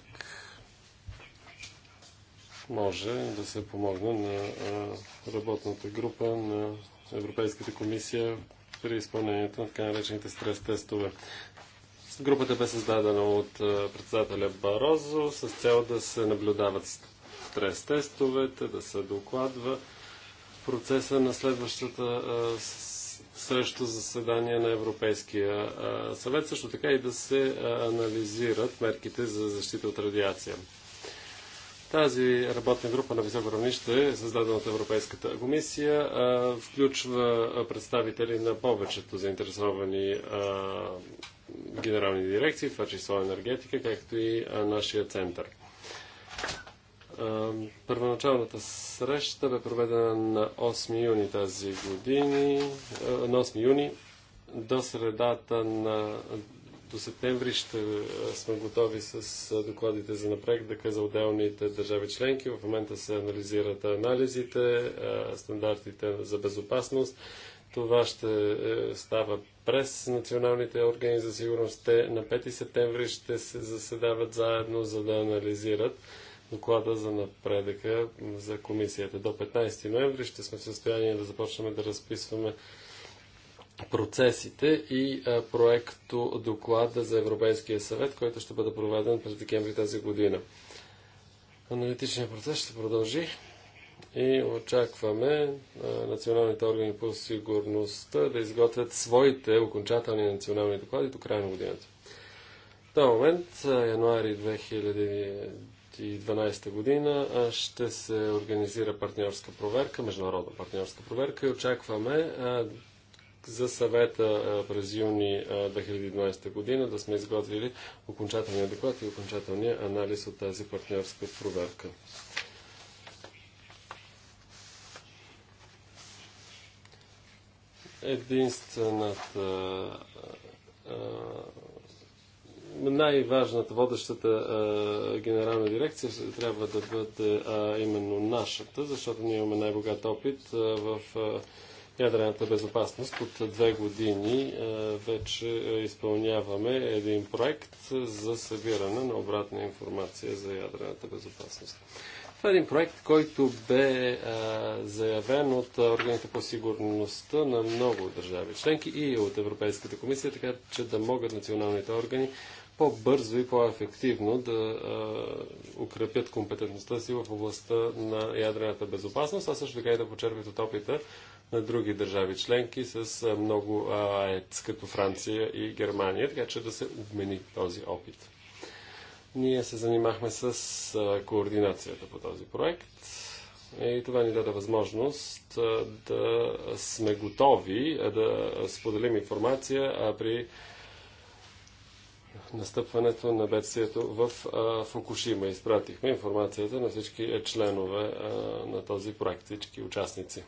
може да се помогне на работната група на Европейската комисия при изпълнението на така наречените стрес тестове. Групата бе създадена от председателя Барозо с цел да се наблюдават стрес тестовете, да се докладва процеса на следващата срещу заседания на Европейския съвет, също така и да се анализират мерките за защита от радиация. Тази работна група на високо равнище, създадена от Европейската комисия, включва представители на повечето заинтересовани генерални дирекции, това число енергетика, както и нашия център. Първоначалната среща бе проведена на 8 юни тази години, на 8 юни. До средата на до септември ще сме готови с докладите за да за отделните държави членки. В момента се анализират анализите, стандартите за безопасност. Това ще е, става през националните органи за сигурност. Те на 5 септември ще се заседават заедно, за да анализират доклада за напредъка за комисията. До 15 ноември ще сме в състояние да започнем да разписваме процесите и проекто доклада за Европейския съвет, който ще бъде проведен през декември тази година. Аналитичният процес ще продължи и очакваме националните органи по сигурността да изготвят своите окончателни национални доклади до края на годината. В този момент, януари 2012 година ще се организира партньорска проверка, международна партньорска проверка и очакваме за съвета през юни 2012 година да сме изготвили окончателния доклад и окончателния анализ от тази партньорска проверка. Единствената най-важната водещата а, генерална дирекция трябва да бъде а, именно нашата, защото ние имаме най-богат опит а, в а, ядрената безопасност. От две години а, вече изпълняваме един проект за събиране на обратна информация за ядрената безопасност. Това е един проект, който бе а, заявен от органите по сигурността на много държави членки и от Европейската комисия, така че да могат националните органи по-бързо и по-ефективно да а, укрепят компетентността си в областта на ядрената безопасност, а също така и да почерпят от опита на други държави членки с много АЕЦ, като Франция и Германия, така че да се обмени този опит. Ние се занимахме с а, координацията по този проект и това ни даде възможност а, да сме готови а, да споделим информация а, при настъпването на бедствието в Фукушима. Изпратихме информацията на всички членове на този проект, всички участници.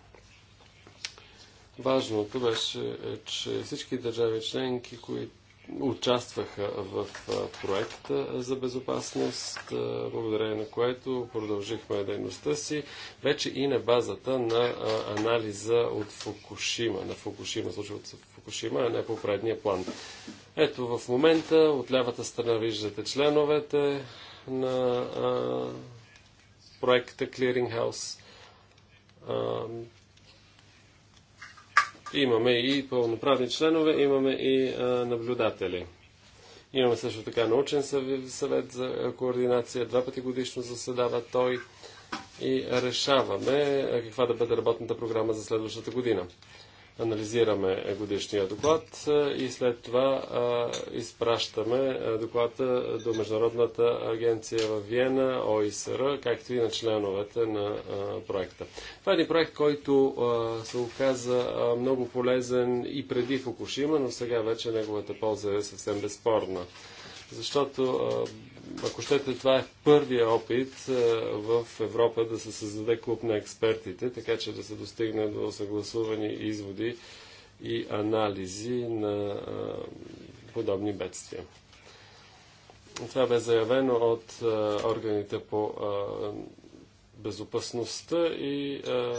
Важното беше, е, че всички държави членки, които участваха в проекта за безопасност, благодарение на което продължихме дейността си, вече и на базата на анализа от Фукушима, на Фукушима, случилото се в Фукушима, а не по предния план. Ето в момента от лявата страна виждате членовете на а, проекта House. А, имаме и пълноправни членове, имаме и а, наблюдатели. Имаме също така научен съвет за координация. Два пъти годишно заседава той и решаваме каква да бъде работната програма за следващата година анализираме годишния доклад и след това изпращаме доклада до Международната агенция в Виена, ОИСР, както и на членовете на проекта. Това е един проект, който се оказа много полезен и преди Фукушима, но сега вече неговата полза е съвсем безспорна защото ако щете, това е първия опит в Европа да се създаде клуб на експертите, така че да се достигне до съгласувани изводи и анализи на подобни бедствия. Това бе заявено от органите по безопасността и а,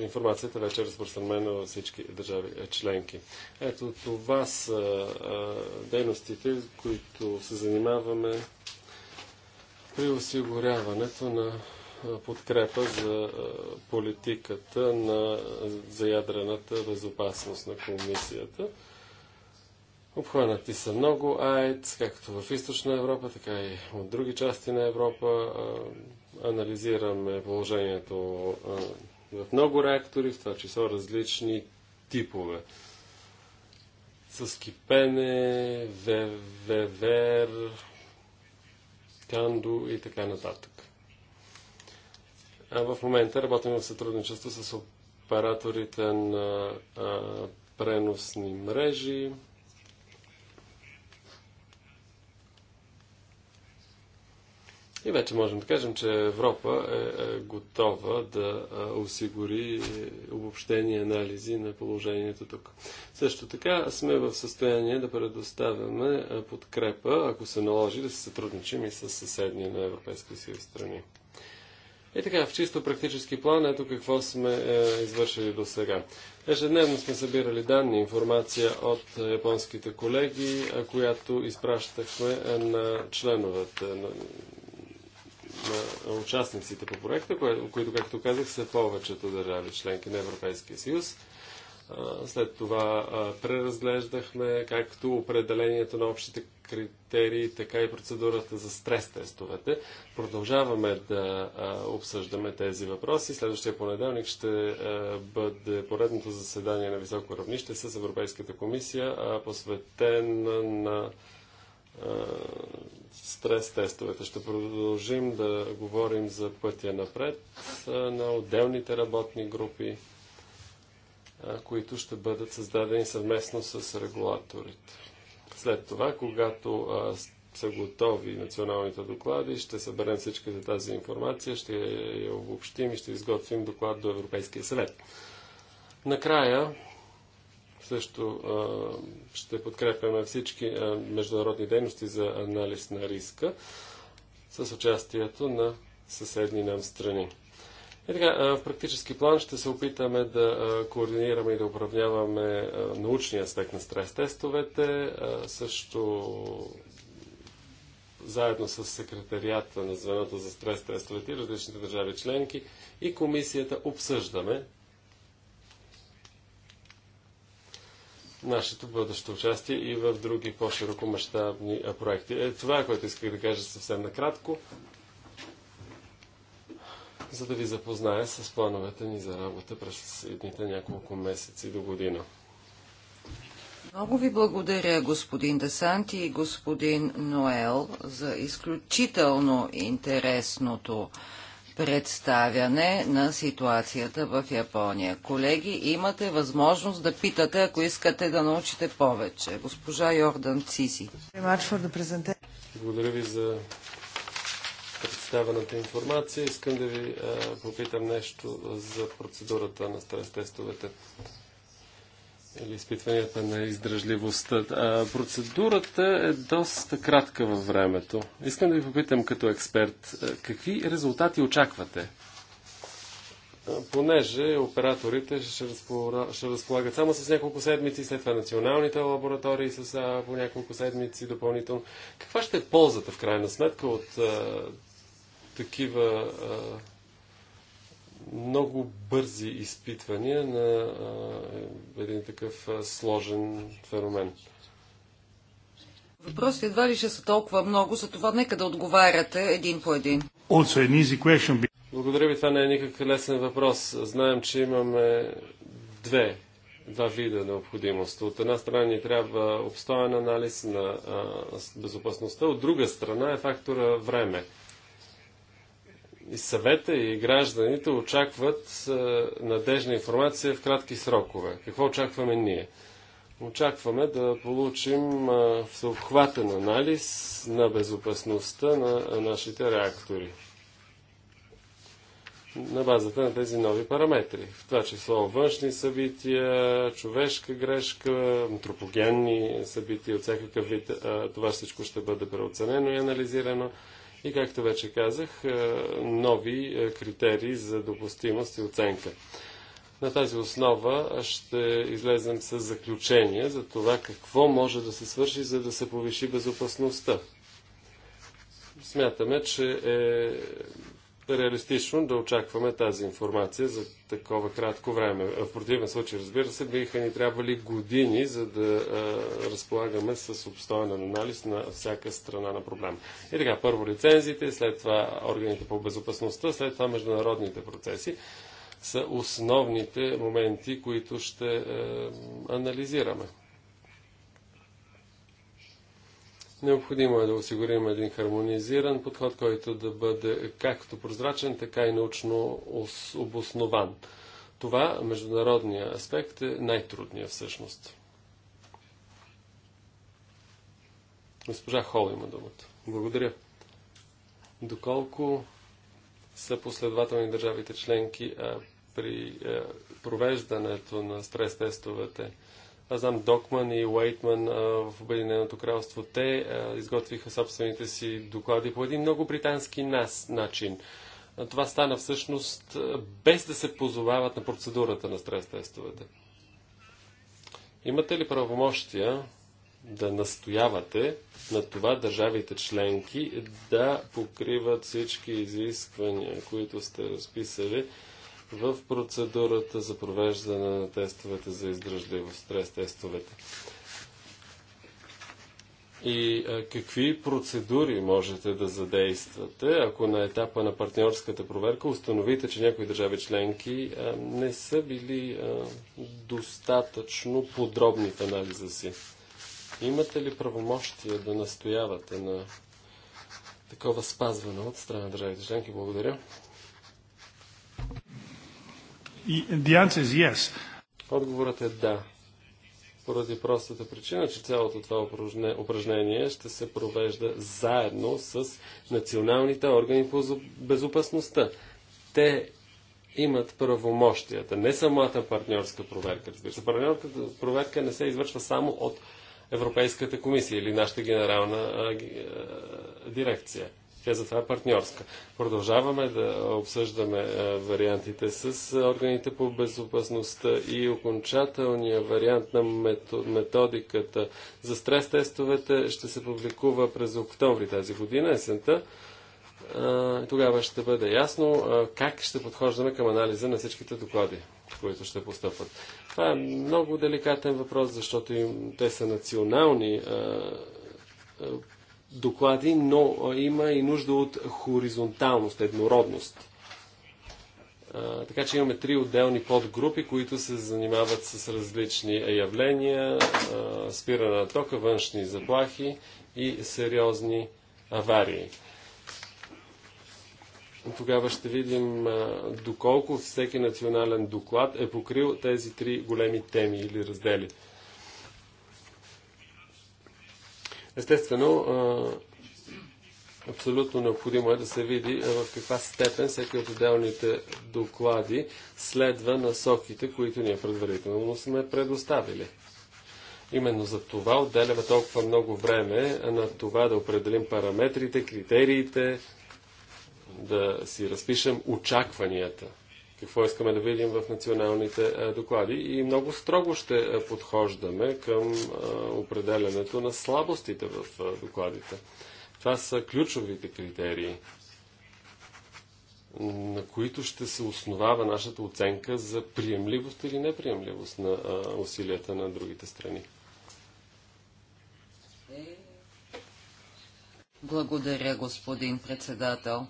информацията вече е разпространена във всички държави членки. Ето това са а, дейностите, които се занимаваме при осигуряването на подкрепа за политиката на, за ядрената безопасност на комисията. Обхванати са много АЕЦ, както в Източна Европа, така и от други части на Европа. Анализираме положението в много реактори, в това число различни типове. С кипене, ВВВР. Канду и така нататък. А в момента работим в сътрудничество с операторите на а, преносни мрежи, И вече можем да кажем, че Европа е, е готова да осигури е, обобщени анализи на положението тук. Също така сме в състояние да предоставяме подкрепа, ако се наложи да се сътрудничим и с съседни на европейски съюз страни. И така, в чисто практически план, ето какво сме е, извършили до сега. Ежедневно сме събирали данни, информация от японските колеги, която изпращахме е, на членовете, на на участниците по проекта, които, както казах, са повечето държави членки на Европейския съюз. След това преразглеждахме както определението на общите критерии, така и процедурата за стрес-тестовете. Продължаваме да обсъждаме тези въпроси. Следващия понеделник ще бъде поредното заседание на високо равнище с Европейската комисия, посветен на стрес тестовете. Ще продължим да говорим за пътя напред на отделните работни групи, които ще бъдат създадени съвместно с регулаторите. След това, когато са готови националните доклади, ще съберем всичката тази информация, ще я обобщим и ще изготвим доклад до Европейския съвет. Накрая, също ще подкрепяме всички международни дейности за анализ на риска с участието на съседни нам страни. И така, в практически план ще се опитаме да координираме и да управляваме научния аспект на стрес-тестовете, също заедно с секретарията на звената за стрес-тестовете и различните държави членки и комисията обсъждаме нашето бъдещо участие и в други по-широко мащабни проекти. Е, това е което исках да кажа съвсем накратко, за да ви запозная с плановете ни за работа през едните няколко месеци до година. Много ви благодаря, господин Десанти и господин Ноел, за изключително интересното представяне на ситуацията в Япония. Колеги, имате възможност да питате, ако искате да научите повече. Госпожа Йордан Циси. Благодаря ви за представената информация. Искам да ви а, попитам нещо за процедурата на стрес-тестовете или изпитванията на издръжливостта. А, процедурата е доста кратка във времето. Искам да ви попитам като експерт, какви резултати очаквате? понеже операторите ще, разпора... ще разполагат само с няколко седмици, след това националните лаборатории с а, по няколко седмици допълнително. Каква ще е ползата в крайна сметка от а, такива много бързи изпитвания на а, един такъв а, сложен феномен. Въпросите едва ли ще са толкова много, за това нека да отговаряте един по един. Благодаря ви, това не е никакъв лесен въпрос. Знаем, че имаме две, два вида необходимост. От една страна ни трябва обстоен анализ на а, безопасността, от друга страна е фактора време и съвета и гражданите очакват е, надежна информация в кратки срокове. Какво очакваме ние? Очакваме да получим е, всеобхватен анализ на безопасността на е, нашите реактори на базата на тези нови параметри. В това число външни събития, човешка грешка, антропогенни събития от всякакъв вид. Това всичко ще бъде преоценено и анализирано и, както вече казах, е, нови е, критерии за допустимост и оценка. На тази основа ще излезем с заключение за това какво може да се свърши, за да се повиши безопасността. Смятаме, че е реалистично да очакваме тази информация за такова кратко време. В противен случай, разбира се, биха ни трябвали години, за да а, разполагаме с обстоен анализ на всяка страна на проблема. И така, първо лицензите, след това органите по безопасността, след това международните процеси са основните моменти, които ще а, анализираме. Необходимо е да осигурим един хармонизиран подход, който да бъде както прозрачен, така и научно обоснован. Това, международния аспект, е най-трудният всъщност. Госпожа Хол има думата. Благодаря. Доколко са последователни държавите членки а, при а, провеждането на стрес-тестовете? Аз знам Докман и Уейтман в Обединеното кралство. Те изготвиха собствените си доклади по един много британски нас, начин. това стана всъщност без да се позовават на процедурата на стрес-тестовете. Имате ли правомощия да настоявате на това държавите членки да покриват всички изисквания, които сте разписали? в процедурата за провеждане на тестовете за издръжливост, стрес тестовете. И а, какви процедури можете да задействате, ако на етапа на партньорската проверка установите, че някои държави членки а, не са били а, достатъчно подробни в анализа си? Имате ли правомощия да настоявате на такова спазване от страна на държавите членки? Благодаря. The answer is yes. Отговорът е да. Поради простата причина, че цялото това упражнение ще се провежда заедно с националните органи по безопасността. Те имат правомощията, не самата партньорска проверка. Разбира се, партньорската проверка не се извършва само от Европейската комисия или нашата генерална а, а, дирекция. Тя затова е партньорска. Продължаваме да обсъждаме вариантите с органите по безопасността и окончателния вариант на методиката за стрес тестовете ще се публикува през октомври тази година, есента. тогава ще бъде ясно как ще подхождаме към анализа на всичките доклади, които ще постъпват. Това е много деликатен въпрос, защото те са национални доклади, но има и нужда от хоризонталност, еднородност. така че имаме три отделни подгрупи, които се занимават с различни явления, спиране на тока, външни заплахи и сериозни аварии. Тогава ще видим доколко всеки национален доклад е покрил тези три големи теми или раздели. Естествено, абсолютно необходимо е да се види в каква степен всеки от отделните доклади следва насоките, които ние предварително сме предоставили. Именно за това отделяме толкова много време на това да определим параметрите, критериите, да си разпишем очакванията – какво искаме да видим в националните доклади и много строго ще подхождаме към определянето на слабостите в докладите. Това са ключовите критерии, на които ще се основава нашата оценка за приемливост или неприемливост на усилията на другите страни. Благодаря, господин председател.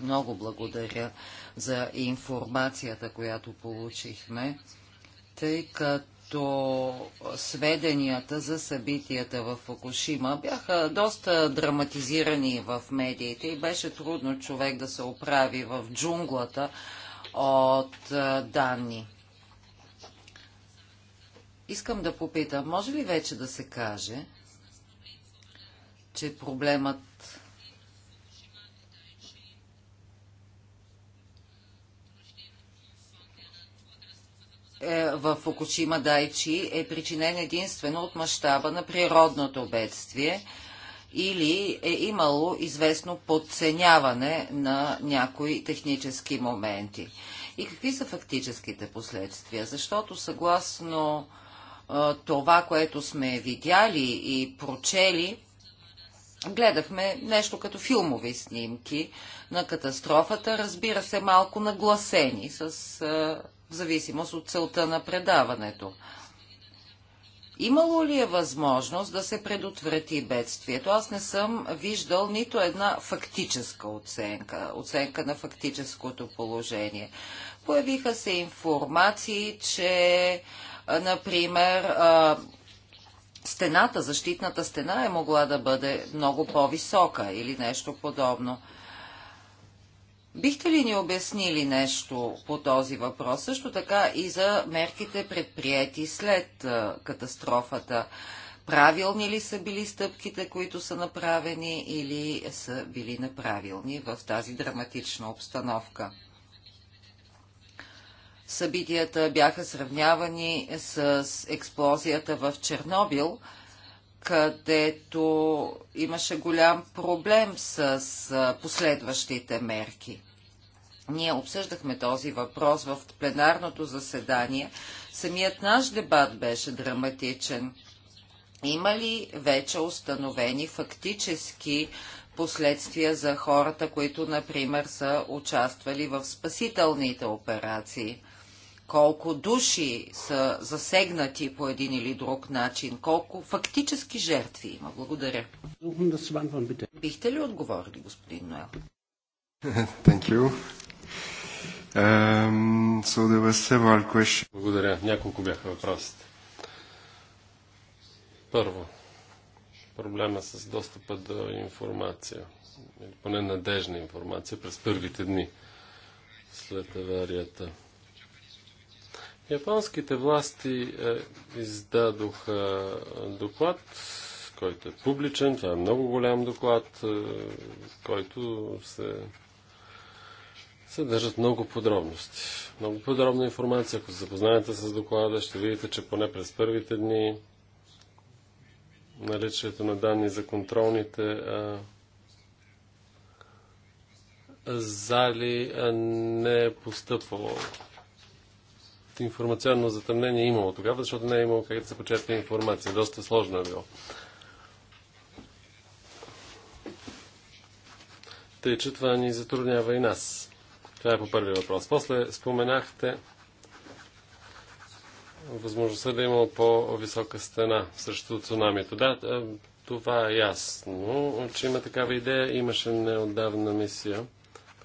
Много благодаря за информацията, която получихме, тъй като сведенията за събитията в Фукушима бяха доста драматизирани в медиите и беше трудно човек да се оправи в джунглата от данни. Искам да попитам, може ли вече да се каже, че проблемът Е, в Фукушима Дайчи е причинен единствено от мащаба на природното бедствие или е имало известно подценяване на някои технически моменти. И какви са фактическите последствия? Защото съгласно а, е, това, което сме видяли и прочели, гледахме нещо като филмови снимки на катастрофата, разбира се, малко нагласени с а, е, в зависимост от целта на предаването. Имало ли е възможност да се предотврати бедствието? Аз не съм виждал нито една фактическа оценка, оценка на фактическото положение. Появиха се информации, че, например, стената, защитната стена е могла да бъде много по-висока или нещо подобно. Бихте ли ни обяснили нещо по този въпрос? Също така и за мерките предприяти след катастрофата. Правилни ли са били стъпките, които са направени или са били неправилни в тази драматична обстановка? Събитията бяха сравнявани с експлозията в Чернобил – където имаше голям проблем с последващите мерки. Ние обсъждахме този въпрос в пленарното заседание. Самият наш дебат беше драматичен. Има ли вече установени фактически последствия за хората, които, например, са участвали в спасителните операции? колко души са засегнати по един или друг начин, колко фактически жертви има. Благодаря. Бихте ли отговорили, господин Ноел? Thank you. Um, so there were several questions. Благодаря. Няколко бяха въпросите. Първо, проблема с достъпа до информация, или поне надежна информация през първите дни след аварията. Японските власти е, издадоха е, доклад, който е публичен. Това е много голям доклад, е, който се съдържат много подробности. Много подробна информация. Ако се запознаете с доклада, ще видите, че поне през първите дни наличието на данни за контролните е, зали е, не е постъпвало информационно затъмнение е имало тогава, защото не е имало как да се почерпи информация. Доста сложно е било. Тъй, че това ни затруднява и нас. Това е по първи въпрос. После споменахте възможността да е има по-висока стена срещу цунамито. Да, е, това е ясно, че има такава идея. Имаше неотдавна мисия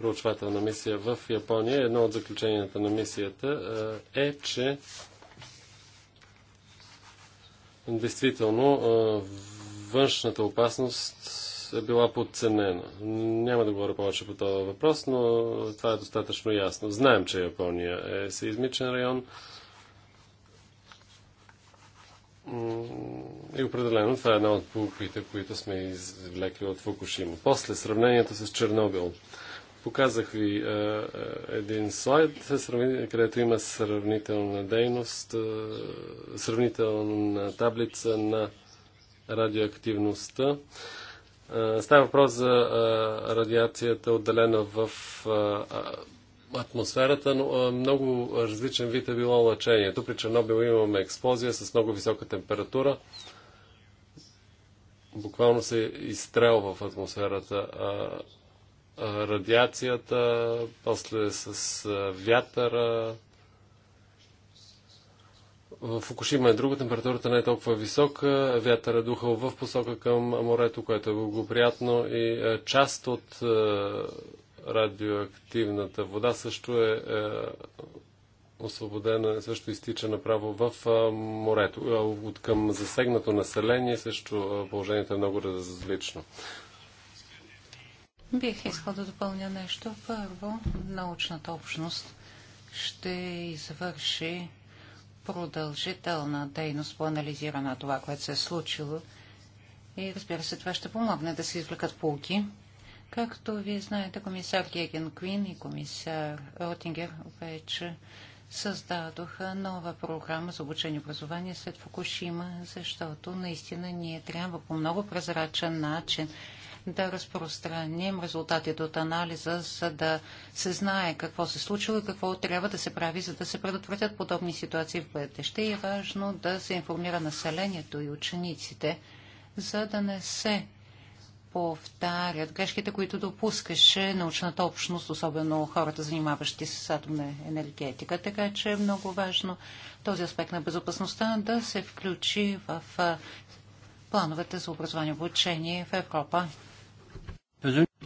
проучвателна мисия в Япония. Едно от заключенията на мисията е, че действително външната опасност е била подценена. Няма да говоря повече по този въпрос, но това е достатъчно ясно. Знаем, че Япония е сеизмичен район и определено това е една от полуките, които сме извлекли от Фукушима. После сравнението с Чернобил. Показах ви е, е един слайд, където има сравнителна дейност, е, сравнителна таблица на радиоактивността. Е, става въпрос за е, радиацията, отделена в атмосферата, но много различен вид е било лъчението. При Чернобил имаме експлозия с много висока температура. Буквално се изстрелва в атмосферата радиацията, после с вятъра. В Фукушима е друго, температурата не е толкова висока, вятъра е духал в посока към морето, което е благоприятно и част от радиоактивната вода също е, е, освободена, също изтича направо в морето. От към засегнато население също положението е много различно. Бих искал да допълня нещо. Първо, научната общност ще извърши продължителна дейност по анализиране на това, което се е случило. И разбира се, това ще помогне да се извлекат полки. Както вие знаете, комисар Геген Квин и комисар Ротингер вече създадоха нова програма за обучение и образование след Фукушима, защото наистина ние трябва по много прозрачен начин да разпространим резултатите от анализа, за да се знае какво се случило и какво трябва да се прави, за да се предотвратят подобни ситуации в бъдеще. И е важно да се информира населението и учениците, за да не се повтарят грешките, които допускаше научната общност, особено хората, занимаващи се с атомна енергетика. Така че е много важно този аспект на безопасността да се включи в плановете за образование и обучение в Европа.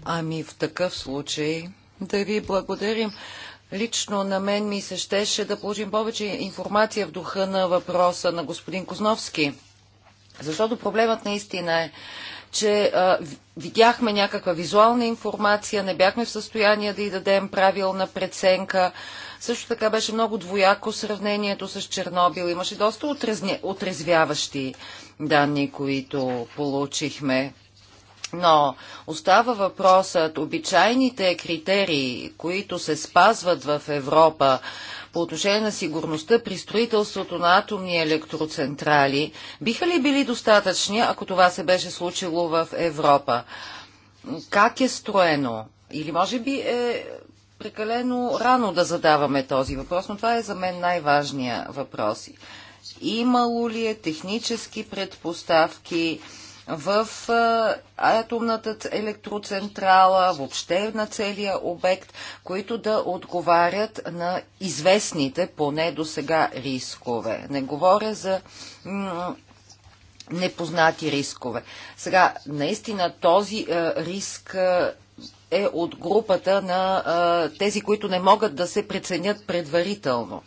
Ами в такъв случай да ви благодарим. Лично на мен ми се щеше да получим повече информация в духа на въпроса на господин Козновски. Защото проблемът наистина е, че а, видяхме някаква визуална информация, не бяхме в състояние да й дадем правилна преценка. Също така беше много двояко сравнението с Чернобил. Имаше доста отрезвяващи данни, които получихме но остава въпросът обичайните критерии, които се спазват в Европа по отношение на сигурността при строителството на атомни електроцентрали, биха ли били достатъчни, ако това се беше случило в Европа? Как е строено? Или може би е прекалено рано да задаваме този въпрос, но това е за мен най-важния въпрос. Имало ли е технически предпоставки? в атомната електроцентрала, въобще на целия обект, които да отговарят на известните поне до сега рискове. Не говоря за непознати рискове. Сега, наистина този риск е от групата на тези, които не могат да се преценят предварително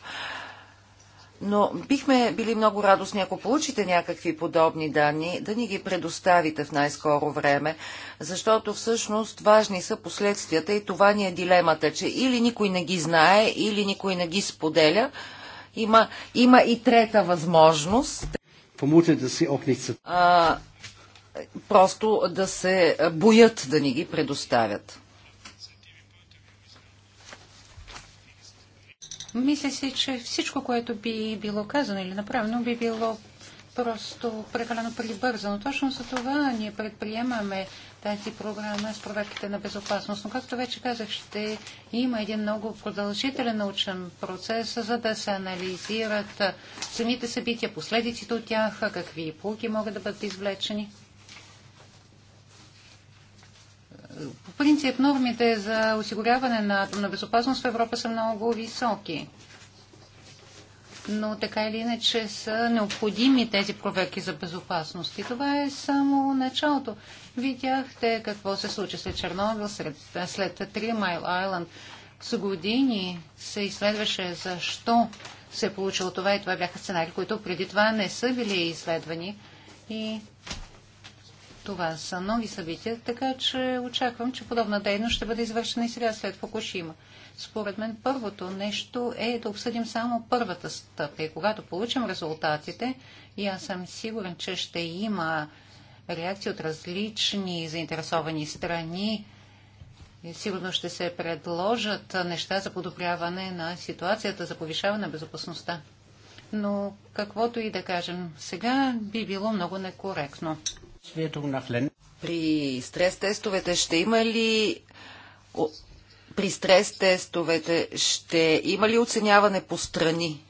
но бихме били много радостни, ако получите някакви подобни данни, да ни ги предоставите в най-скоро време, защото всъщност важни са последствията и това ни е дилемата, че или никой не ги знае, или никой не ги споделя. Има, има и трета възможност. А, просто да се боят да ни ги предоставят. Мисля си, че всичко, което би било казано или направено, би било просто прекалено прибързано. Точно за това ние предприемаме тази програма с проверките на безопасност. Но, както вече казах, ще има един много продължителен научен процес, за да се анализират самите събития, последиците от тях, какви полки могат да бъдат извлечени. По принцип, нормите за осигуряване на атомна безопасност в Европа са много високи. Но така или иначе са необходими тези проверки за безопасност. И това е само началото. Видяхте какво се случи след Чернобил, след, след Три Майл Айланд. С години се изследваше защо се е получило това и това бяха сценарии, които преди това не са били изследвани. И това са нови събития, така че очаквам, че подобна дейност ще бъде извършена и сега след Фукушима. Според мен първото нещо е да обсъдим само първата стъпка и когато получим резултатите, и аз съм сигурен, че ще има реакции от различни заинтересовани страни, и сигурно ще се предложат неща за подобряване на ситуацията, за повишаване на безопасността. Но каквото и да кажем сега, би било много некоректно. При стрес-тестовете ще има ли при стрес-тестовете ще има ли оценяване по страни?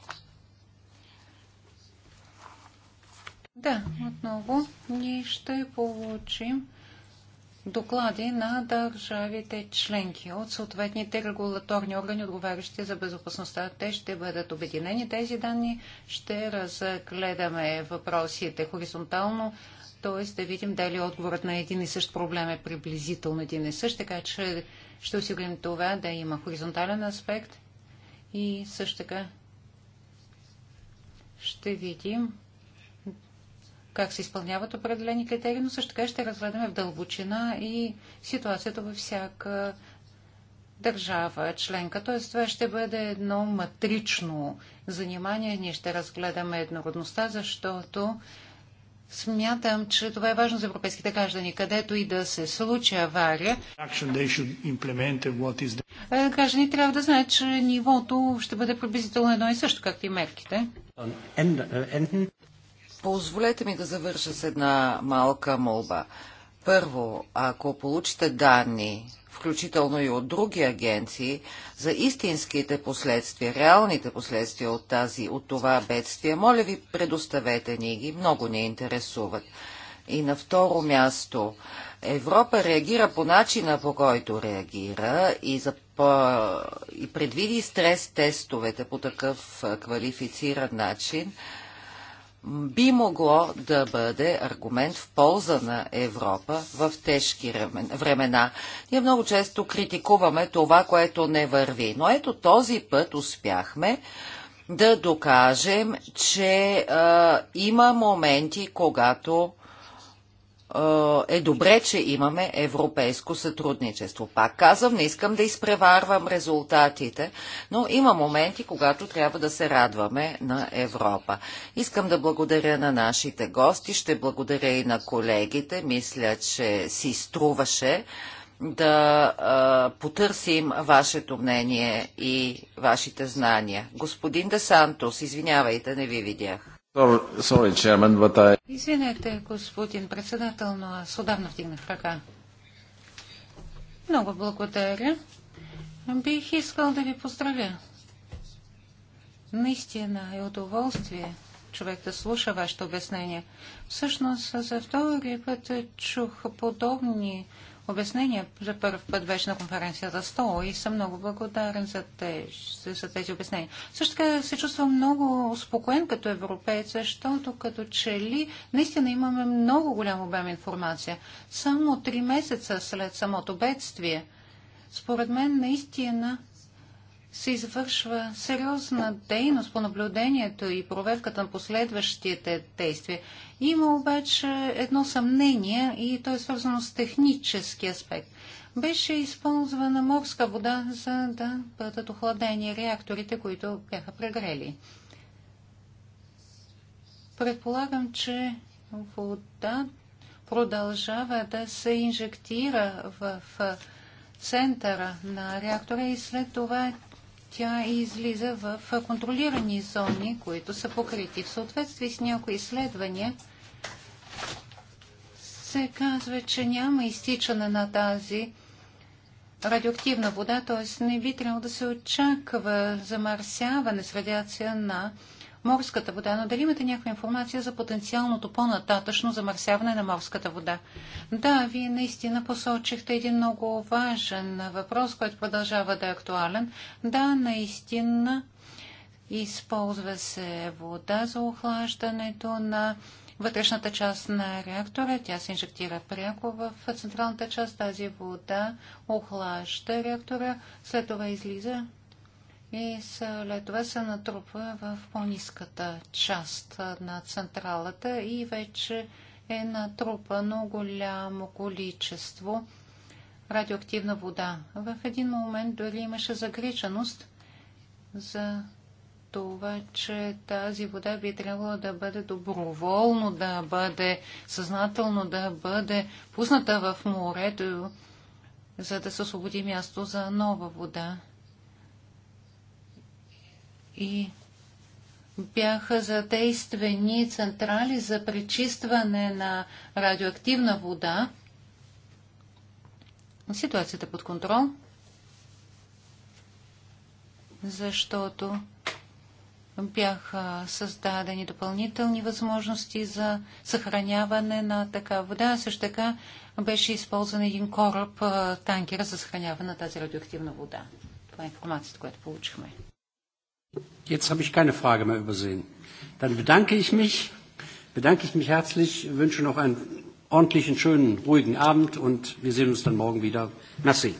Да, отново ние ще получим доклади на държавите членки от съответните регулаторни органи, отговарящи за безопасността. Те ще бъдат обединени тези данни. Ще разгледаме въпросите хоризонтално т.е. да видим дали отговорът на един и същ проблем е приблизително един и същ, така че ще осигурим това да има хоризонтален аспект и също така ще видим как се изпълняват определени критерии, но също така ще разгледаме в дълбочина и ситуацията във всяка държава членка. Т.е. това ще бъде едно матрично занимание. Ние ще разгледаме еднородността, защото Смятам, че това е важно за европейските граждани, където и да се случи авария. Е, граждани трябва да знаят, че нивото ще бъде приблизително едно и също, както и мерките. Uh, Позволете ми да завърша с една малка молба. Първо, ако получите данни включително и от други агенции, за истинските последствия, реалните последствия от, тази, от това бедствие, моля ви, предоставете ни ги, много ни интересуват. И на второ място, Европа реагира по начина, по който реагира и, за, по, и предвиди стрес тестовете по такъв квалифициран начин, би могло да бъде аргумент в полза на Европа в тежки времена. Ние много често критикуваме това, което не върви, но ето този път успяхме да докажем, че а, има моменти, когато е добре, че имаме европейско сътрудничество. Пак казвам, не искам да изпреварвам резултатите, но има моменти, когато трябва да се радваме на Европа. Искам да благодаря на нашите гости, ще благодаря и на колегите. Мисля, че си струваше да потърсим вашето мнение и вашите знания. Господин Десантос, извинявайте, не ви видях. Sorry, chairman, but I... Извинете, господин председател, но аз отдавна вдигнах ръка. Много благодаря. Бих искал да ви поздравя. Наистина е удоволствие човек да слуша вашето обяснение. Всъщност за втори път чух подобни Обяснения за първ път беше на конференцията 100 и съм много благодарен за тези, за тези обяснения. Също така се чувствам много успокоен като европеец, защото като че ли наистина имаме много голям обем информация. Само три месеца след самото бедствие, според мен наистина се извършва сериозна дейност по наблюдението и проверката на последващите действия. Има обаче едно съмнение и то е свързано с технически аспект. Беше използвана морска вода, за да бъдат охладени реакторите, които бяха прегрели. Предполагам, че вода продължава да се инжектира в центъра на реактора и след това тя излиза в контролирани зони, които са покрити. В съответствие с някои изследвания се казва, че няма изтичане на тази радиоактивна вода, т.е. не би трябвало да се очаква замърсяване с радиация на морската вода, но дали имате някаква информация за потенциалното по-нататъчно замърсяване на морската вода? Да, вие наистина посочихте един много важен въпрос, който продължава да е актуален. Да, наистина използва се вода за охлаждането на вътрешната част на реактора. Тя се инжектира пряко в централната част. Тази вода охлажда реактора, след това излиза и след това се натрупва в по-низката част на централата и вече е натрупано голямо количество радиоактивна вода. В един момент дори имаше загриженост за това, че тази вода би трябвало да бъде доброволно, да бъде съзнателно, да бъде пусната в морето, за да се освободи място за нова вода и бяха задействани централи за пречистване на радиоактивна вода. Ситуацията е под контрол, защото бяха създадени допълнителни възможности за съхраняване на такава вода. Също така беше използван един кораб, танкера за съхраняване на тази радиоактивна вода. Това е информацията, която получихме. Jetzt habe ich keine Frage mehr übersehen. Dann bedanke ich mich, bedanke ich mich herzlich, wünsche noch einen ordentlichen, schönen, ruhigen Abend und wir sehen uns dann morgen wieder. Merci.